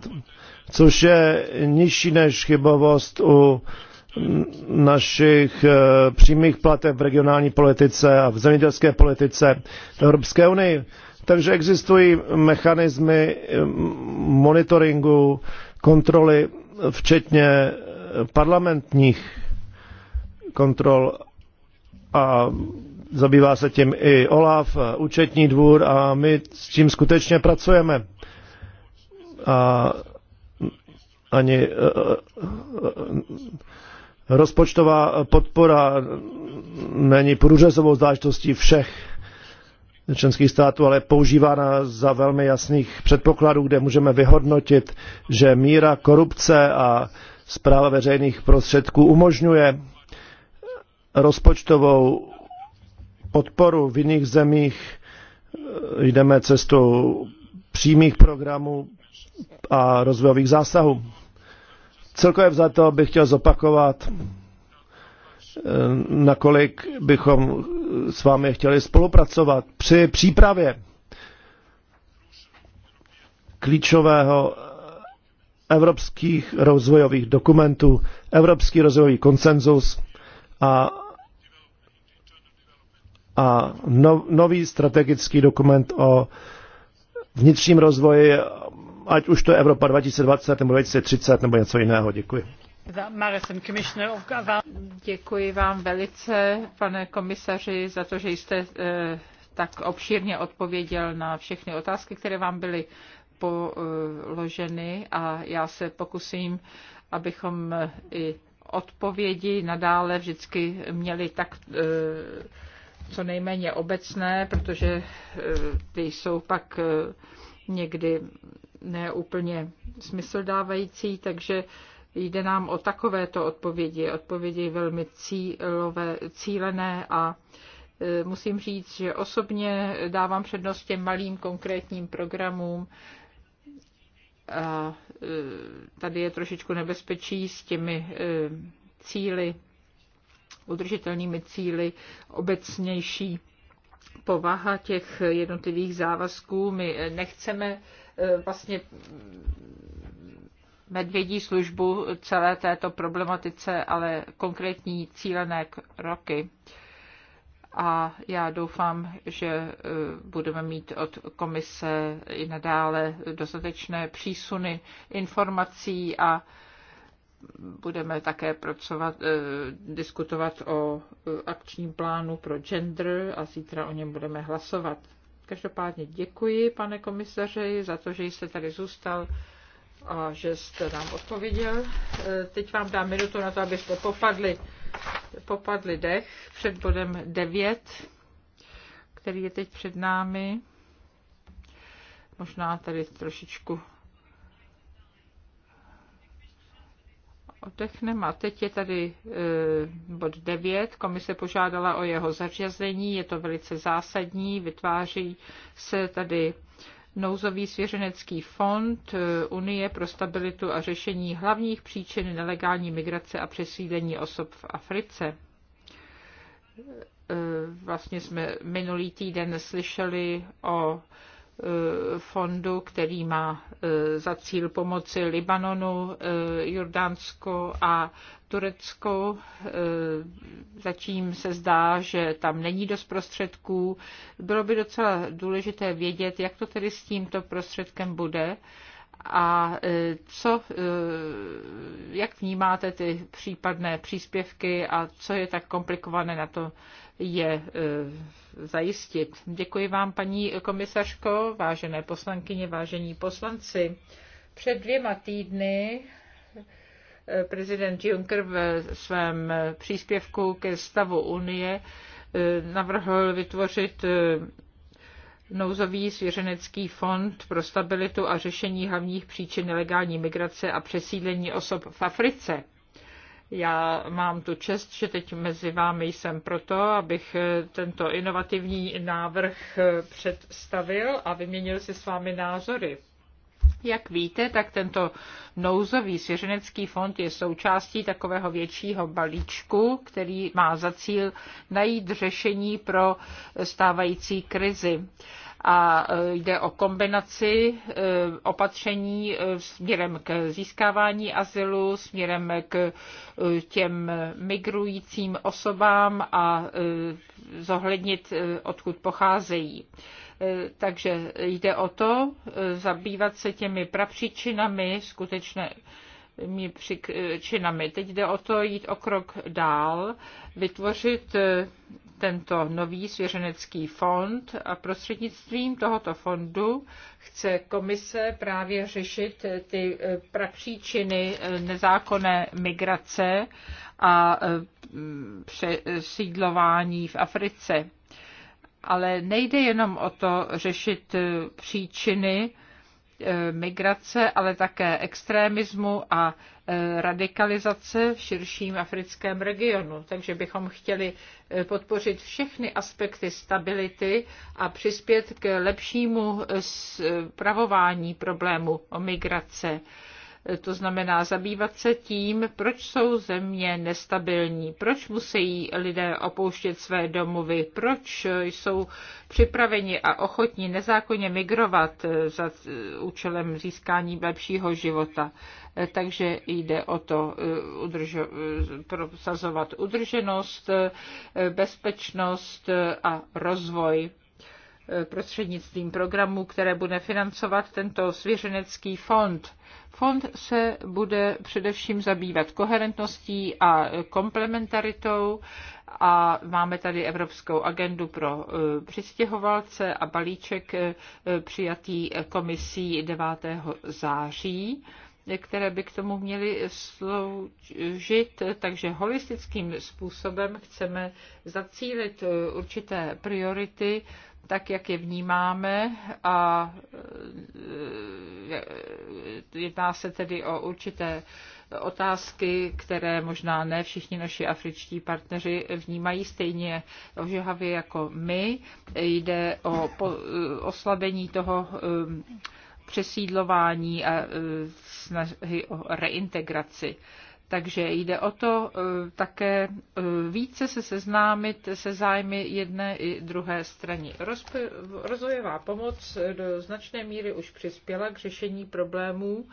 což je nižší než chybovost u našich eh, přímých plateb v regionální politice a v zemědělské politice v Evropské unii. Takže existují mechanismy eh, monitoringu, kontroly, včetně eh, parlamentních kontrol a zabývá se tím i OLAF, účetní dvůr a my s tím skutečně pracujeme. A ani rozpočtová podpora není průřezovou záležitostí všech členských států, ale používána za velmi jasných předpokladů, kde můžeme vyhodnotit, že míra korupce a zpráva veřejných prostředků umožňuje rozpočtovou podporu v jiných zemích. Eh, jdeme cestou přímých programů a rozvojových zásahů. Celkově za to bych chtěl zopakovat, eh, nakolik bychom s vámi chtěli spolupracovat při přípravě klíčového evropských rozvojových dokumentů, evropský rozvojový konsenzus a, a no, nový strategický dokument o vnitřním rozvoji ať už to je Evropa 2020 nebo 2030 nebo něco jiného. Děkuji. Děkuji vám velice, pane komisaři, za to, že jste eh, tak obšírně odpověděl na všechny otázky, které vám byly položeny a já se pokusím, abychom i odpovědi nadále vždycky měli tak eh, co nejméně obecné, protože eh, ty jsou pak někdy ne úplně smysl dávající, takže jde nám o takovéto odpovědi, odpovědi velmi cílové, cílené a e, musím říct, že osobně dávám přednost těm malým konkrétním programům. A e, tady je trošičku nebezpečí s těmi e, cíly, udržitelnými cíly, obecnější povaha těch jednotlivých závazků. My nechceme Eh, vlastně medvědí službu celé této problematice, ale konkrétní cílené roky. A já doufám, že eh, budeme mít od komise i nadále dostatečné přísuny informací a budeme také pracovat, eh, diskutovat o akčním plánu pro gender a zítra o něm budeme hlasovat. Každopádně děkuji, pane komisaři, za to, že jste tady zůstal a že jste nám odpověděl. E, teď vám dám minutu na to, abyste popadli, popadli dech před bodem 9, který je teď před námi. Možná tady trošičku oddechneme. A teď je tady eh, bod 9. Komise požádala o jeho zařazení. Je to velice zásadní. Vytváří se tady nouzový svěřenecký fond eh, Unie pro stabilitu a řešení hlavních příčin nelegální migrace a přesídlení osob v Africe. Eh, vlastně jsme minulý týden slyšeli o Eh, fondu, který má eh, za cíl pomoci Libanonu, eh, Jordánsko a Turecko, Zatím se zdá, že tam není dost prostředků. Bylo by docela důležité vědět, jak to tedy s tímto prostředkem bude a co, jak vnímáte ty případné příspěvky a co je tak komplikované na to je e, zajistit. Děkuji vám, paní komisařko, vážené poslankyně, vážení poslanci. Před dvěma týdny e, prezident Juncker ve svém příspěvku ke stavu Unie e, navrhl vytvořit nouzový svěřenecký fond pro stabilitu a řešení hlavních příčin nelegální migrace a přesídlení osob v Africe. Já mám tu čest, že teď mezi vámi jsem proto, abych tento inovativní návrh představil a vyměnil si s vámi názory. Jak víte, tak tento nouzový svěřenecký fond je součástí takového většího balíčku, který má za cíl najít řešení pro stávající krizi a e, jde o kombinaci e, opatření e, směrem k získávání azylu, směrem k těm migrujícím osobám a zohlednit, odkud pocházejí. Takže jde o to zabývat se těmi prapříčinami skutečně příčinami. Teď jde o to jít o krok dál, vytvořit tento nový svěřenecký fond a prostřednictvím tohoto fondu chce komise právě řešit ty eh, prapříčiny eh, nezákonné migrace a eh, přesídlování v Africe. Ale nejde jenom o to řešit příčiny, E, migrace, ale také extremismu a e, radikalizace v širším africkém regionu. Takže bychom chtěli e, podpořit všechny aspekty stability a přispět k lepšímu spravování problému o migrace. To znamená zabývat se tím, proč jsou země nestabilní, proč musí lidé opouštět své domovy, proč jsou připraveni a ochotní nezákonně migrovat za účelem získání lepšího života. Takže jde o to eh, udržo, eh, prosazovat udrženost, eh, bezpečnost a rozvoj prostřednictvím programu, které bude financovat tento svěřenecký fond. Fond se bude především zabývat koherentností a komplementaritou a máme tady Evropskou agendu pro e, přistěhovalce a balíček e, přijatý komisí 9. září které by k tomu měly sloužit. Takže holistickým způsobem chceme zacílit e, určité priority tak, jak je vnímáme a e, e, jedná se tedy o určité otázky, které možná ne všichni naši afričtí partneři vnímají stejně ožehavě jako my. Jde o e, oslabení toho přesídlování a snahy o reintegraci. Takže jde o to eh, také eh, více se seznámit se zájmy jedné i druhé strany. Rozvojová pomoc eh, do značné míry už přispěla k řešení problémů,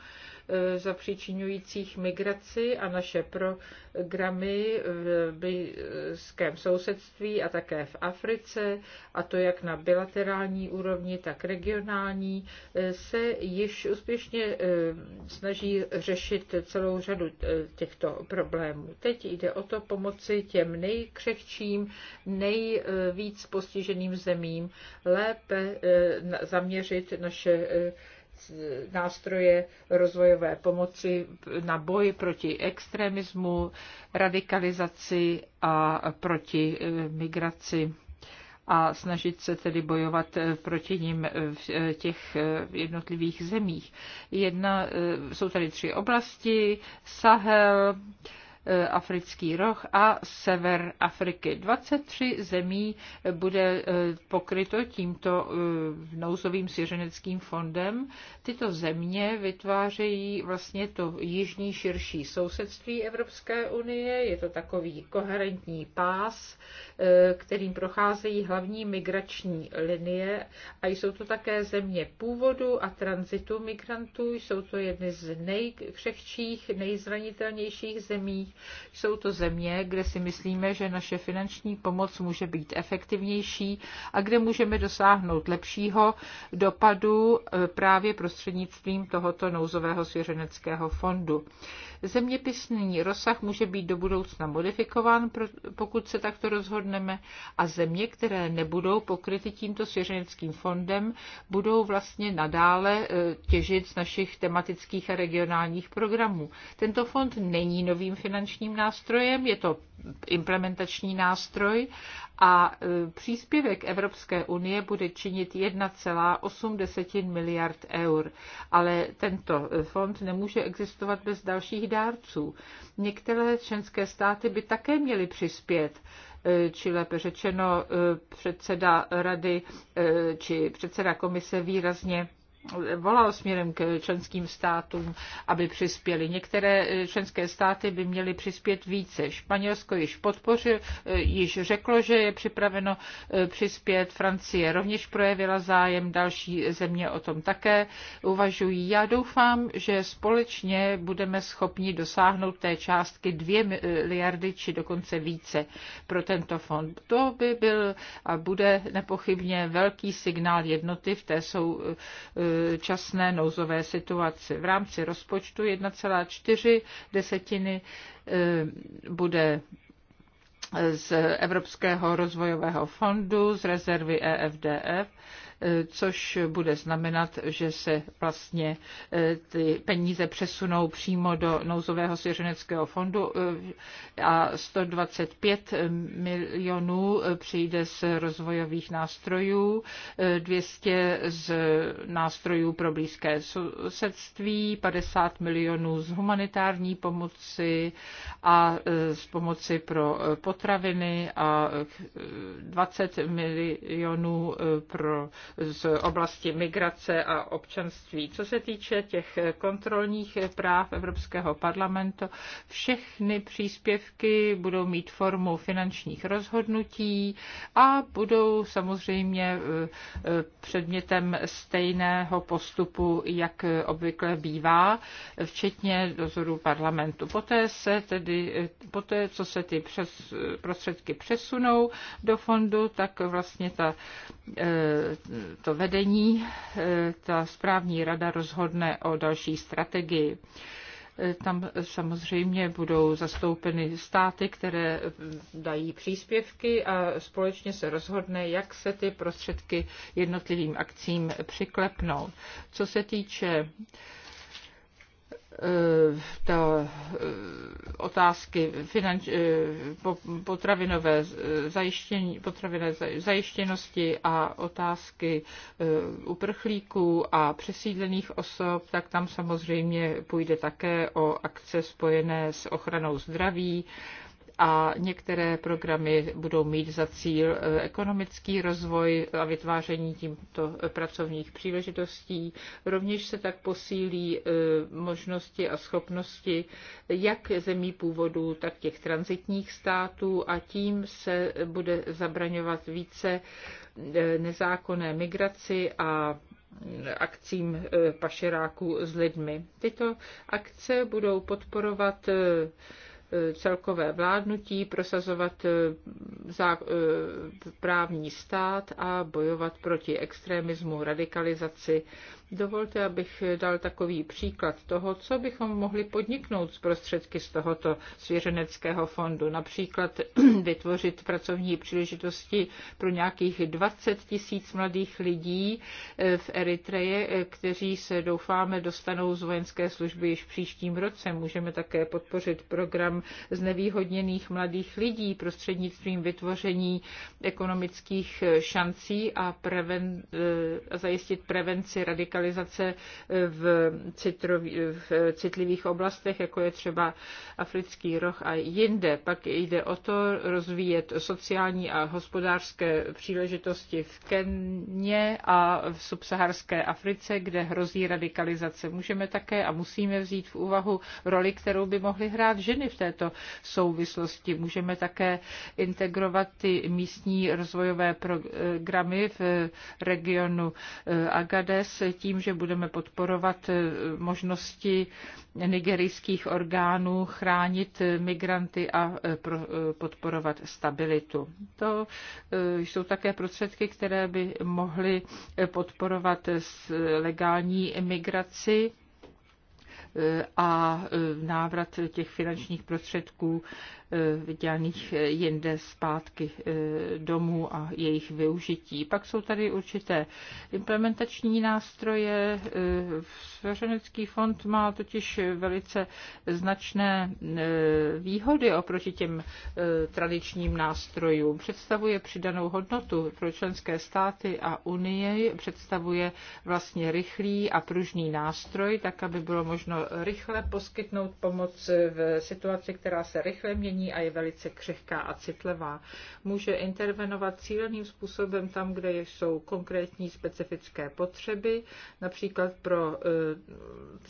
E, zapříčinujících migraci a naše programy v blízkém sousedství a také v Africe, a to jak na bilaterální úrovni, tak regionální, e, se již úspěšně e, snaží řešit celou řadu těchto problémů. Teď jde o to pomoci těm nejkřehčím, nejvíc postiženým zemím lépe zaměřit naše nástroje rozvojové pomoci na boj proti extremismu, radikalizaci a proti eh, migraci a snažit se tedy bojovat eh, proti ním v eh, těch jednotlivých zemích. Jedna, jsou tady tři oblasti, Sahel, Eh, africký roh a sever Afriky. 23 zemí bude eh, pokryto tímto eh, nouzovým svěřeneckým fondem. Tyto země vytvářejí vlastně to jižní širší sousedství Evropské unie. Je to takový koherentní pás, kterým procházejí hlavní migrační linie a jsou to také země původu a tranzitu migrantů. Jsou to jedny z nejkřehčích, nejzranitelnějších zemí jsou to země, kde si myslíme, že naše finanční pomoc může být efektivnější a kde můžeme dosáhnout lepšího dopadu e, právě prostřednictvím tohoto nouzového svěřeneckého fondu. Zeměpisný rozsah může být do budoucna modifikován, pokud se takto rozhodneme, a země, které nebudou pokryty tímto svěřeneckým fondem, budou vlastně nadále e, těžit z našich tematických a regionálních programů. Tento fond není novým finančním finančním nástrojem, je to implementační nástroj a e, příspěvek Evropské unie bude činit 1,8 miliard eur. Ale tento e, fond nemůže existovat bez dalších dárců. Některé členské státy by také měly přispět e, či lépe řečeno předseda rady či předseda komise výrazně volal směrem k členským státům, aby přispěli. Některé eh, členské státy by měly přispět více. Španělsko již podpořil, eh, již řeklo, že je připraveno eh, přispět. Francie rovněž projevila zájem, další země o tom také uvažují. Já doufám, že společně budeme schopni dosáhnout té částky 2 miliardy či dokonce více pro tento fond. To by byl a bude nepochybně velký signál jednoty v té sou, časné nouzové situaci. V rámci rozpočtu 1,4 desetiny eh, bude z Evropského rozvojového fondu, z rezervy EFDF což bude znamenat, že se vlastně eh, ty peníze přesunou přímo do nouzového svěřeneckého fondu eh, a 125 milionů eh, přijde z rozvojových nástrojů, 200 z nástrojů pro blízké sousedství, 50 milionů z humanitární pomoci a z pomoci pro potraviny a 20 milionů pro z oblasti migrace a občanství. Co se týče těch kontrolních práv Evropského parlamentu, všechny příspěvky budou mít formu finančních rozhodnutí a budou samozřejmě eh, eh, předmětem stejného postupu, jak obvykle bývá, včetně dozoru parlamentu. Poté se tedy, eh, poté, co se ty přes, prostředky přesunou do fondu, tak vlastně ta to vedení, eh, ta správní rada rozhodne o další strategii. Eh, tam samozřejmě budou zastoupeny státy, které dají příspěvky a společně se rozhodne, jak se ty prostředky jednotlivým akcím přiklepnou. Co se týče Eh, ta eh, otázky finanč, eh, potravinové zajištění, potravinové zajištěnosti a otázky uprchlíků a přesídlených osob, tak tam samozřejmě půjde také o akce spojené s ochranou zdraví, a některé programy budou mít za cíl e, ekonomický rozvoj a vytváření tímto pracovních příležitostí. Rovněž se tak posílí e, možnosti a schopnosti jak zemí původu, tak těch transitních států a tím se bude zabraňovat více e, nezákonné migraci a akcím pašeráků s lidmi. Tyto akce budou podporovat Eh, celkové vládnutí, prosazovat eh, eh, právní stát a bojovat proti extremismu, radikalizaci Dovolte, abych dal takový příklad toho, co bychom mohli podniknout z prostředky z tohoto svěřeneckého fondu. Například vytvořit pracovní příležitosti pro nějakých 20 tisíc mladých lidí eh, v Eritreje, eh, kteří se doufáme dostanou z vojenské služby již příštím roce. Můžeme také podpořit program znevýhodněných mladých lidí prostřednictvím vytvoření ekonomických eh, šancí a, preven, a zajistit prevenci radikalizace radikalizace v, citrový, v citlivých oblastech, jako je třeba Africký roh a jinde. Pak jde o to rozvíjet sociální a hospodářské příležitosti v Keně a v subsaharské Africe, kde hrozí radikalizace. Můžeme také a musíme vzít v úvahu roli, kterou by mohly hrát ženy v této souvislosti. Můžeme také integrovat ty místní rozvojové programy v regionu eh, Agades tím, že budeme podporovat eh, možnosti nigerijských orgánů chránit eh, migranty a eh, podporovat stabilitu. To jsou také prostředky, které by mohly podporovat legální migraci a e, návrat těch finančních prostředků e, vydělaných jinde zpátky e, domů a jejich využití. Pak jsou tady určité implementační nástroje. Svěřenecký fond má totiž velice značné výhody oproti těm tradičním nástrojům. Představuje přidanou hodnotu pro členské státy a Unie, představuje vlastně rychlý a pružný nástroj, tak aby bylo možno rychle poskytnout pomoc v situaci, která se rychle mění a je velice křehká a citlivá. Může intervenovat cíleným způsobem tam, kde jsou konkrétní specifické potřeby, například pro eh,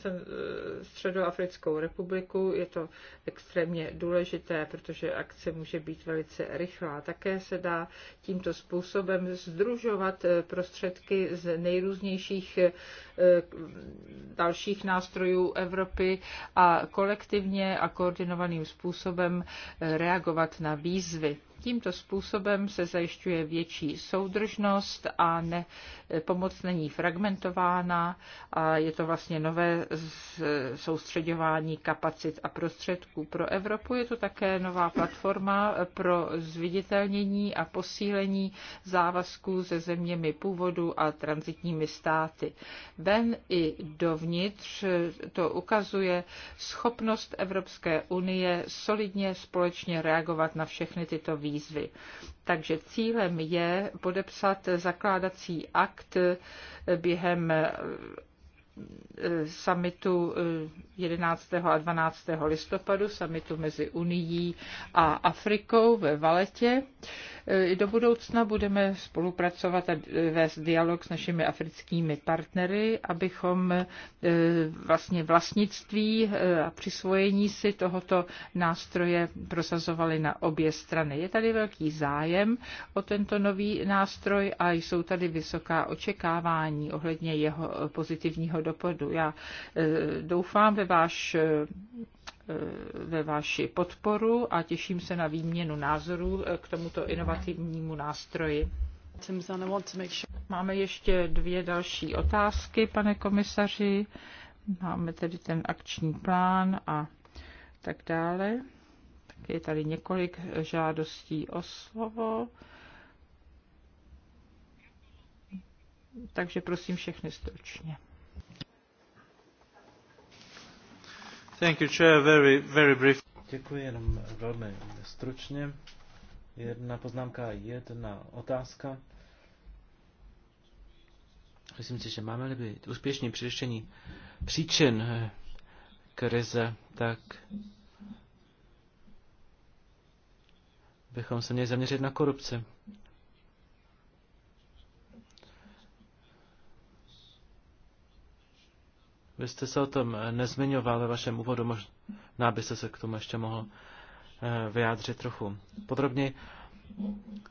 eh, Středoafrickou republiku je to extrémně důležité, protože akce může být velice rychlá. Také se dá tímto způsobem združovat eh, prostředky z nejrůznějších dalších nástrojů Evropy a kolektivně a koordinovaným způsobem eh, reagovat na výzvy. Tímto způsobem se zajišťuje větší soudržnost a ne, pomoc není fragmentována a je to vlastně nové soustředování kapacit a prostředků. Pro Evropu je to také nová platforma pro zviditelnění a posílení závazků se zeměmi původu a transitními státy. Ven i dovnitř to ukazuje schopnost Evropské unie solidně společně reagovat na všechny tyto výzvy výzvy. Takže cílem je podepsat zakládací akt během eh, summitu 11. Eh, a 12. listopadu, summitu mezi Unií a Afrikou ve Valetě. Eh, I do budoucna budeme spolupracovat a vést dialog s našimi africkými partnery, abychom eh, vlastně vlastnictví eh, a přisvojení si tohoto nástroje prosazovali na obě strany. Je tady velký zájem o tento nový nástroj a jsou tady vysoká očekávání ohledně jeho pozitivního dopadu. Já doufám ve váš Eh, ve vaši podporu a těším se na výměnu názorů eh, k tomuto inovativnímu nástroji. Máme ještě dvě další otázky, pane komisaři. Máme tedy ten akční plán a tak dále. Tak je tady několik žádostí o slovo. Takže prosím všechny stručně. Thank you, Chair. Very, very brief. Děkuji, jenom velmi stručně. Jedna poznámka, jedna otázka. Myslím si, že máme-li být úspěšní při řešení příčin eh, krize, tak bychom se měli zaměřit na korupci. Vy jste se o tom eh, nezmiňoval ve vašem úvodu, možná byste se k tomu ještě mohl eh, vyjádřit trochu podrobněji.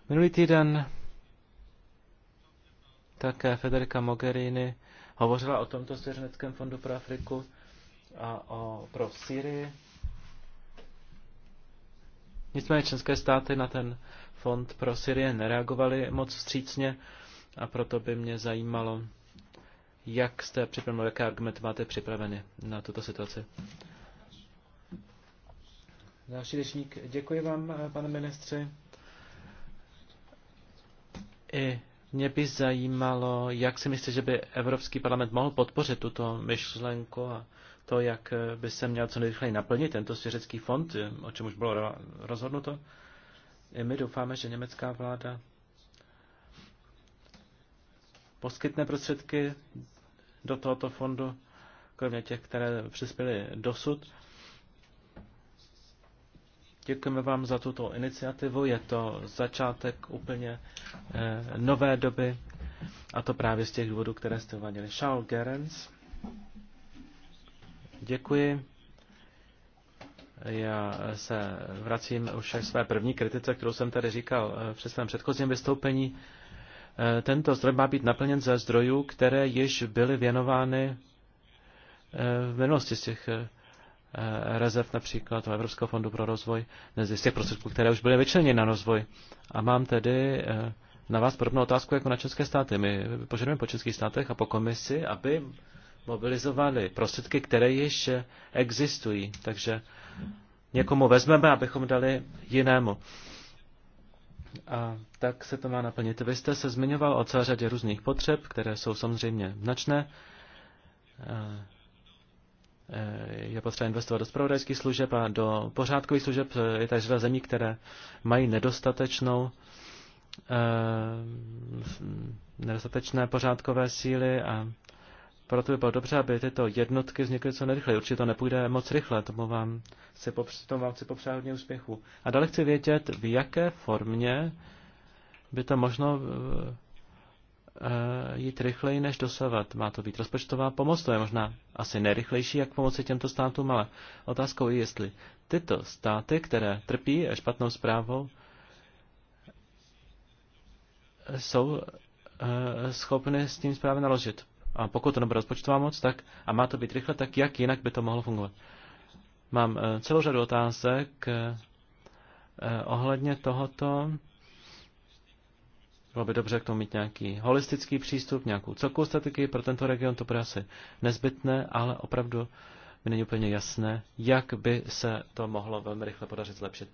Minulý týden také Federica Mogherini hovořila o tomto svěřeneckém fondu pro Afriku a o, pro Syrii. Nicméně české státy na ten fond pro Syrie nereagovaly moc vstřícně a proto by mě zajímalo, jak jste připraveni, jaké argumenty máte připraveny na tuto situaci? Další řečník. Děkuji vám, eh, pane ministře. I mě by zajímalo, jak si myslíte, že by Evropský parlament mohl podpořit tuto myšlenku a to, jak eh, by se měl co nejrychleji naplnit tento svěřecký fond, eh, o čem už bylo rozhodnuto. I my doufáme, že německá vláda poskytne prostředky do tohoto fondu, kromě těch, které přispěly dosud. Děkujeme vám za tuto iniciativu. Je to začátek úplně eh, nové doby a to právě z těch důvodů, které jste uvadili. Charles Gerens. Děkuji. Já se vracím už k své první kritice, kterou jsem tady říkal eh, při svém předchozím vystoupení. Eh, Eh, tento zdroj má být naplněn ze zdrojů, které již byly věnovány eh, v minulosti z těch eh, rezerv například Evropského fondu pro rozvoj, z těch prostředků, které už byly vyčleněny na rozvoj. A mám tedy na vás podobnou otázku jako na české státy. My požadujeme po českých státech a po komisi, aby mobilizovali prostředky, které již existují. Takže někomu vezmeme, abychom dali jinému. A tak se to má naplnit. Vy jste se zmiňoval o celé řadě různých potřeb, které jsou samozřejmě značné. E, je potřeba investovat do spravodajských služeb a do pořádkových služeb. Je tady řada zemí, které mají nedostatečnou e, nedostatečné pořádkové síly a proto by bylo dobře, aby tyto jednotky vznikly co nejrychleji. Určitě to nepůjde moc rychle, tomu vám chci, popř- tomu vám chci popřát hodně úspěchu. A dále chci vědět, v jaké formě by to možno eh, eh, jít rychleji než dosavat. Má to být rozpočtová pomoc, to je možná asi nejrychlejší jak pomoci těmto státům, ale otázkou je, jestli tyto státy, které trpí špatnou zprávou, jsou eh, schopny s tím správně naložit. A pokud to nebude rozpočtová moc, tak, a má to být rychle, tak jak jinak by to mohlo fungovat? Mám eh, celou řadu otázek eh, eh, ohledně tohoto. Bylo by dobře k tomu mít nějaký holistický přístup, nějakou celkovou strategii pro tento region, to bude asi nezbytné, ale opravdu mi není úplně jasné, jak by se to mohlo velmi rychle podařit zlepšit.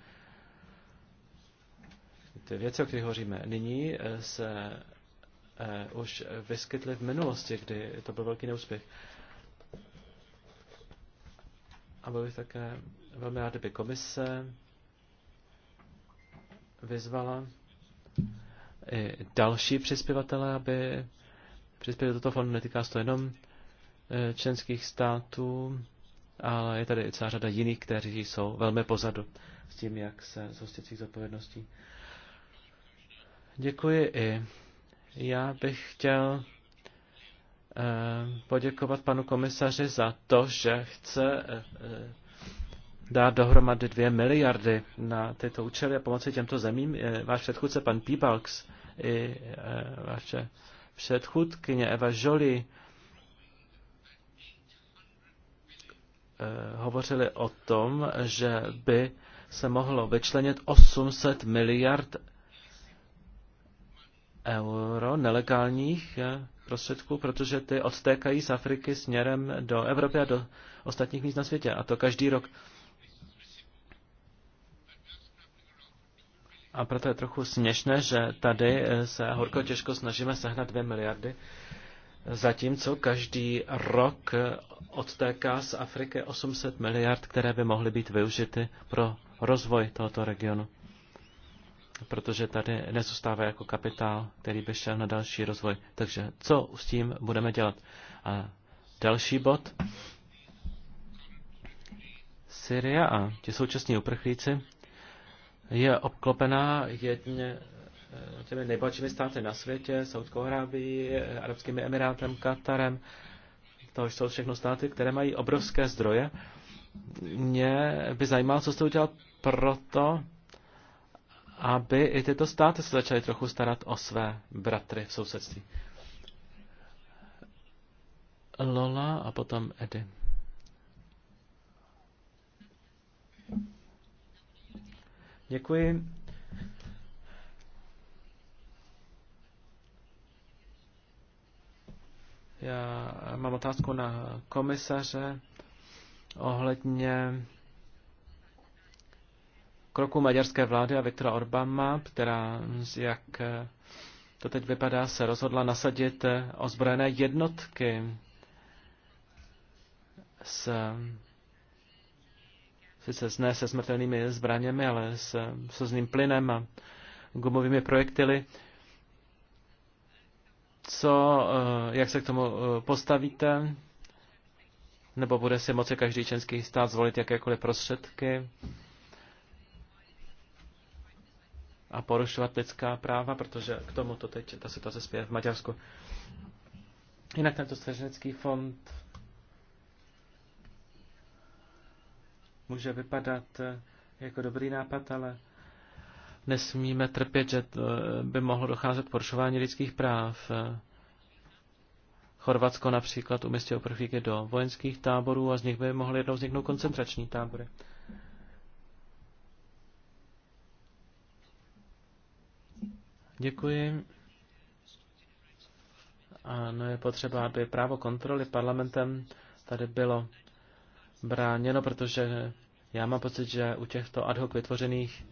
Ty věci, o kterých hovoříme nyní, se Eh, už vyskytly v minulosti, kdy to byl velký neúspěch. A byl bych také velmi rád, kdyby komise vyzvala i další přispěvatele, aby přispěli do toho fondu. Netýká se to jenom eh, členských států, ale je tady i celá řada jiných, kteří jsou velmi pozadu s tím, jak se zhostit svých zodpovědností. Děkuji i já bych chtěl eh, poděkovat panu komisaři za to, že chce eh, dát dohromady dvě miliardy na tyto účely a pomoci těmto zemím. Váš předchůdce, pan Pibalks, i eh, vaše předchůdkyně Eva Jolie hovořili o tom, že by se mohlo vyčlenit 800 miliard euro nelegálních eh, prostředků, protože ty odtékají z Afriky směrem do Evropy a do ostatních míst na světě. A to každý rok. A proto je trochu směšné, že tady eh, se horko těžko snažíme sehnat 2 miliardy, zatímco každý rok eh, odtéká z Afriky 800 miliard, které by mohly být využity pro rozvoj tohoto regionu protože tady nezůstává jako kapitál, který by šel na další rozvoj. Takže co s tím budeme dělat? A další bod. Syria a ti současní uprchlíci je obklopená jedně eh, těmi nejbohatšími státy na světě, Saudskou Arábií, eh, Arabskými Emirátem, Katarem. To jsou všechno státy, které mají obrovské zdroje. Mě by zajímalo, co jste udělal proto, aby i tyto státy se začaly trochu starat o své bratry v sousedství. Lola a potom Edy. Děkuji. Já mám otázku na komisaře ohledně kroku maďarské vlády a Viktora Orbama, která, jak to teď vypadá, se rozhodla nasadit ozbrojené jednotky s sice ne se smrtelnými zbraněmi, ale s slzným plynem a gumovými projektily. Co, eh, jak se k tomu eh, postavíte? Nebo bude si moci každý členský stát zvolit jakékoliv prostředky? a porušovat lidská práva, protože k tomu to teď ta situace spěje v Maďarsku. Jinak tento svěřenecký fond může vypadat eh, jako dobrý nápad, ale nesmíme trpět, že eh, by mohlo docházet k porušování lidských práv. Eh, Chorvatsko například umístilo prvníky do vojenských táborů a z nich by mohly jednou vzniknout koncentrační tábory. Děkuji. Ano, je potřeba, aby právo kontroly parlamentem tady bylo bráněno, protože já mám pocit, že u těchto ad hoc vytvořených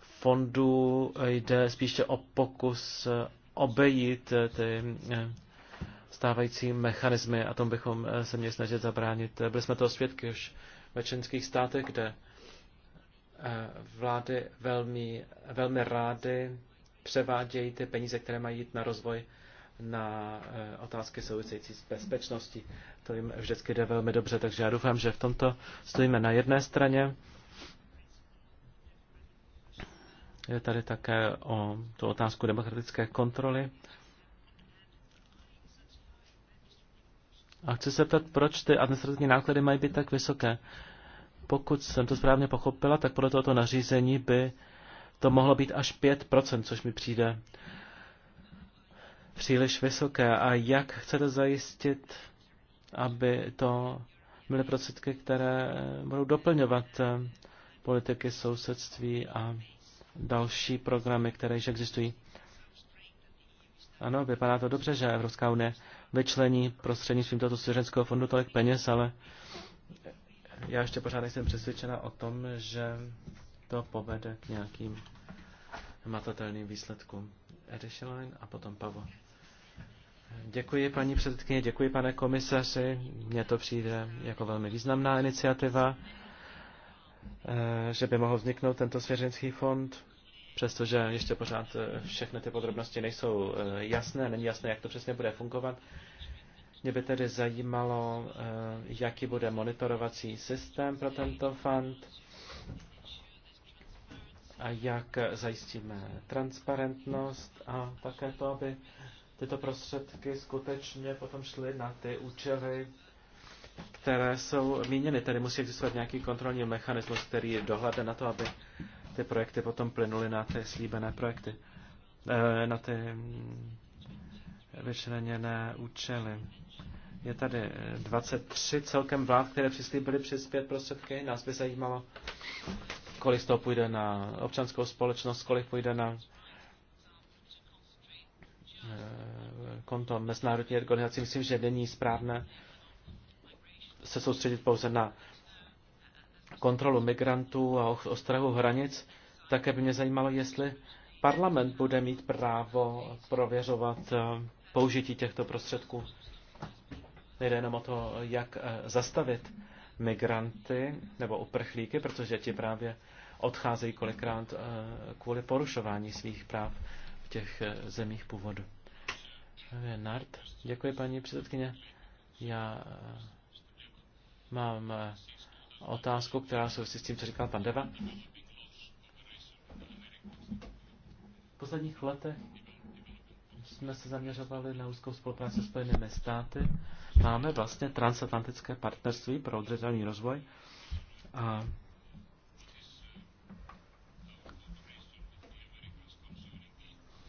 fondů jde spíše o pokus obejít ty eh, stávající mechanismy a tom bychom eh, se měli snažit zabránit. Byli jsme toho svědky už ve členských státech, kde eh, vlády velmi, velmi rády převádějí ty peníze, které mají jít na rozvoj, na eh, otázky související s bezpečností. To jim vždycky jde velmi dobře, takže já doufám, že v tomto stojíme na jedné straně. Je tady také o tu otázku demokratické kontroly. A chci se ptat, proč ty administrativní náklady mají být tak vysoké. Pokud jsem to správně pochopila, tak podle tohoto nařízení by to mohlo být až 5%, což mi přijde příliš vysoké. A jak chcete zajistit, aby to byly prostředky, které budou doplňovat eh, politiky sousedství a další programy, které již existují? Ano, vypadá to dobře, že Evropská unie vyčlení prostřednictvím tohoto svěřenského fondu tolik peněz, ale já ještě pořád nejsem přesvědčena o tom, že to povede k nějakým matatelným výsledkům. Edishline a potom Pavo. Děkuji, paní předsedkyně, děkuji, pane komisaři. Mně to přijde jako velmi významná iniciativa, eh, že by mohl vzniknout tento svěřenský fond, přestože ještě pořád eh, všechny ty podrobnosti nejsou eh, jasné, není jasné, jak to přesně bude fungovat. Mě by tedy zajímalo, jaký bude monitorovací systém pro tento fond a jak zajistíme transparentnost a také to, aby tyto prostředky skutečně potom šly na ty účely, které jsou míněny. Tady musí existovat nějaký kontrolní mechanismus, který dohlede na to, aby ty projekty potom plynuly na ty slíbené projekty, eh, na ty mm, vyčleněné účely. Je tady 23 eh, celkem vlád, které přislíbily přispět prostředky. Nás by zajímalo, kolik z toho půjde na občanskou společnost, kolik půjde na eh, konto mezinárodní organizací. Myslím, že není správné se soustředit pouze na kontrolu migrantů a ostrahu hranic. Také by mě zajímalo, jestli parlament bude mít právo prověřovat eh, použití těchto prostředků. Nejde jenom o to, jak eh, zastavit migranty nebo uprchlíky, protože ti právě odcházejí kolikrát eh, kvůli porušování svých práv v těch eh, zemích původu. Eh, Nart, děkuji paní předsedkyně. Já mám otázku, která souvisí s tím, co říkal pan Deva. V posledních letech jsme se zaměřovali na úzkou spolupráci s Spojenými státy máme vlastně transatlantické partnerství pro udržitelný rozvoj a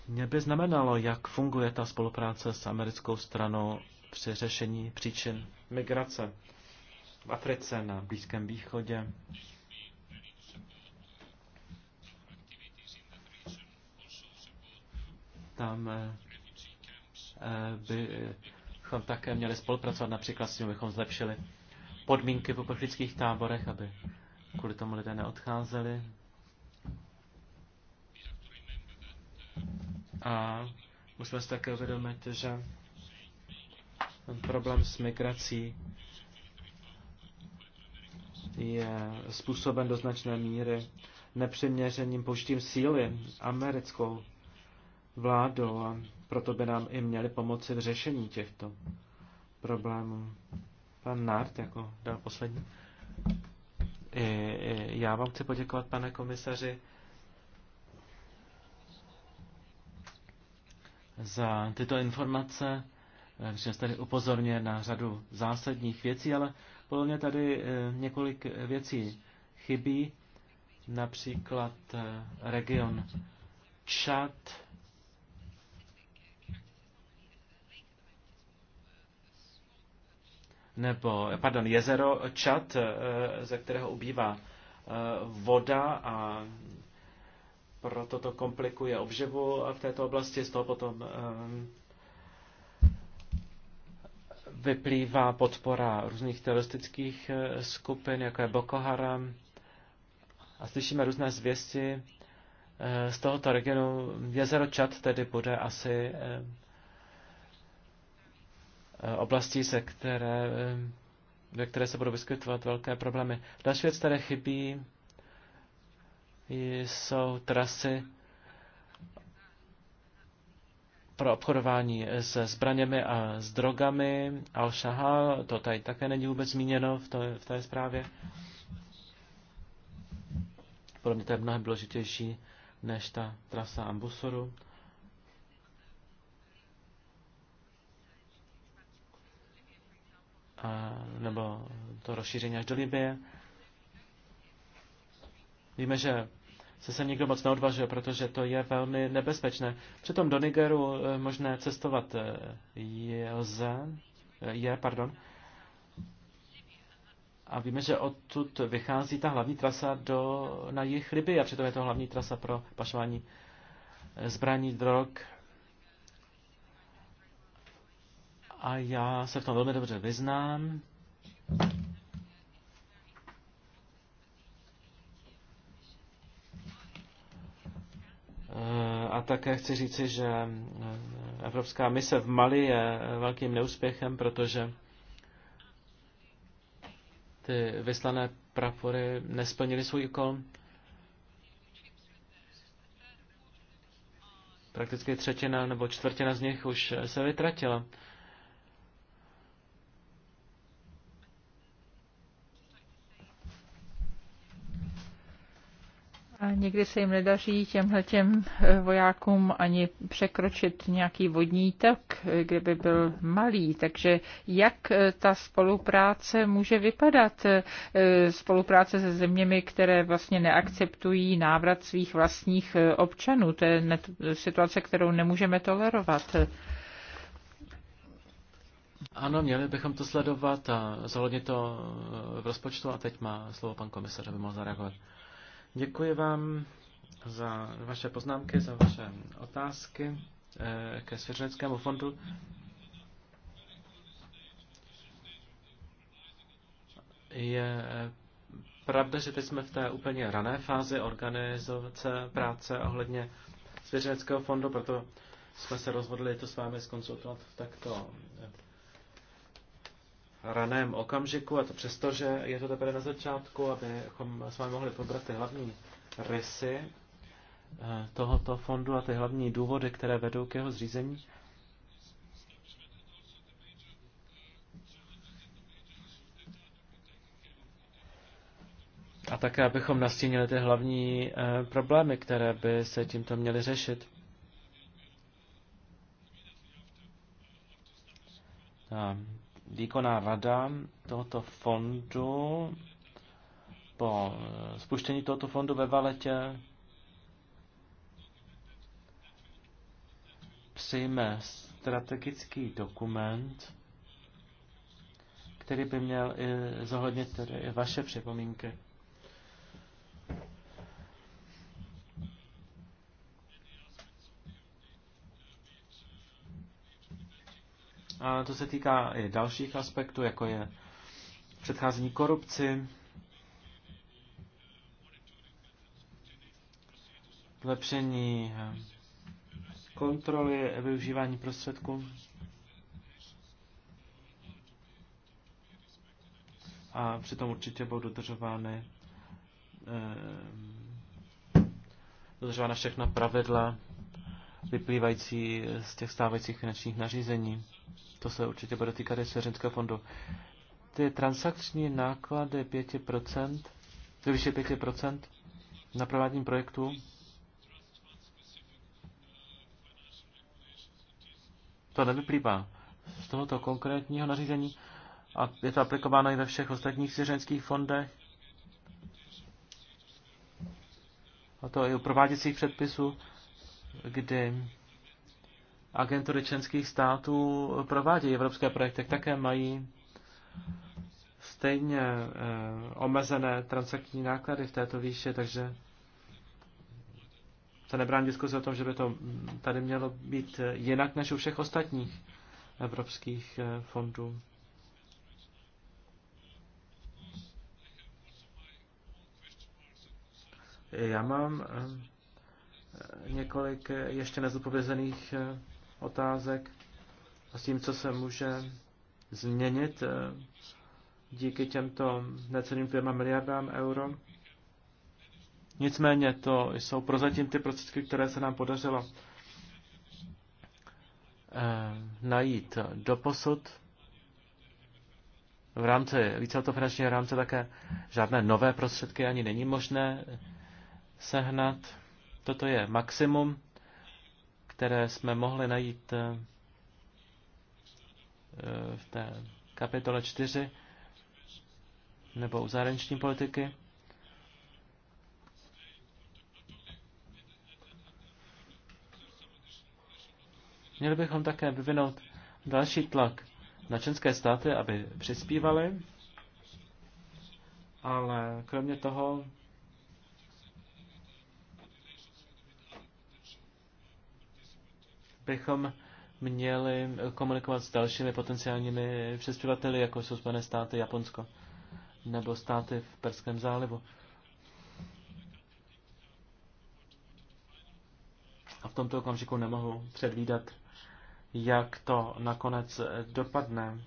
mě by znamenalo, jak funguje ta spolupráce s americkou stranou při řešení příčin migrace v Africe, na Blízkém východě. Tam eh, eh, by bychom také měli spolupracovat například s tím, bychom zlepšili podmínky v uprchlických táborech, aby kvůli tomu lidé neodcházeli. A musíme si také uvědomit, že ten problém s migrací je způsoben do značné míry nepřiměřením použitím síly americkou vládou a proto by nám i měli pomoci v řešení těchto problémů. Pan Nart jako dal poslední. I, i já vám chci poděkovat, pane komisaři, za tyto informace, že jste tady upozorně na řadu zásadních věcí, ale podle mě tady e, několik věcí chybí, například e, region Čad, nebo, pardon, jezero Čad, eh, ze kterého ubývá eh, voda a proto to komplikuje obživu v této oblasti, z toho potom eh, vyplývá podpora různých teroristických skupin, jako je Boko Haram. A slyšíme různé zvěsti z tohoto regionu. Jezero Čad tedy bude asi Eh, oblastí, se které, eh, ve které se budou vyskytovat velké problémy. Další věc, které chybí, jsou trasy pro obchodování se zbraněmi a s drogami. Al-Shahal, to tady také není vůbec zmíněno v, to, v té zprávě. Pro mě to je mnohem důležitější než ta trasa Ambusoru. a, nebo to rozšíření až do Libie. Víme, že se sem nikdo moc neodvažuje, protože to je velmi nebezpečné. Přitom do Nigeru e, možné cestovat e, je, lze, e, je pardon. A víme, že odtud vychází ta hlavní trasa do, na jejich Libie, a přitom je to hlavní trasa pro pašování zbraní, drog a já se v tom velmi dobře vyznám. Eh, a také chci říci, že eh, Evropská mise v Mali je eh, velkým neúspěchem, protože ty vyslané prapory nesplnily svůj úkol. Prakticky třetina nebo čtvrtina z nich už se vytratila. A někdy se jim nedaří těmhle těm eh, vojákům ani překročit nějaký vodní tok, eh, kdyby byl malý. Takže jak eh, ta spolupráce může vypadat? Spolupráce se zeměmi, které vlastně neakceptují návrat svých vlastních občanů. To je situace, kterou nemůžeme tolerovat. Ano, měli bychom to sledovat a zohlednit to v rozpočtu a teď má slovo pan komisař, aby mohl zareagovat. Děkuji vám za vaše poznámky, za vaše otázky eh, ke Svěřeneckému fondu. Je eh, pravda, že teď jsme v té úplně rané fázi organizace práce ohledně Svěřeneckého fondu, proto jsme se rozhodli to s vámi skonsultovat v takto raném okamžiku, a to přesto, že je to teprve na začátku, abychom s vámi mohli probrat ty hlavní rysy eh, tohoto fondu a ty hlavní důvody, které vedou k jeho zřízení. A také, abychom nastínili ty hlavní eh, problémy, které by se tímto měly řešit. A výkonná rada tohoto fondu po eh, spuštění tohoto fondu ve Valetě přijme strategický dokument, který by měl i zohlednit tedy i vaše připomínky. A to se týká i dalších aspektů, jako je předcházení korupci, zlepšení kontroly využívání prostředků a přitom určitě budou dodržovány eh, dodržována všechna pravidla vyplývající z těch stávajících finančních nařízení to se určitě bude týkat i Svěřenského fondu. Ty transakční náklady 5%, ve výši 5% na provádění projektu to nevyplývá z tohoto konkrétního nařízení a je to aplikováno i ve všech ostatních svěřenských fondech. A to i u prováděcích předpisů, kdy agentury členských států provádějí evropské projekty, také mají stejně e, omezené transakční náklady v této výši, takže se nebrání diskuzi o tom, že by to tady mělo být jinak než u všech ostatních evropských eh, fondů. Já mám eh, několik ještě nezodpovězených otázek a s tím, co se může změnit eh, díky těmto necelým dvěma miliardám euro. Nicméně to jsou prozatím ty prostředky, které se nám podařilo eh, najít doposud. V rámci víceletého finančního rámce také žádné nové prostředky ani není možné sehnat. Toto je maximum které jsme mohli najít eh, eh, v té kapitole 4 nebo u zahraniční politiky. Měli bychom také vyvinout další tlak na členské státy, aby přispívali, ale kromě toho bychom měli komunikovat s dalšími potenciálními přispěvateli, jako jsou Spojené státy, Japonsko nebo státy v Perském zálivu. A v tomto okamžiku nemohu předvídat, jak to nakonec dopadne.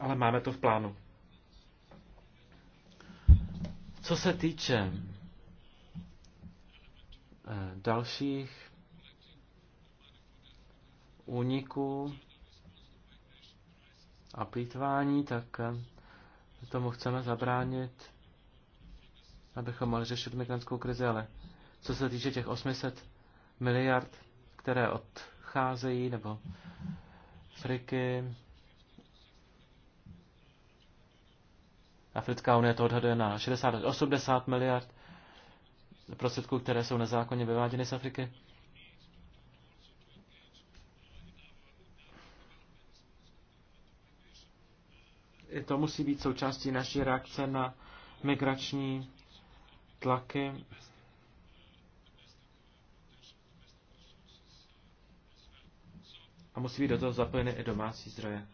Ale máme to v plánu. Co se týče Eh, dalších úniků a plítvání, tak eh, tomu chceme zabránit, abychom mohli řešit migrantskou krizi, ale co se týče těch 800 miliard, které odcházejí, nebo Afriky, Africká unie to odhaduje na 60 až 80 miliard, prostředků, které jsou nezákonně vyváděny z Afriky. I to musí být součástí naší reakce na migrační tlaky. A musí být do toho zapojeny i domácí zdroje.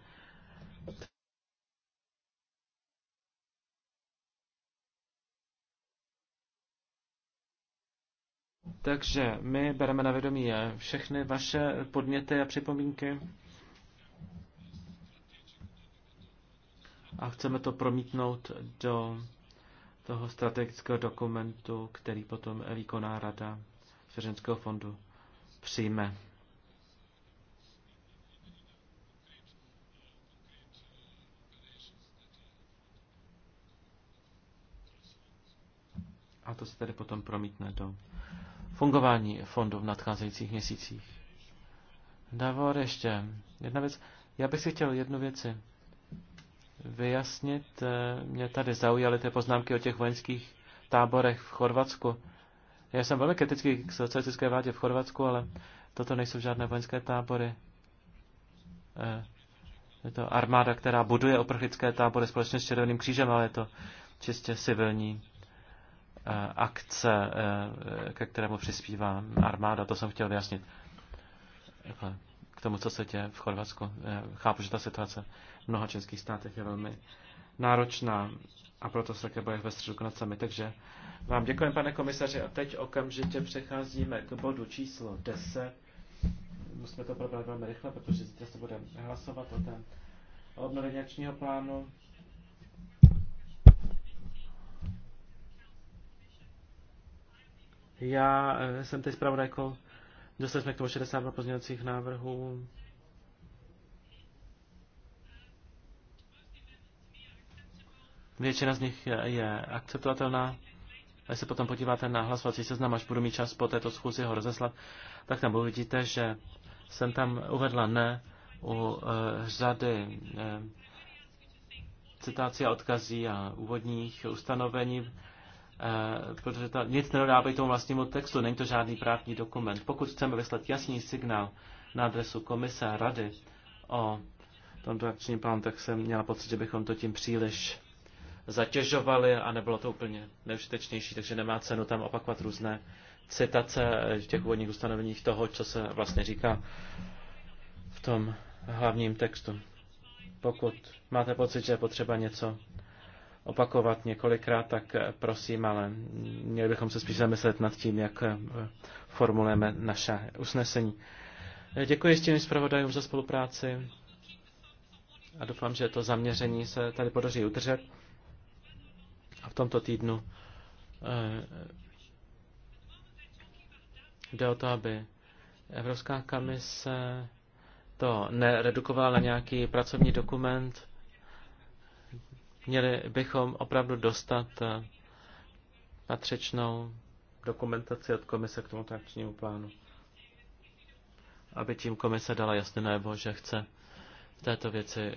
Takže my bereme na vědomí všechny vaše podněty a připomínky a chceme to promítnout do toho strategického dokumentu, který potom výkonná rada Svěřenského fondu přijme. A to se tedy potom promítne do fungování fondu v nadcházejících měsících. Davor ještě jedna věc. Já bych si chtěl jednu věci vyjasnit. Mě tady zaujaly ty poznámky o těch vojenských táborech v Chorvatsku. Já jsem velmi kritický k socialistické vládě v Chorvatsku, ale toto nejsou žádné vojenské tábory. Eh, je to armáda, která buduje oprchlické tábory společně s Červeným křížem, ale je to čistě civilní Eh, akce, eh, ke kterému přispívá armáda, to jsem chtěl vyjasnit. K tomu, co se děje v Chorvatsku. Eh, chápu, že ta situace v mnoha českých státech je velmi náročná a proto se také bojech ve středu konat sami. Takže vám děkujeme, pane komisaři, a teď okamžitě přecházíme k bodu číslo 10. Musíme to probrat velmi rychle, protože zítra se budeme hlasovat o, ten, o obnovení plánu. Já eh, jsem teď zpravodajkou, dostali jsme k tomu 62 pozměňovacích návrhů. Většina z nich je akceptovatelná. Když se potom podíváte na hlasovací seznam, až budu mít čas po této schůzi ho rozeslat, tak tam uvidíte, že jsem tam uvedla ne u uh, řady uh, eh, citací a odkazí a úvodních ustanovení. Eh, protože to nic být tomu vlastnímu textu, není to žádný právní dokument. Pokud chceme vyslat jasný signál na adresu komise a rady o tomto akčním plánu, tak jsem měla pocit, že bychom to tím příliš zatěžovali a nebylo to úplně neužitečnější, takže nemá cenu tam opakovat různé citace v těch úvodních ustanoveních toho, co se vlastně říká v tom hlavním textu. Pokud máte pocit, že je potřeba něco opakovat několikrát, tak eh, prosím, ale měli bychom se spíš zamyslet nad tím, jak eh, formulujeme naše usnesení. Eh, děkuji ještě zpravodajům za spolupráci a doufám, že to zaměření se tady podaří udržet. A v tomto týdnu jde o to, aby Evropská komise to neredukovala na nějaký pracovní dokument, Měli bychom opravdu dostat eh, patřičnou dokumentaci od komise k tomuto akčnímu plánu, aby tím komise dala jasné najevo, že chce v této věci eh,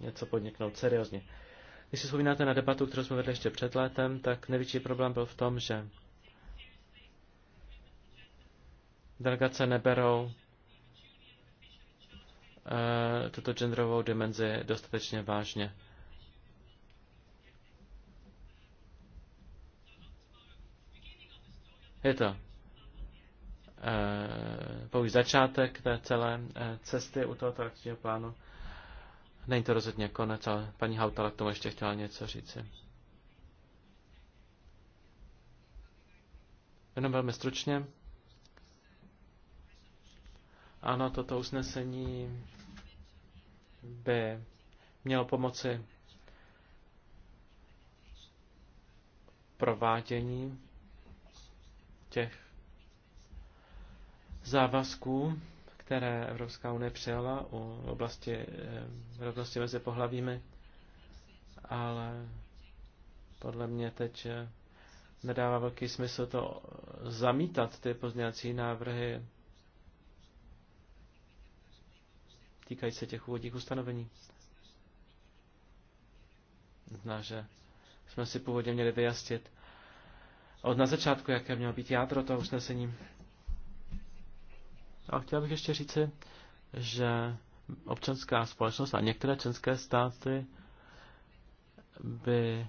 něco podniknout seriózně. Když si vzpomínáte na debatu, kterou jsme vedli ještě před létem, tak největší problém byl v tom, že delegace neberou eh, tuto genderovou dimenzi dostatečně vážně. Je to eh, pouze začátek té celé eh, cesty u tohoto akčního plánu. Není to rozhodně konec, ale paní Hautala k tomu ještě chtěla něco říci. Jenom velmi stručně. Ano, toto usnesení by mělo pomoci provádění těch závazků, které Evropská unie přijala o oblasti eh, rovnosti mezi pohlavími, ale podle mě teď eh, nedává velký smysl to zamítat, ty pozměňovací návrhy týkají se těch úvodních ustanovení. Zná, že jsme si původně měli vyjasnit, od na začátku, jaké mělo být jádro toho usnesení. A chtěl bych ještě říci, že občanská společnost a některé členské státy by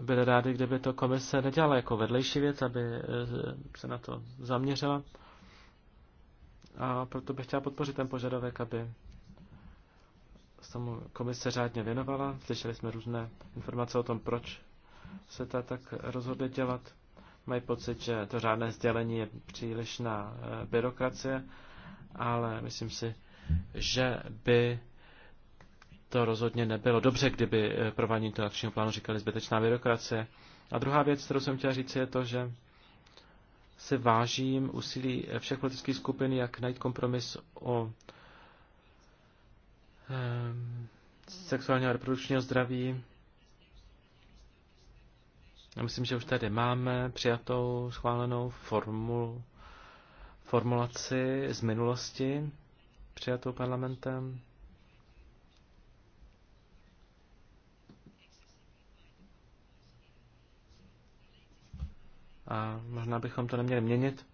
byly rádi, kdyby to komise nedělala jako vedlejší věc, aby e, se na to zaměřila. A proto bych chtěla podpořit ten požadavek, aby se komise řádně věnovala. Slyšeli jsme různé informace o tom, proč se ta tak rozhodli dělat. Mají pocit, že to řádné sdělení je přílišná eh, byrokracie, ale myslím si, že by to rozhodně nebylo dobře, kdyby eh, provádění toho akčního plánu říkali zbytečná byrokracie. A druhá věc, kterou jsem chtěl říct, je to, že si vážím úsilí všech politických skupin, jak najít kompromis o eh, sexuálního a reprodukčního zdraví já myslím, že už tady máme přijatou schválenou formul, formulaci z minulosti přijatou parlamentem. A možná bychom to neměli měnit.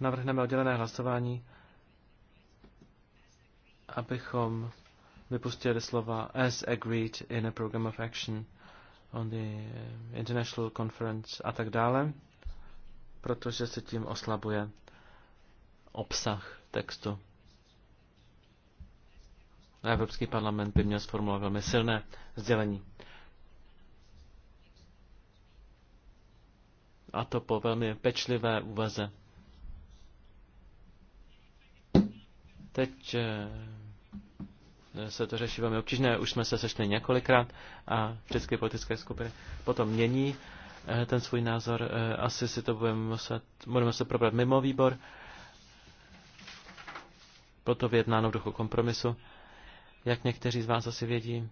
Navrhneme oddělené hlasování abychom vypustili slova as agreed in a program of action on the eh, international conference a tak dále, protože se tím oslabuje obsah textu. Evropský parlament by měl sformulovat velmi silné sdělení. A to po velmi pečlivé úvaze. Teď eh, se to řeší velmi obtížné. Už jsme se sešli několikrát a vždycky politické skupiny potom mění eh, ten svůj názor. Eh, asi si to budeme muset, budeme se probrat mimo výbor. Proto vyjednáno v duchu kompromisu, jak někteří z vás asi vědí.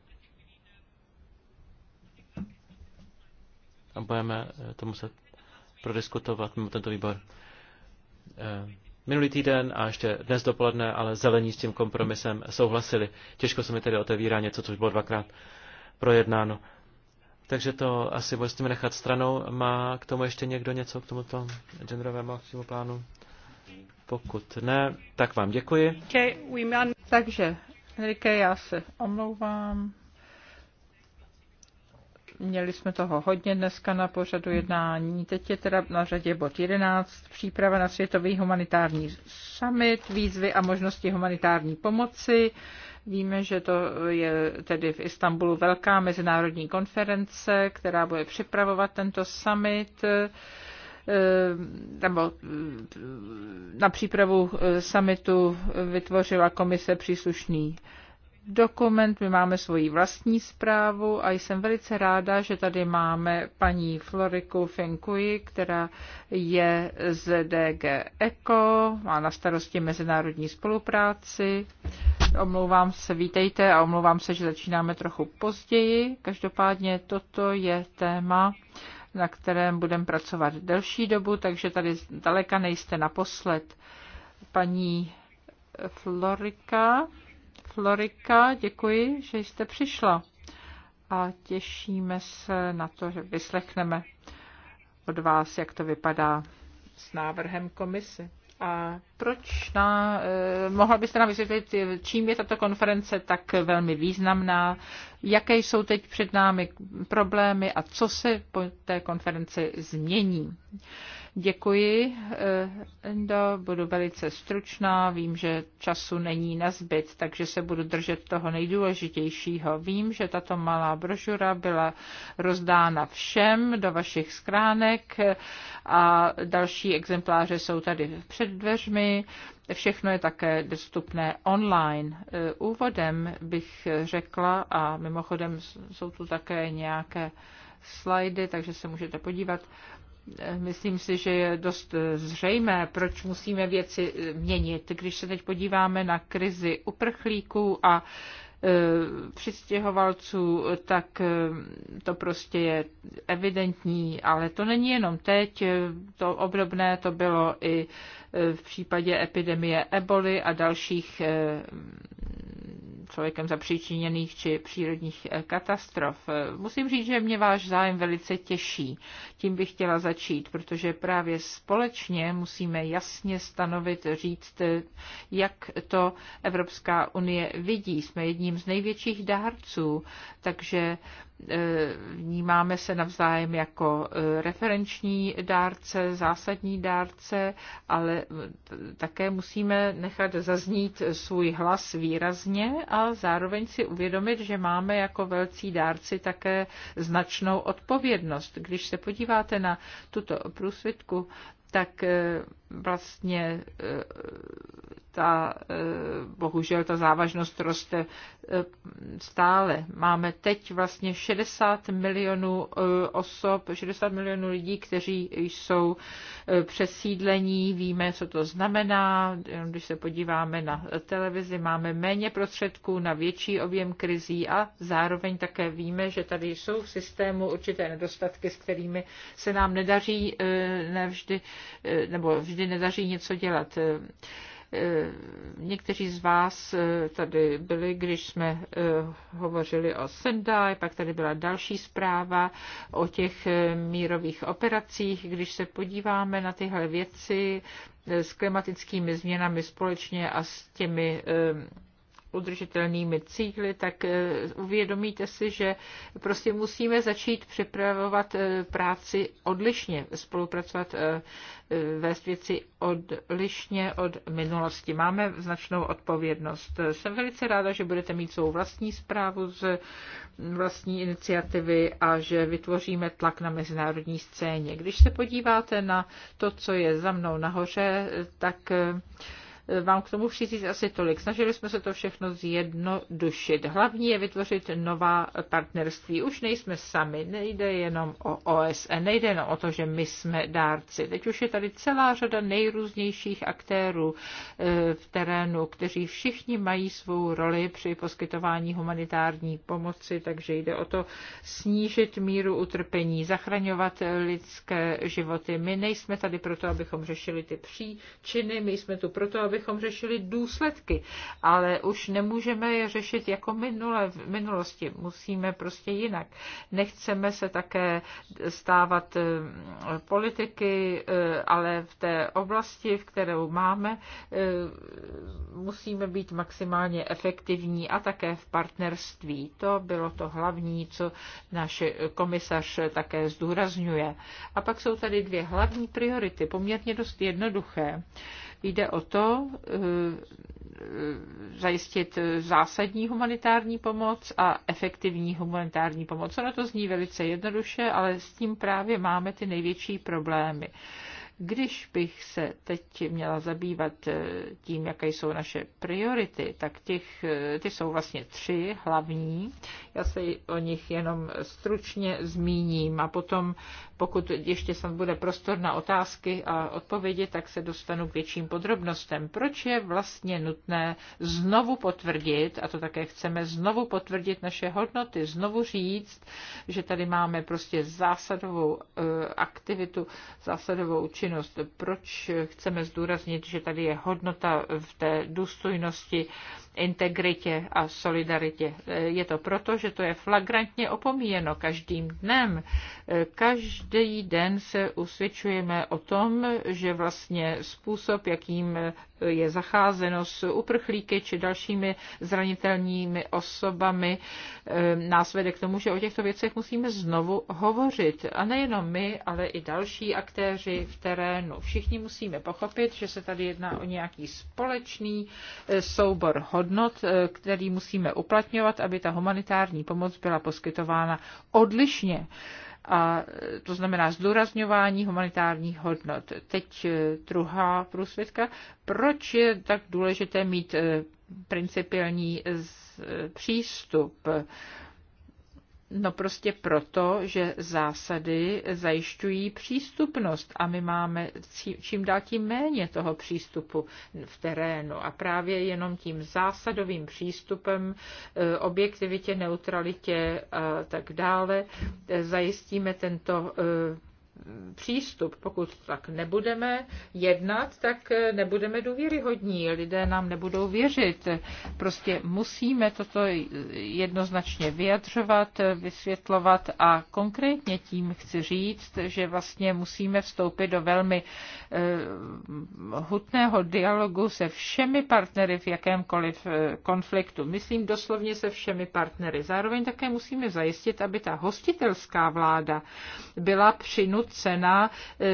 A budeme eh, to muset prodiskutovat mimo tento výbor minulý týden a ještě dnes dopoledne, ale zelení s tím kompromisem souhlasili. Těžko se mi tedy otevírá něco, což bylo dvakrát projednáno. Takže to asi musíme nechat stranou. Má k tomu ještě někdo něco k tomuto genderovému akčnímu plánu? Pokud ne, tak vám děkuji. Takže, Enrique, já se omlouvám. Měli jsme toho hodně dneska na pořadu jednání. Teď je teda na řadě bod 11. Příprava na světový humanitární summit, výzvy a možnosti humanitární pomoci. Víme, že to je tedy v Istanbulu velká mezinárodní konference, která bude připravovat tento summit eh, nebo eh, na přípravu eh, summitu vytvořila komise příslušný dokument, my máme svoji vlastní zprávu a jsem velice ráda, že tady máme paní Floriku Fenkuji, která je z DG ECO, má na starosti mezinárodní spolupráci. Omlouvám se, vítejte a omlouvám se, že začínáme trochu později. Každopádně toto je téma, na kterém budeme pracovat delší dobu, takže tady daleka nejste naposled. Paní Florika, Florika, děkuji, že jste přišla a těšíme se na to, že vyslechneme od vás, jak to vypadá s návrhem komise. A proč na, eh, mohla byste nám vysvětlit, čím je tato konference tak velmi významná, jaké jsou teď před námi problémy a co se po té konferenci změní? Děkuji, eh, Endo, budu velice stručná, vím, že času není na zbyt, takže se budu držet toho nejdůležitějšího. Vím, že tato malá brožura byla rozdána všem do vašich skránek eh, a další exempláře jsou tady před dveřmi. Všechno je také dostupné online. Eh, úvodem bych řekla, a mimochodem jsou tu také nějaké slajdy, takže se můžete podívat, Myslím si, že je dost zřejmé, proč musíme věci měnit. Když se teď podíváme na krizi uprchlíků a e, přistěhovalců, tak e, to prostě je evidentní, ale to není jenom teď, to obdobné to bylo i e, v případě epidemie eboli a dalších člověkem zapříčiněných či přírodních eh, katastrof. Eh, musím říct, že mě váš zájem velice těší. Tím bych chtěla začít, protože právě společně musíme jasně stanovit, říct, eh, jak to Evropská unie vidí. Jsme jedním z největších dárců, takže E, vnímáme se navzájem jako e, referenční dárce, zásadní dárce, ale e, také musíme nechat zaznít svůj hlas výrazně a zároveň si uvědomit, že máme jako velcí dárci také značnou odpovědnost. Když se podíváte na tuto průsvitku, tak vlastně eh, ta, eh, bohužel ta závažnost roste eh, stále. Máme teď vlastně 60 milionů osob, 60 milionů lidí, kteří jsou přesídlení, víme, co to znamená. Když se podíváme na televizi, máme méně prostředků na větší objem krizí a zároveň také víme, že tady jsou v systému určité nedostatky, s kterými se nám nedaří nevždy, nebo vždy vždy nedaří něco dělat. Eh, eh, někteří z vás eh, tady byli, když jsme hovořili o Sendai, pak tady byla další zpráva o těch mírových operacích. Když se podíváme na tyhle věci s klimatickými změnami společně a s těmi udržitelnými cíly, tak eh, uvědomíte si, že prostě musíme začít připravovat eh, práci odlišně, spolupracovat, eh, vést věci odlišně od minulosti. Máme značnou odpovědnost. Jsem velice ráda, že budete mít svou vlastní zprávu z vlastní iniciativy a že vytvoříme tlak na mezinárodní scéně. Když se podíváte na to, co je za mnou nahoře, tak vám k tomu všichni asi tolik. Snažili jsme se to všechno zjednodušit. Hlavní je vytvořit nová partnerství. Už nejsme sami, nejde jenom o OSN, nejde jenom o to, že my jsme dárci. Teď už je tady celá řada nejrůznějších aktérů eh, v terénu, kteří všichni mají svou roli při poskytování humanitární pomoci, takže jde o to snížit míru utrpení, zachraňovat lidské životy. My nejsme tady proto, abychom řešili ty příčiny, my jsme tu proto, aby abychom řešili důsledky, ale už nemůžeme je řešit jako minule, v minulosti. Musíme prostě jinak. Nechceme se také stávat eh, politiky, eh, ale v té oblasti, v kterou máme, eh, musíme být maximálně efektivní a také v partnerství. To bylo to hlavní, co náš komisař také zdůrazňuje. A pak jsou tady dvě hlavní priority, poměrně dost jednoduché. Jde o to eh, zajistit zásadní humanitární pomoc a efektivní humanitární pomoc. Ono to zní velice jednoduše, ale s tím právě máme ty největší problémy. Když bych se teď měla zabývat eh, tím, jaké jsou naše priority, tak těch, eh, ty jsou vlastně tři hlavní. Já se o nich jenom stručně zmíním a potom pokud ještě snad bude prostor na otázky a odpovědi, tak se dostanu k větším podrobnostem. Proč je vlastně nutné znovu potvrdit, a to také chceme znovu potvrdit naše hodnoty, znovu říct, že tady máme prostě zásadovou eh, aktivitu, zásadovou činnost. Proč chceme zdůraznit, že tady je hodnota v té důstojnosti, integritě a solidaritě. Eh, je to proto, že to je flagrantně opomíjeno každým dnem. Eh, každý Každý den se usvědčujeme o tom, že vlastně způsob, jakým je zacházeno s uprchlíky či dalšími zranitelnými osobami, eh, nás vede k tomu, že o těchto věcech musíme znovu hovořit. A nejenom my, ale i další aktéři v terénu. Všichni musíme pochopit, že se tady jedná o nějaký společný eh, soubor hodnot, eh, který musíme uplatňovat, aby ta humanitární pomoc byla poskytována odlišně a to znamená zdůrazňování humanitárních hodnot. Teď eh, druhá průsvědka. Proč je tak důležité mít eh, principiální eh, přístup? No prostě proto, že zásady zajišťují přístupnost a my máme čím dál tím méně toho přístupu v terénu a právě jenom tím zásadovým přístupem, e, objektivitě, neutralitě a tak dále e, zajistíme tento e, přístup. Pokud tak nebudeme jednat, tak nebudeme důvěryhodní, lidé nám nebudou věřit. Prostě musíme toto jednoznačně vyjadřovat, vysvětlovat a konkrétně tím chci říct, že vlastně musíme vstoupit do velmi eh, hutného dialogu se všemi partnery v jakémkoliv eh, konfliktu. Myslím doslovně se všemi partnery. Zároveň také musíme zajistit, aby ta hostitelská vláda byla přinut nucena e,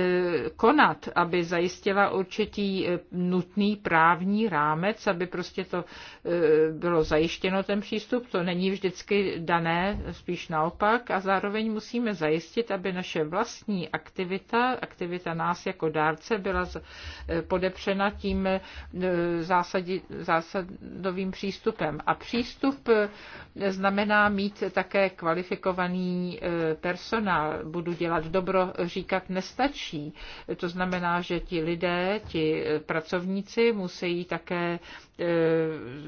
konat, aby zajistila určitý e, nutný právní rámec, aby prostě to e, bylo zajištěno ten přístup. To není vždycky dané, spíš naopak. A zároveň musíme zajistit, aby naše vlastní aktivita, aktivita nás jako dárce, byla podepřena tím zásadi, zásadovým přístupem. A přístup znamená mít také kvalifikovaný personál. Budu dělat dobro říkat nestačí. To znamená, že ti lidé, ti pracovníci musí také e,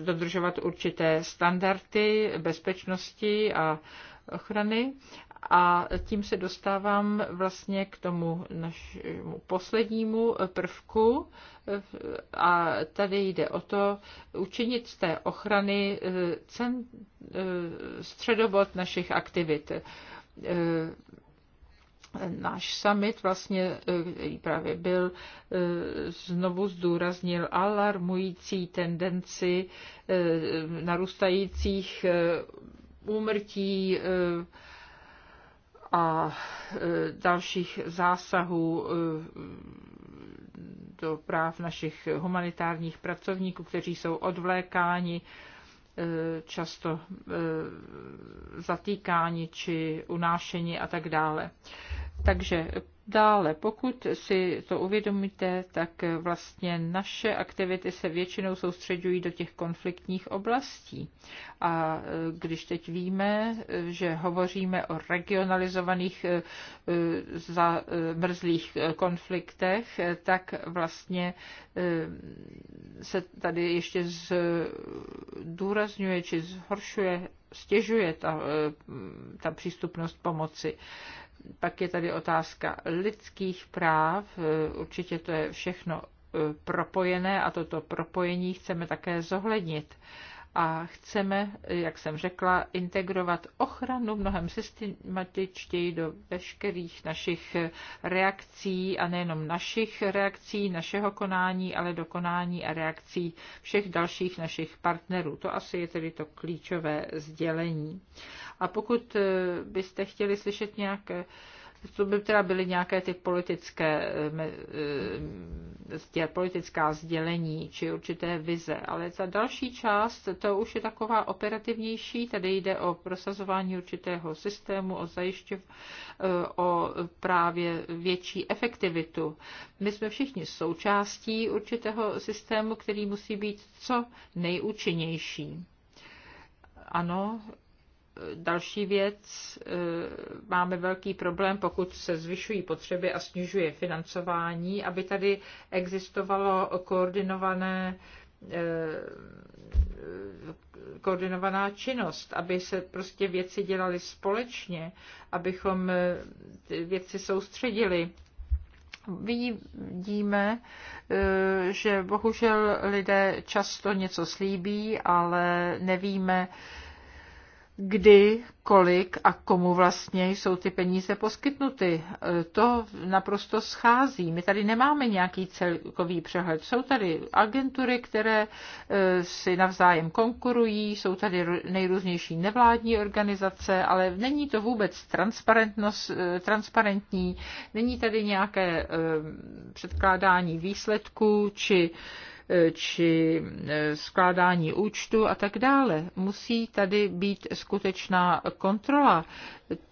dodržovat určité standardy bezpečnosti a ochrany. A tím se dostávám vlastně k tomu našemu poslednímu prvku. A tady jde o to učinit z té ochrany e, cent e, středobod našich aktivit náš summit vlastně, který eh, právě byl, eh, znovu zdůraznil alarmující tendenci eh, narůstajících úmrtí a dalších zásahů do práv našich humanitárních pracovníků, kteří jsou odvlékáni, často zatýkáni či unášeni a tak dále. Takže dále, pokud si to uvědomíte, tak vlastně naše aktivity se většinou soustředují do těch konfliktních oblastí. A když teď víme, že hovoříme o regionalizovaných e, zamrzlých konfliktech, tak vlastně e, se tady ještě zdůrazňuje či zhoršuje stěžuje ta, e, ta přístupnost pomoci. Pak je tady otázka lidských práv. Eh, určitě to je všechno eh, propojené a toto propojení chceme také zohlednit a chceme, jak jsem řekla, integrovat ochranu mnohem systematičtěji do veškerých našich reakcí a nejenom našich reakcí, našeho konání, ale do konání a reakcí všech dalších našich partnerů. To asi je tedy to klíčové sdělení. A pokud byste chtěli slyšet nějaké to by teda byly nějaké ty politické, eh, eh, politická sdělení či určité vize. Ale ta další část, to už je taková operativnější, tady jde o prosazování určitého systému, o zajišťov, eh, o právě větší efektivitu. My jsme všichni součástí určitého systému, který musí být co nejúčinnější ano, Další věc, e, máme velký problém, pokud se zvyšují potřeby a snižuje financování, aby tady existovalo koordinované e, koordinovaná činnost, aby se prostě věci dělaly společně, abychom e, ty věci soustředili. Vidíme, že bohužel lidé často něco slíbí, ale nevíme, kdy, kolik a komu vlastně jsou ty peníze poskytnuty. E, to naprosto schází. My tady nemáme nějaký celkový přehled. Jsou tady agentury, které e, si navzájem konkurují, jsou tady nejrůznější nevládní organizace, ale není to vůbec e, transparentní, není tady nějaké předkládání výsledků či E, či e, skládání účtu a tak dále. Musí tady být skutečná kontrola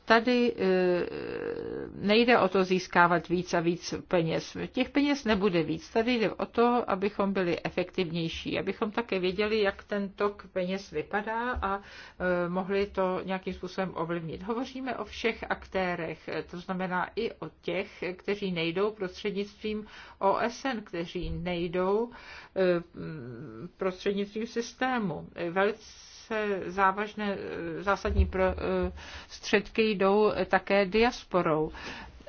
Tady eh, nejde o to získávat víc a víc peněz. Těch peněz nebude víc. Tady jde o to, abychom byli efektivnější, abychom také věděli, jak ten tok peněz vypadá a eh, mohli to nějakým způsobem ovlivnit. Hovoříme o všech aktérech, to znamená i o těch, kteří nejdou prostřednictvím OSN, kteří nejdou eh, prostřednictvím systému. Velice velice závažné, eh, zásadní prostředky jdou také diasporou.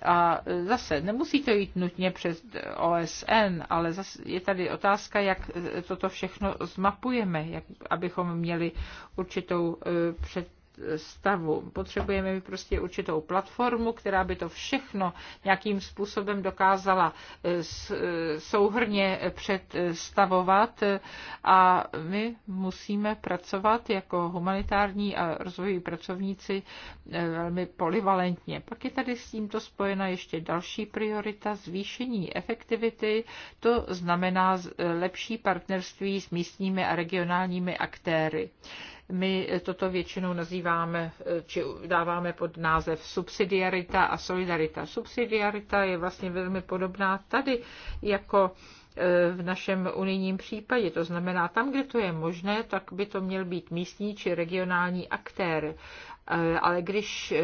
A eh, zase nemusí to jít nutně přes OSN, ale zase je tady otázka, jak eh, toto všechno zmapujeme, jak, abychom měli určitou před stavu. Potřebujeme prostě určitou platformu, která by to všechno nějakým způsobem dokázala eh, eh, souhrně představovat a my musíme pracovat jako humanitární a rozvojoví pracovníci eh, velmi polivalentně. Pak je tady s tímto spojena ještě další priorita zvýšení efektivity, to znamená lepší partnerství s místními a regionálními aktéry. My toto většinou nazýváme, či dáváme pod název subsidiarita a solidarita. Subsidiarita je vlastně velmi podobná tady jako e, v našem unijním případě. To znamená, tam, kde to je možné, tak by to měl být místní či regionální aktér. Eh, ale když eh,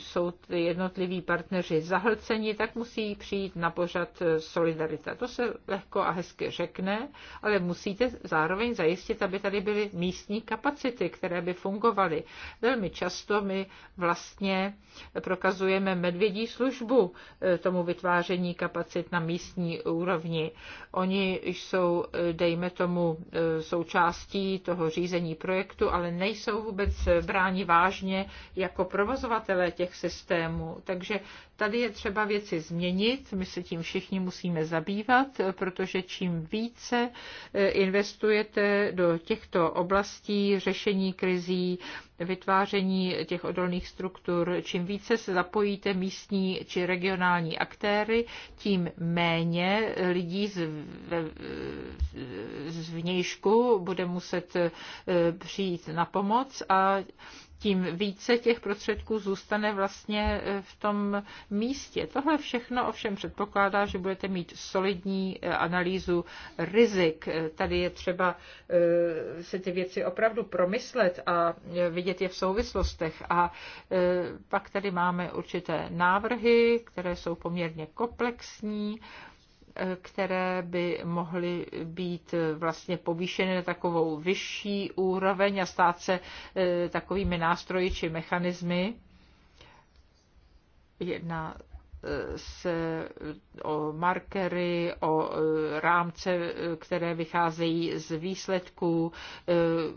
jsou ty jednotliví partneři zahlceni, tak musí přijít na pořad eh, solidarita. To se lehko a hezky řekne, ale musíte zároveň zajistit, aby tady byly místní kapacity, které by fungovaly. Velmi často my vlastně prokazujeme medvědí službu tomu vytváření kapacit na místní úrovni. Oni jsou, dejme tomu, součástí toho řízení projektu, ale nejsou vůbec bráni vážně jako provozovatelé těch systémů. Takže tady je třeba věci změnit, my se tím všichni musíme zabývat, protože čím více e, investujete do těchto oblastí řešení krizí, vytváření těch odolných struktur, čím více se zapojíte místní či regionální aktéry, tím méně lidí z, z vnějšku bude muset e, přijít na pomoc a tím více těch prostředků zůstane vlastně e, v tom místě. Tohle všechno ovšem předpokládá, že budete mít solidní e, analýzu rizik. E, tady je třeba se ty věci opravdu promyslet a vidět je v souvislostech. A pak tady máme určité návrhy, které jsou poměrně komplexní které by mohly být vlastně povýšeny na takovou vyšší úroveň a stát se eh, takovými nástroji či mechanismy. jedna eh, se o markery, o eh, rámce, které vycházejí z výsledků,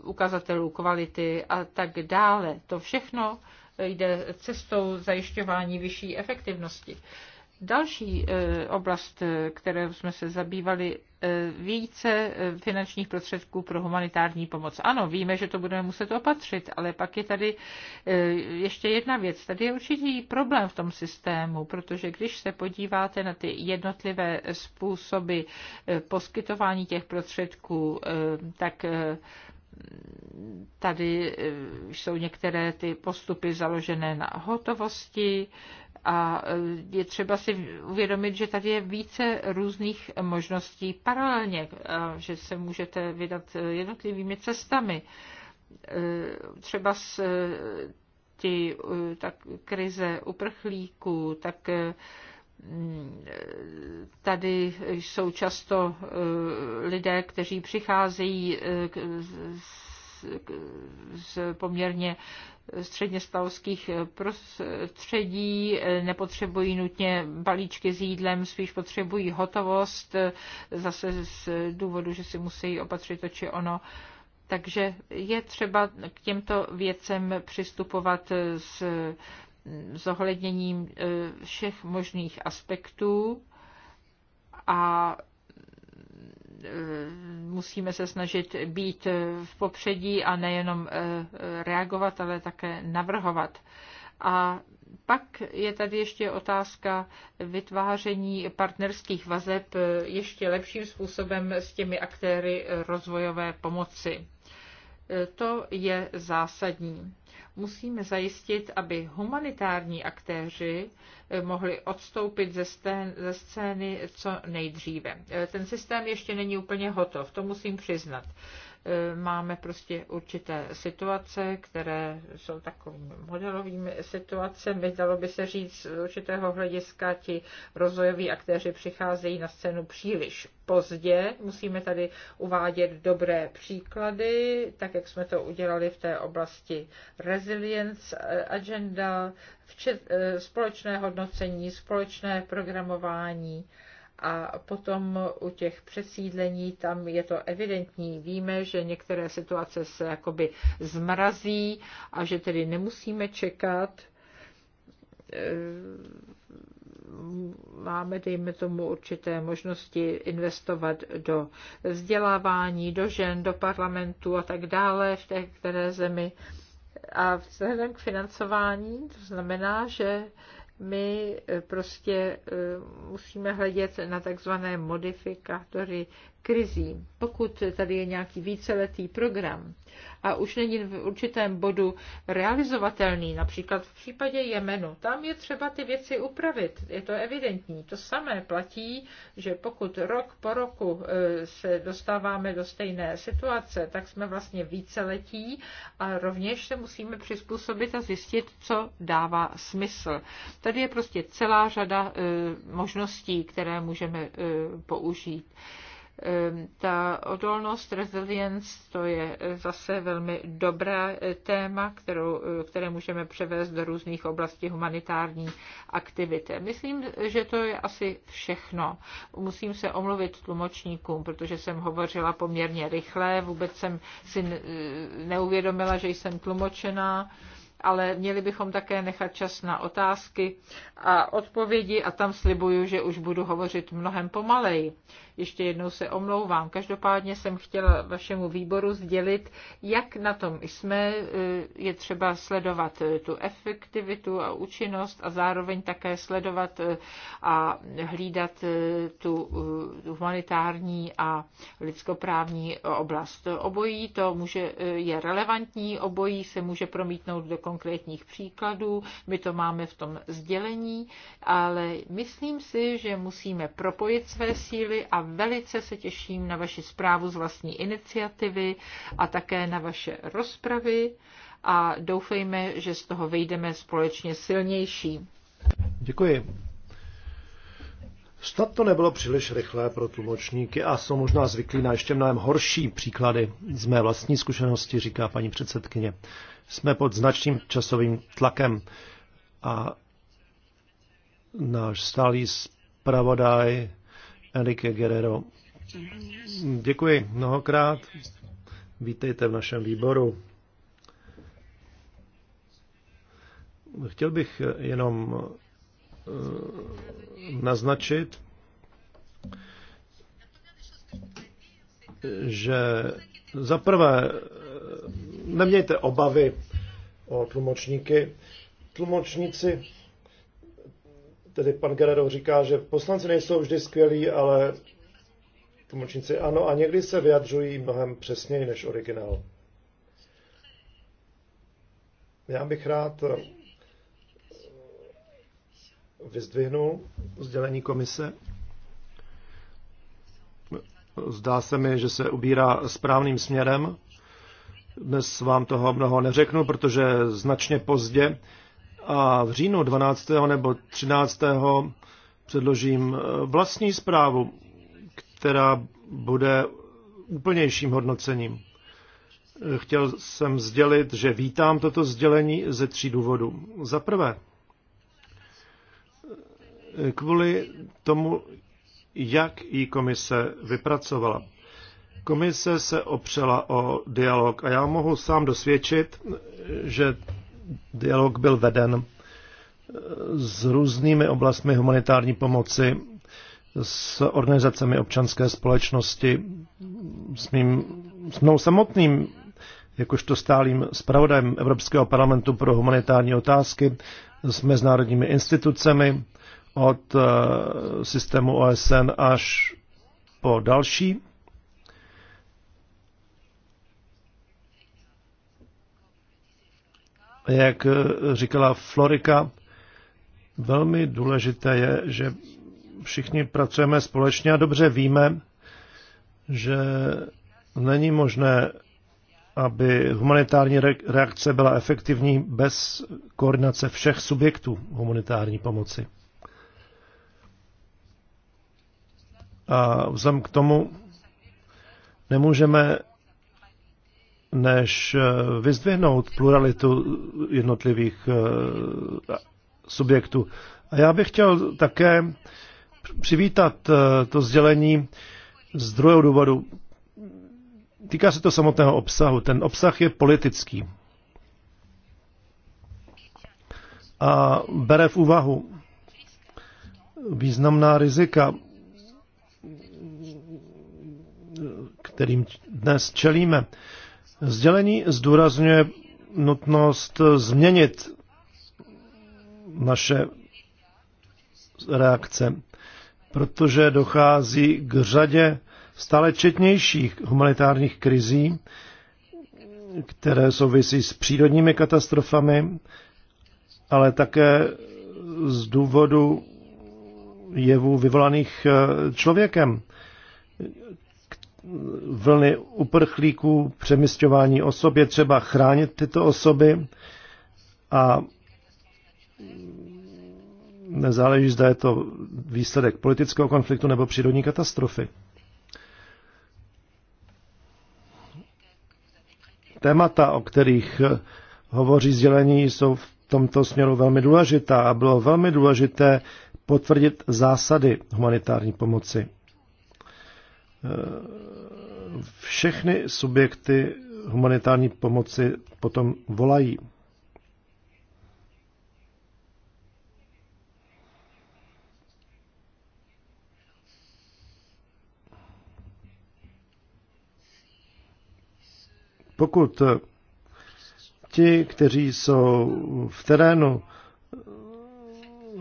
ukazatelů kvality a tak dále. To všechno jde cestou zajišťování vyšší efektivnosti. Další eh, oblast, eh, kterou jsme se zabývali, eh, více finančních prostředků pro humanitární pomoc. Ano, víme, že to budeme muset opatřit, ale pak je tady ještě jedna věc. Tady je určitý problém v tom systému, protože když se podíváte na ty jednotlivé způsoby poskytování těch prostředků, tak tady jsou některé ty postupy založené na hotovosti, a e, je třeba si uvědomit, že tady je více různých možností paralelně, e, že se můžete vydat e, jednotlivými cestami. Třeba s ti, tak krize uprchlíků, tak tady jsou často lidé, kteří přicházejí z poměrně středně stavovských prostředí, nepotřebují nutně balíčky s jídlem, spíš potřebují hotovost, zase z důvodu, že si musí opatřit to či ono. Takže je třeba k těmto věcem přistupovat s zohledněním eh, všech možných aspektů a Eh, musíme se snažit být v popředí a nejenom eh, reagovat, ale také navrhovat. A pak je tady ještě otázka vytváření partnerských vazeb eh, ještě lepším způsobem s těmi aktéry rozvojové pomoci. To je zásadní musíme zajistit, aby humanitární aktéři eh, mohli odstoupit ze, stén, ze scény co nejdříve. Eh, ten systém ještě není úplně hotov, to musím přiznat máme prostě určité situace, které jsou takovými modelovými situacemi, dalo by se říct z určitého hlediska, ti rozvojoví aktéři přicházejí na scénu příliš pozdě. Musíme tady uvádět dobré příklady, tak jak jsme to udělali v té oblasti resilience agenda, včet, eh, společné hodnocení, společné programování, a potom u těch přesídlení, tam je to evidentní. Víme, že některé situace se jakoby zmrazí a že tedy nemusíme čekat eh, máme, dejme tomu, určité možnosti investovat do vzdělávání, do žen, do parlamentu a tak dále v té které zemi. A vzhledem k financování, to znamená, že my eh, prostě eh, musíme hledět na takzvané modifikátory krizí. Pokud tady je nějaký víceletý program a už není v určitém bodu realizovatelný, například v případě Jemenu, tam je třeba ty věci upravit, je to evidentní. To samé platí, že pokud rok po roku e, se dostáváme do stejné situace, tak jsme vlastně víceletí a rovněž se musíme přizpůsobit a zjistit, co dává smysl. Tady je prostě celá řada e, možností, které můžeme e, použít. Ehm, ta odolnost, resilience, to je eh, zase velmi dobrá eh, téma, kterou, eh, které můžeme převést do různých oblastí humanitární aktivity. Myslím, že to je asi všechno. Musím se omluvit tlumočníkům, protože jsem hovořila poměrně rychle, vůbec jsem si neuvědomila, že jsem tlumočená ale měli bychom také nechat čas na otázky a odpovědi a tam slibuju, že už budu hovořit mnohem pomaleji. Ještě jednou se omlouvám. Každopádně jsem chtěla vašemu výboru sdělit, jak na tom jsme. Je třeba sledovat tu efektivitu a účinnost a zároveň také sledovat a hlídat tu humanitární a lidskoprávní oblast. Obojí to může, je relevantní, obojí se může promítnout do konkrétních příkladů, my to máme v tom sdělení, ale myslím si, že musíme propojit své síly a velice se těším na vaši zprávu z vlastní iniciativy a také na vaše rozpravy a doufejme, že z toho vyjdeme společně silnější. Děkuji. Snad to nebylo příliš rychlé pro tlumočníky a jsou možná zvyklí na ještě mnohem horší příklady z mé vlastní zkušenosti, říká paní předsedkyně. Jsme pod značným časovým tlakem a náš stálý zpravodaj Enrique Guerrero. Děkuji mnohokrát. Vítejte v našem výboru. Chtěl bych jenom Eh, naznačit, že za prvé eh, nemějte obavy o tlumočníky. Tlumočníci, tedy pan Gerardo říká, že poslanci nejsou vždy skvělí, ale tlumočníci ano a někdy se vyjadřují mnohem přesněji než originál. Já bych rád vyzdvihnul sdělení komise. Zdá se mi, že se ubírá správným směrem. Dnes vám toho mnoho neřeknu, protože značně pozdě. A v říjnu 12. nebo 13. předložím eh, vlastní zprávu, která bude úplnějším hodnocením. Chtěl jsem sdělit, že vítám toto sdělení ze tří důvodů. Za prvé, kvůli tomu, jak ji komise vypracovala. Komise se opřela o dialog a já mohu sám dosvědčit, že dialog byl veden eh, s různými oblastmi humanitární pomoci, s organizacemi občanské společnosti, s, mým, s mnou samotným, jakožto stálým zpravodajem Evropského parlamentu pro humanitární otázky, s mezinárodními institucemi, od eh, systému OSN až po další. Jak eh, říkala Florika, velmi důležité je, že všichni pracujeme společně a dobře víme, že není možné, aby humanitární reakce byla efektivní bez koordinace všech subjektů humanitární pomoci. A vzhledem k tomu nemůžeme než eh, vyzdvihnout pluralitu jednotlivých eh, subjektů. A já bych chtěl také přivítat eh, to sdělení z druhého důvodu. Týká se to samotného obsahu. Ten obsah je politický. A bere v úvahu významná rizika kterým dnes čelíme. Sdělení zdůrazňuje nutnost změnit naše reakce, protože dochází k řadě stále četnějších humanitárních krizí, které souvisí s přírodními katastrofami, ale také z důvodu jevů vyvolaných člověkem vlny uprchlíků, přemysťování osob, je třeba chránit tyto osoby a nezáleží, zda je to výsledek politického konfliktu nebo přírodní katastrofy. Témata, o kterých hovoří sdělení, jsou v tomto směru velmi důležitá a bylo velmi důležité potvrdit zásady humanitární pomoci všechny subjekty humanitární pomoci potom volají. Pokud ti, kteří jsou v terénu,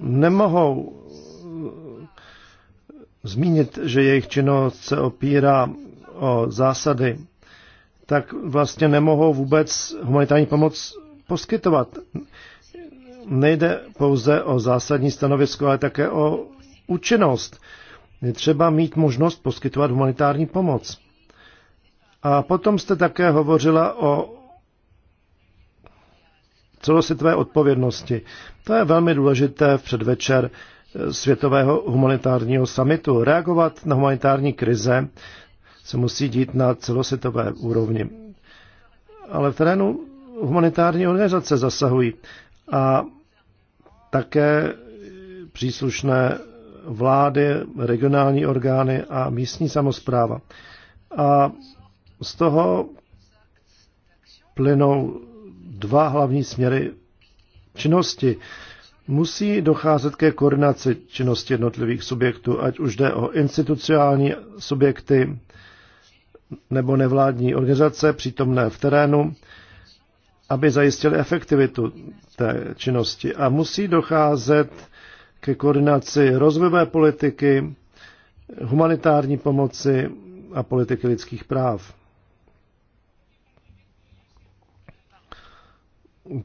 nemohou zmínit, že jejich činnost se opírá o zásady, tak vlastně nemohou vůbec humanitární pomoc poskytovat. Nejde pouze o zásadní stanovisko, ale také o účinnost. Je třeba mít možnost poskytovat humanitární pomoc. A potom jste také hovořila o celosvětové odpovědnosti. To je velmi důležité v předvečer světového humanitárního samitu. Reagovat na humanitární krize se musí dít na celosvětové úrovni. Ale v terénu humanitární organizace zasahují a také příslušné vlády, regionální orgány a místní samozpráva. A z toho plynou dva hlavní směry činnosti. Musí docházet ke koordinaci činnosti jednotlivých subjektů, ať už jde o institucionální subjekty nebo nevládní organizace přítomné v terénu, aby zajistili efektivitu té činnosti. A musí docházet ke koordinaci rozvojové politiky, humanitární pomoci a politiky lidských práv.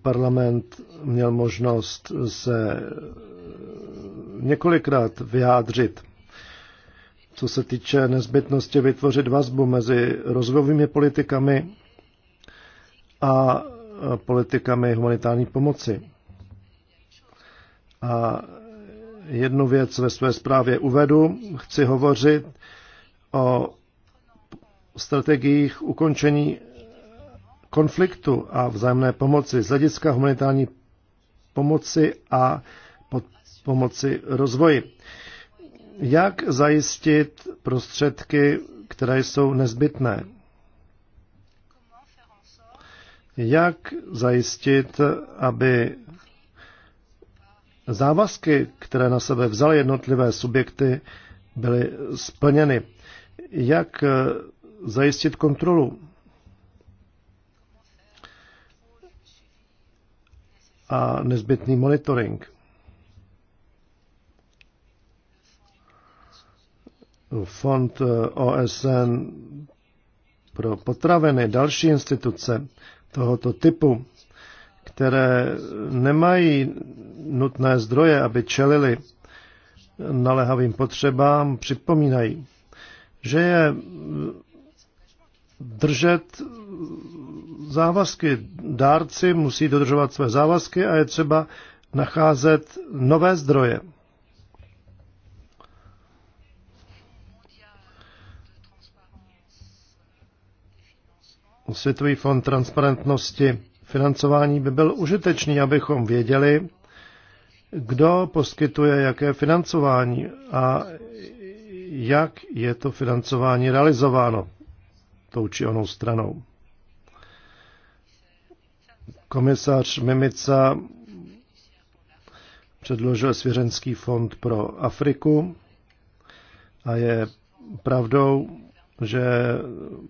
parlament měl možnost se několikrát vyjádřit, co se týče nezbytnosti vytvořit vazbu mezi rozvojovými politikami a politikami humanitární pomoci. A jednu věc ve své zprávě uvedu. Chci hovořit o strategiích ukončení konfliktu a vzájemné pomoci z hlediska humanitární pomoci a pod pomoci rozvoji. Jak zajistit prostředky, které jsou nezbytné? Jak zajistit, aby závazky, které na sebe vzaly jednotlivé subjekty, byly splněny? Jak eh, zajistit kontrolu a nezbytný monitoring. Fond eh, OSN pro potraviny, další instituce tohoto typu, které nemají nutné zdroje, aby čelili nalehavým potřebám, připomínají, že je držet závazky. Dárci musí dodržovat své závazky a je třeba nacházet nové zdroje. Světový fond transparentnosti financování by byl užitečný, abychom věděli, kdo poskytuje jaké financování a jak je to financování realizováno tou či onou stranou. Komisař Mimica předložil Svěřenský fond pro Afriku a je pravdou, že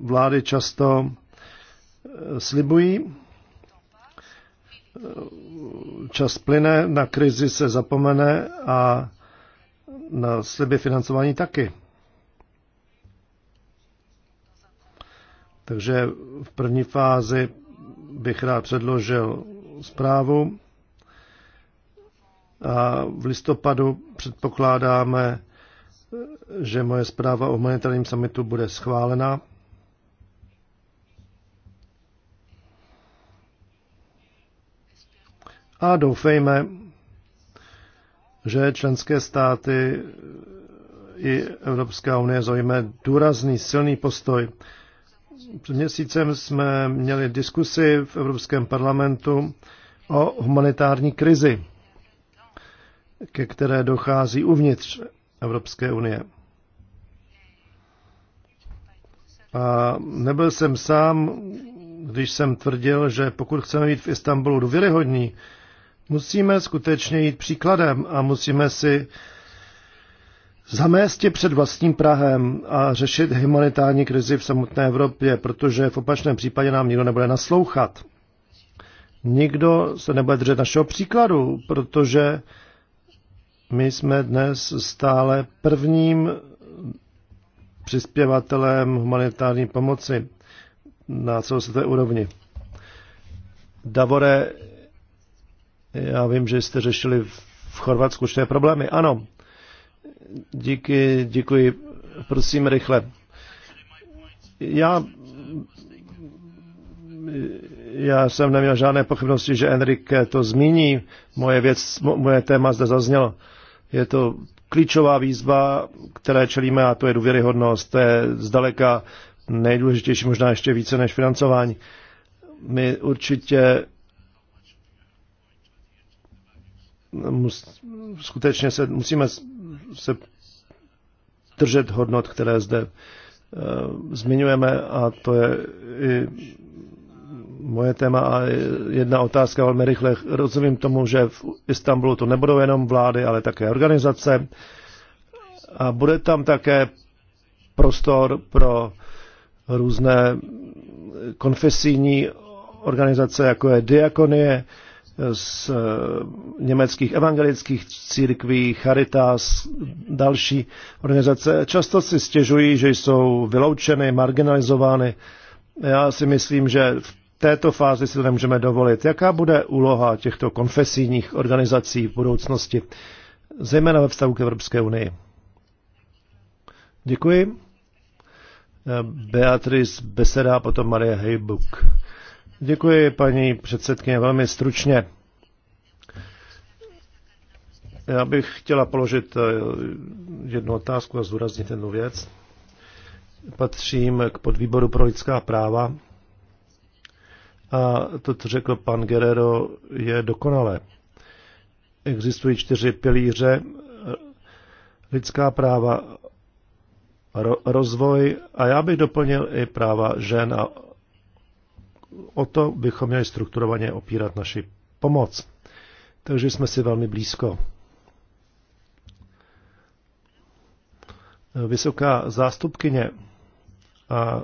vlády často eh, slibují, čas plyne, na krizi se zapomene a na sliby financování taky. Takže v první fázi bych rád předložil zprávu. A v listopadu předpokládáme, že moje zpráva o humanitárním summitu bude schválena. A doufejme, že členské státy i Evropská unie zaujme důrazný, silný postoj před měsícem jsme měli diskusi v Evropském parlamentu o humanitární krizi, ke které dochází uvnitř Evropské unie. A nebyl jsem sám, když jsem tvrdil, že pokud chceme být v Istanbulu důvěryhodní, musíme skutečně jít příkladem a musíme si je před vlastním Prahem a řešit humanitární krizi v samotné Evropě, protože v opačném případě nám nikdo nebude naslouchat. Nikdo se nebude držet našeho příkladu, protože my jsme dnes stále prvním přispěvatelem humanitární pomoci na celosvětové úrovni. Davore, já vím, že jste řešili v Chorvatsku určité problémy. Ano, Díky, děkuji. Prosím rychle. Já, já jsem neměl žádné pochybnosti, že Enrik to zmíní. Moje, věc, moje téma zde zaznělo. Je to klíčová výzva, které čelíme, a to je důvěryhodnost. To je zdaleka nejdůležitější, možná ještě více než financování. My určitě skutečně se musíme se držet hodnot, které zde eh, zmiňujeme a to je i moje téma a jedna otázka velmi rychle. Rozumím tomu, že v Istanbulu to nebudou jenom vlády, ale také organizace a bude tam také prostor pro různé konfesijní organizace, jako je diakonie, z eh, německých evangelických církví, Charitas, další organizace, často si stěžují, že jsou vyloučeny, marginalizovány. Já si myslím, že v této fázi si to nemůžeme dovolit. Jaká bude úloha těchto konfesijních organizací v budoucnosti, zejména ve vztahu k Evropské unii? Děkuji. Beatrice Beseda, potom Maria Hejbuk. Děkuji, paní předsedkyně, velmi stručně. Já bych chtěla položit eh, jednu otázku a zúraznit jednu věc. Patřím k podvýboru pro lidská práva a to, co řekl pan Guerrero, je dokonalé. Existují čtyři pilíře eh, lidská práva, rozvoj a já bych doplnil i práva žen a o to bychom měli strukturovaně opírat naši pomoc. Takže jsme si velmi blízko. Vysoká zástupkyně a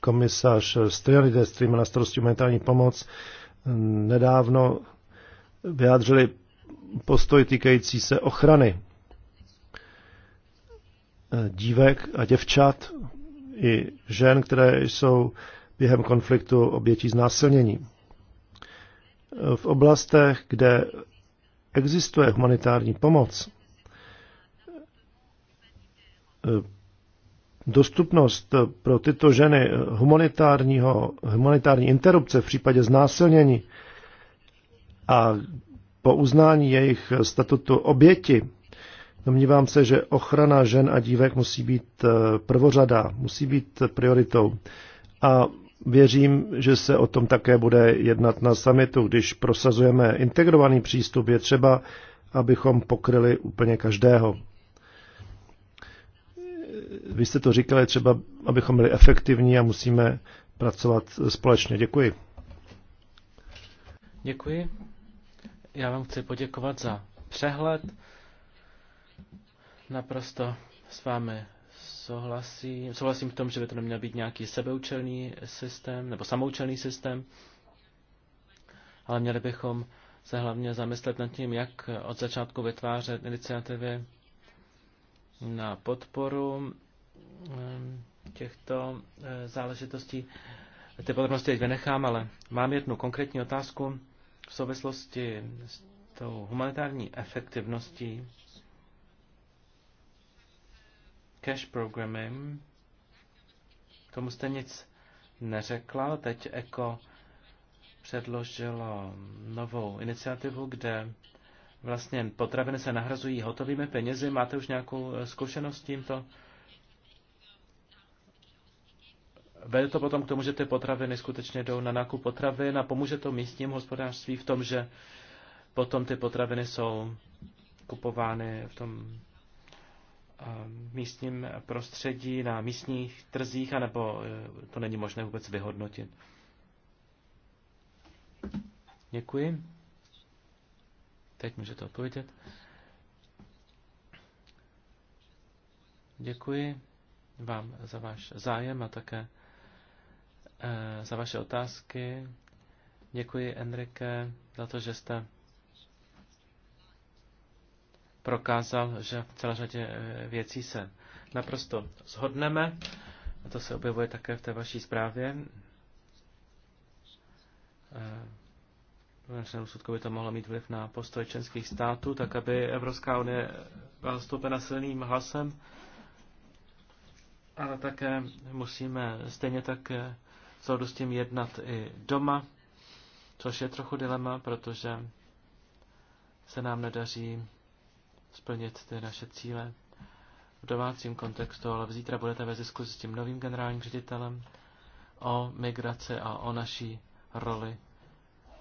komisař Stojanide který má na starosti humanitární pomoc, nedávno vyjádřili postoj týkající se ochrany dívek a děvčat i žen, které jsou během konfliktu obětí znásilnění. V oblastech, kde existuje humanitární pomoc, dostupnost pro tyto ženy humanitárního, humanitární interrupce v případě znásilnění a po uznání jejich statutu oběti, domnívám se, že ochrana žen a dívek musí být prvořada, musí být prioritou. A Věřím, že se o tom také bude jednat na summitu. Když prosazujeme integrovaný přístup, je třeba, abychom pokryli úplně každého. Vy jste to říkali, třeba abychom byli efektivní a musíme pracovat společně. Děkuji. Děkuji. Já vám chci poděkovat za přehled. Naprosto s vámi souhlasím, souhlasím v tom, že by to neměl být nějaký sebeučelný systém nebo samoučelný systém, ale měli bychom se hlavně zamyslet nad tím, jak od začátku vytvářet iniciativy na podporu ehm, těchto eh, záležitostí. Ty podrobnosti teď vynechám, ale mám jednu konkrétní otázku v souvislosti s tou humanitární efektivností cash programem. Tomu jste nic neřekla. Teď ECO předložilo novou iniciativu, kde vlastně potraviny se nahrazují hotovými penězi. Máte už nějakou eh, zkušenost s tímto? Vede to potom k tomu, že ty potraviny skutečně jdou na nákup potravin a pomůže to místním hospodářství v tom, že potom ty potraviny jsou kupovány v tom místním prostředí, na místních trzích, anebo eh, to není možné vůbec vyhodnotit? Děkuji. Teď můžete odpovědět. Děkuji vám za váš zájem a také eh, za vaše otázky. Děkuji, Enrique, za to, že jste prokázal, že v celé řadě eh, věcí se naprosto shodneme. A to se objevuje také v té vaší zprávě. Eh, v našem by to mohlo mít vliv na postoj členských států, tak aby Evropská unie byla zastoupena silným hlasem, ale také musíme stejně tak eh, soudu s tím jednat i doma, což je trochu dilema, protože se nám nedaří splnit ty naše cíle v domácím kontextu, ale zítra budete ve zisku s tím novým generálním ředitelem o migraci a o naší roli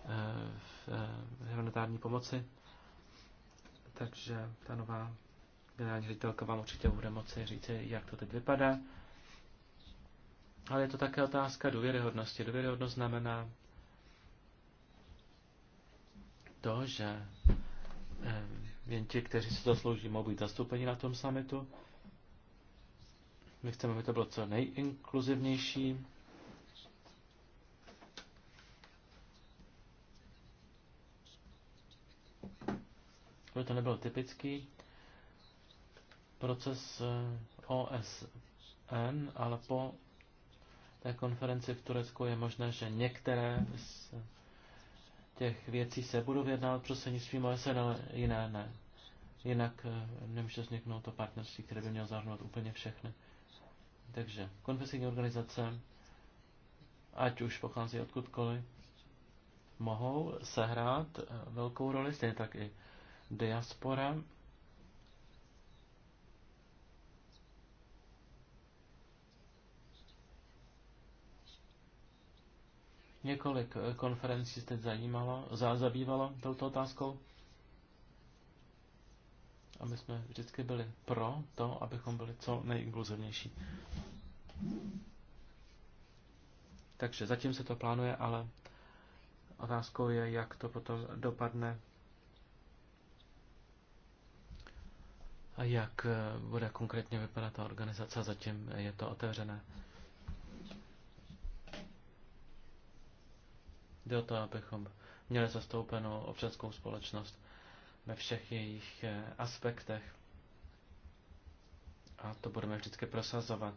eh, eh, v humanitární pomoci. Takže ta nová generální ředitelka vám určitě bude moci říct, jak to teď vypadá. Ale je to také otázka důvěryhodnosti. Důvěryhodnost znamená to, že eh, jen ti, kteří se zaslouží, mohou být zastoupeni na tom summitu. My chceme, aby to bylo co nejinkluzivnější. Aby to nebyl typický proces eh, OSN, ale po té konferenci v Turecku je možné, že některé z těch věcí se budou vyjednávat prostřednictvím OSN, ale jiné ne. Jinak eh, nemůže vzniknout to partnerství, které by mělo zahrnovat úplně všechny. Takže konfesijní organizace, ať už pochází odkudkoliv, mohou sehrát eh, velkou roli, stejně tak i diaspora. Několik eh, konferencí se teď zajímalo, zabývalo touto otázkou a my jsme vždycky byli pro to, abychom byli co nejinkluzivnější. Takže zatím se to plánuje, ale otázkou je, jak to potom dopadne a jak eh, bude konkrétně vypadat ta organizace. Zatím je to otevřené. Jde o to, abychom měli zastoupenou občanskou společnost ve všech jejich eh, aspektech. A to budeme vždycky prosazovat.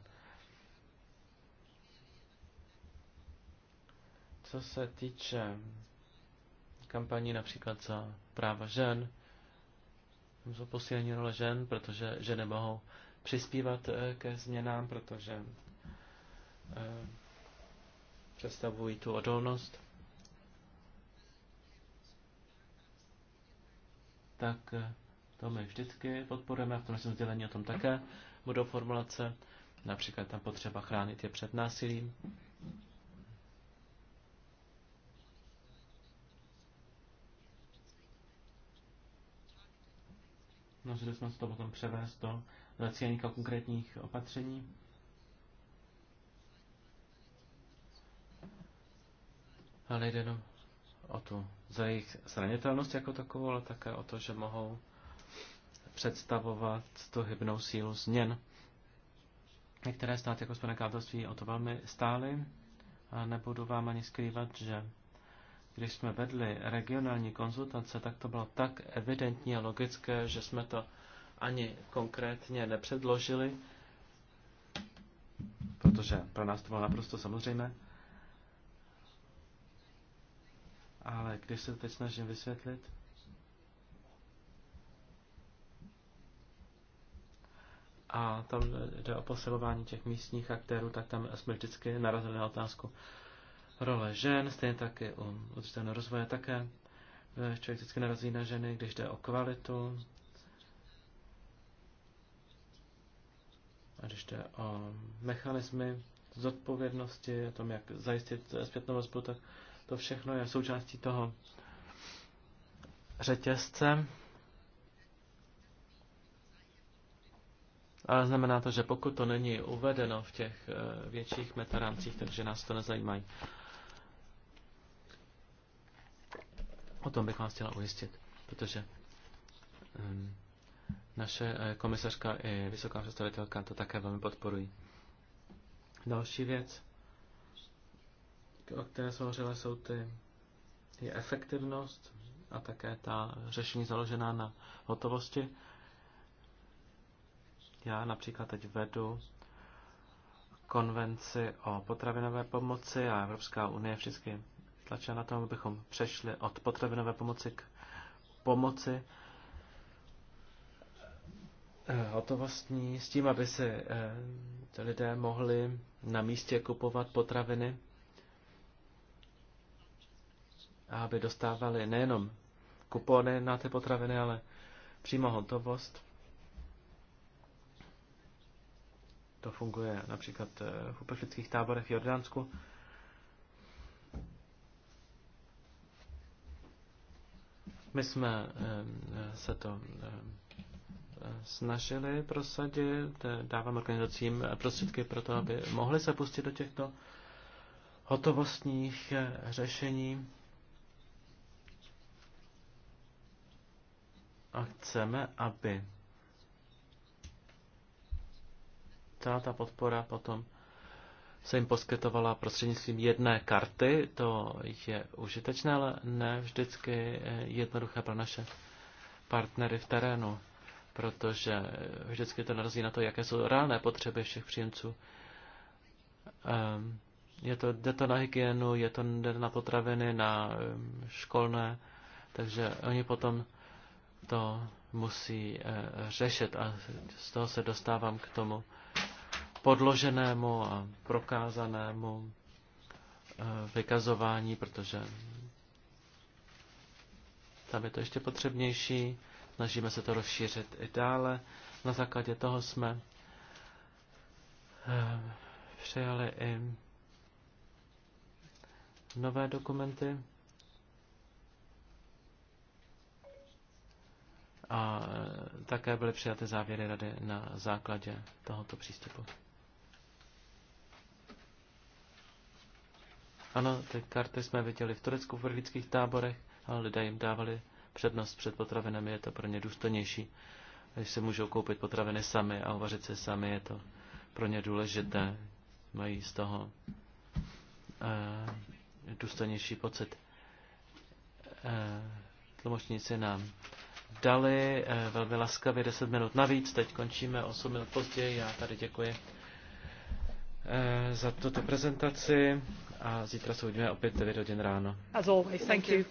Co se týče kampaní například za práva žen, za posílení role žen, protože ženy mohou přispívat eh, ke změnám, protože eh, představují tu odolnost. tak eh, to my vždycky podporujeme, v tom jsem sdělení o tom také budou formulace, například tam potřeba chránit je před násilím. No, že jsme se to potom převést do zacílení konkrétních opatření. Ale jde jenom o tu za jejich zranitelnost jako takovou, ale také o to, že mohou představovat tu hybnou sílu změn. Některé státy jako Spojené království o to velmi stály a nebudu vám ani skrývat, že když jsme vedli regionální konzultace, tak to bylo tak evidentní a logické, že jsme to ani konkrétně nepředložili, protože pro nás to bylo naprosto samozřejmé. ale když se to teď snažím vysvětlit, a tam jde o posilování těch místních aktérů, tak tam jsme vždycky narazili na otázku role žen, stejně tak i u udržitelného rozvoje také. Člověk vždycky narazí na ženy, když jde o kvalitu, a když jde o mechanismy zodpovědnosti, o tom, jak zajistit zpětnou vazbu, tak to všechno je součástí toho řetězce. Ale znamená to, že pokud to není uvedeno v těch eh, větších metarancích, takže nás to nezajímají. O tom bych vás chtěla ujistit, protože ehm, naše eh, komisařka i vysoká představitelka to také velmi podporují. Další věc o které jsme hovořili, jsou ty, je efektivnost a také ta řešení založená na hotovosti. Já například teď vedu konvenci o potravinové pomoci a Evropská unie vždycky tlačila na tom, abychom přešli od potravinové pomoci k pomoci eh, hotovostní, s tím, aby si eh, lidé mohli na místě kupovat potraviny a aby dostávali nejenom kupony na ty potraviny, ale přímo hotovost. To funguje například eh, v uprchlických táborech v Jordánsku. My jsme eh, se to eh, snažili prosadit, dávám organizacím prostředky pro to, aby mohli se pustit do těchto hotovostních řešení. a chceme, aby celá ta podpora potom se jim poskytovala prostřednictvím jedné karty. To je užitečné, ale ne vždycky jednoduché pro naše partnery v terénu, protože vždycky to narazí na to, jaké jsou reálné potřeby všech příjemců. Ehm, je to, jde to na hygienu, je to jde na potraviny, na ehm, školné, takže oni potom to musí eh, řešit a z toho se dostávám k tomu podloženému a prokázanému eh, vykazování, protože tam je to ještě potřebnější. Snažíme se to rozšířit i dále. Na základě toho jsme eh, přijali i nové dokumenty. a také byly přijaty závěry rady na základě tohoto přístupu. Ano, ty karty jsme viděli v Turecku v vrlických táborech, ale lidé jim dávali přednost před potravinami, je to pro ně důstojnější. Když si můžou koupit potraviny sami a uvařit se sami, je to pro ně důležité. Mají z toho uh, důstojnější pocit. Uh, tlumočníci nám dali eh, velmi laskavě 10 minut navíc. Teď končíme 8 minut později. Já tady děkuji eh, za tuto prezentaci a zítra se uvidíme opět 9 hodin ráno. As always, thank you.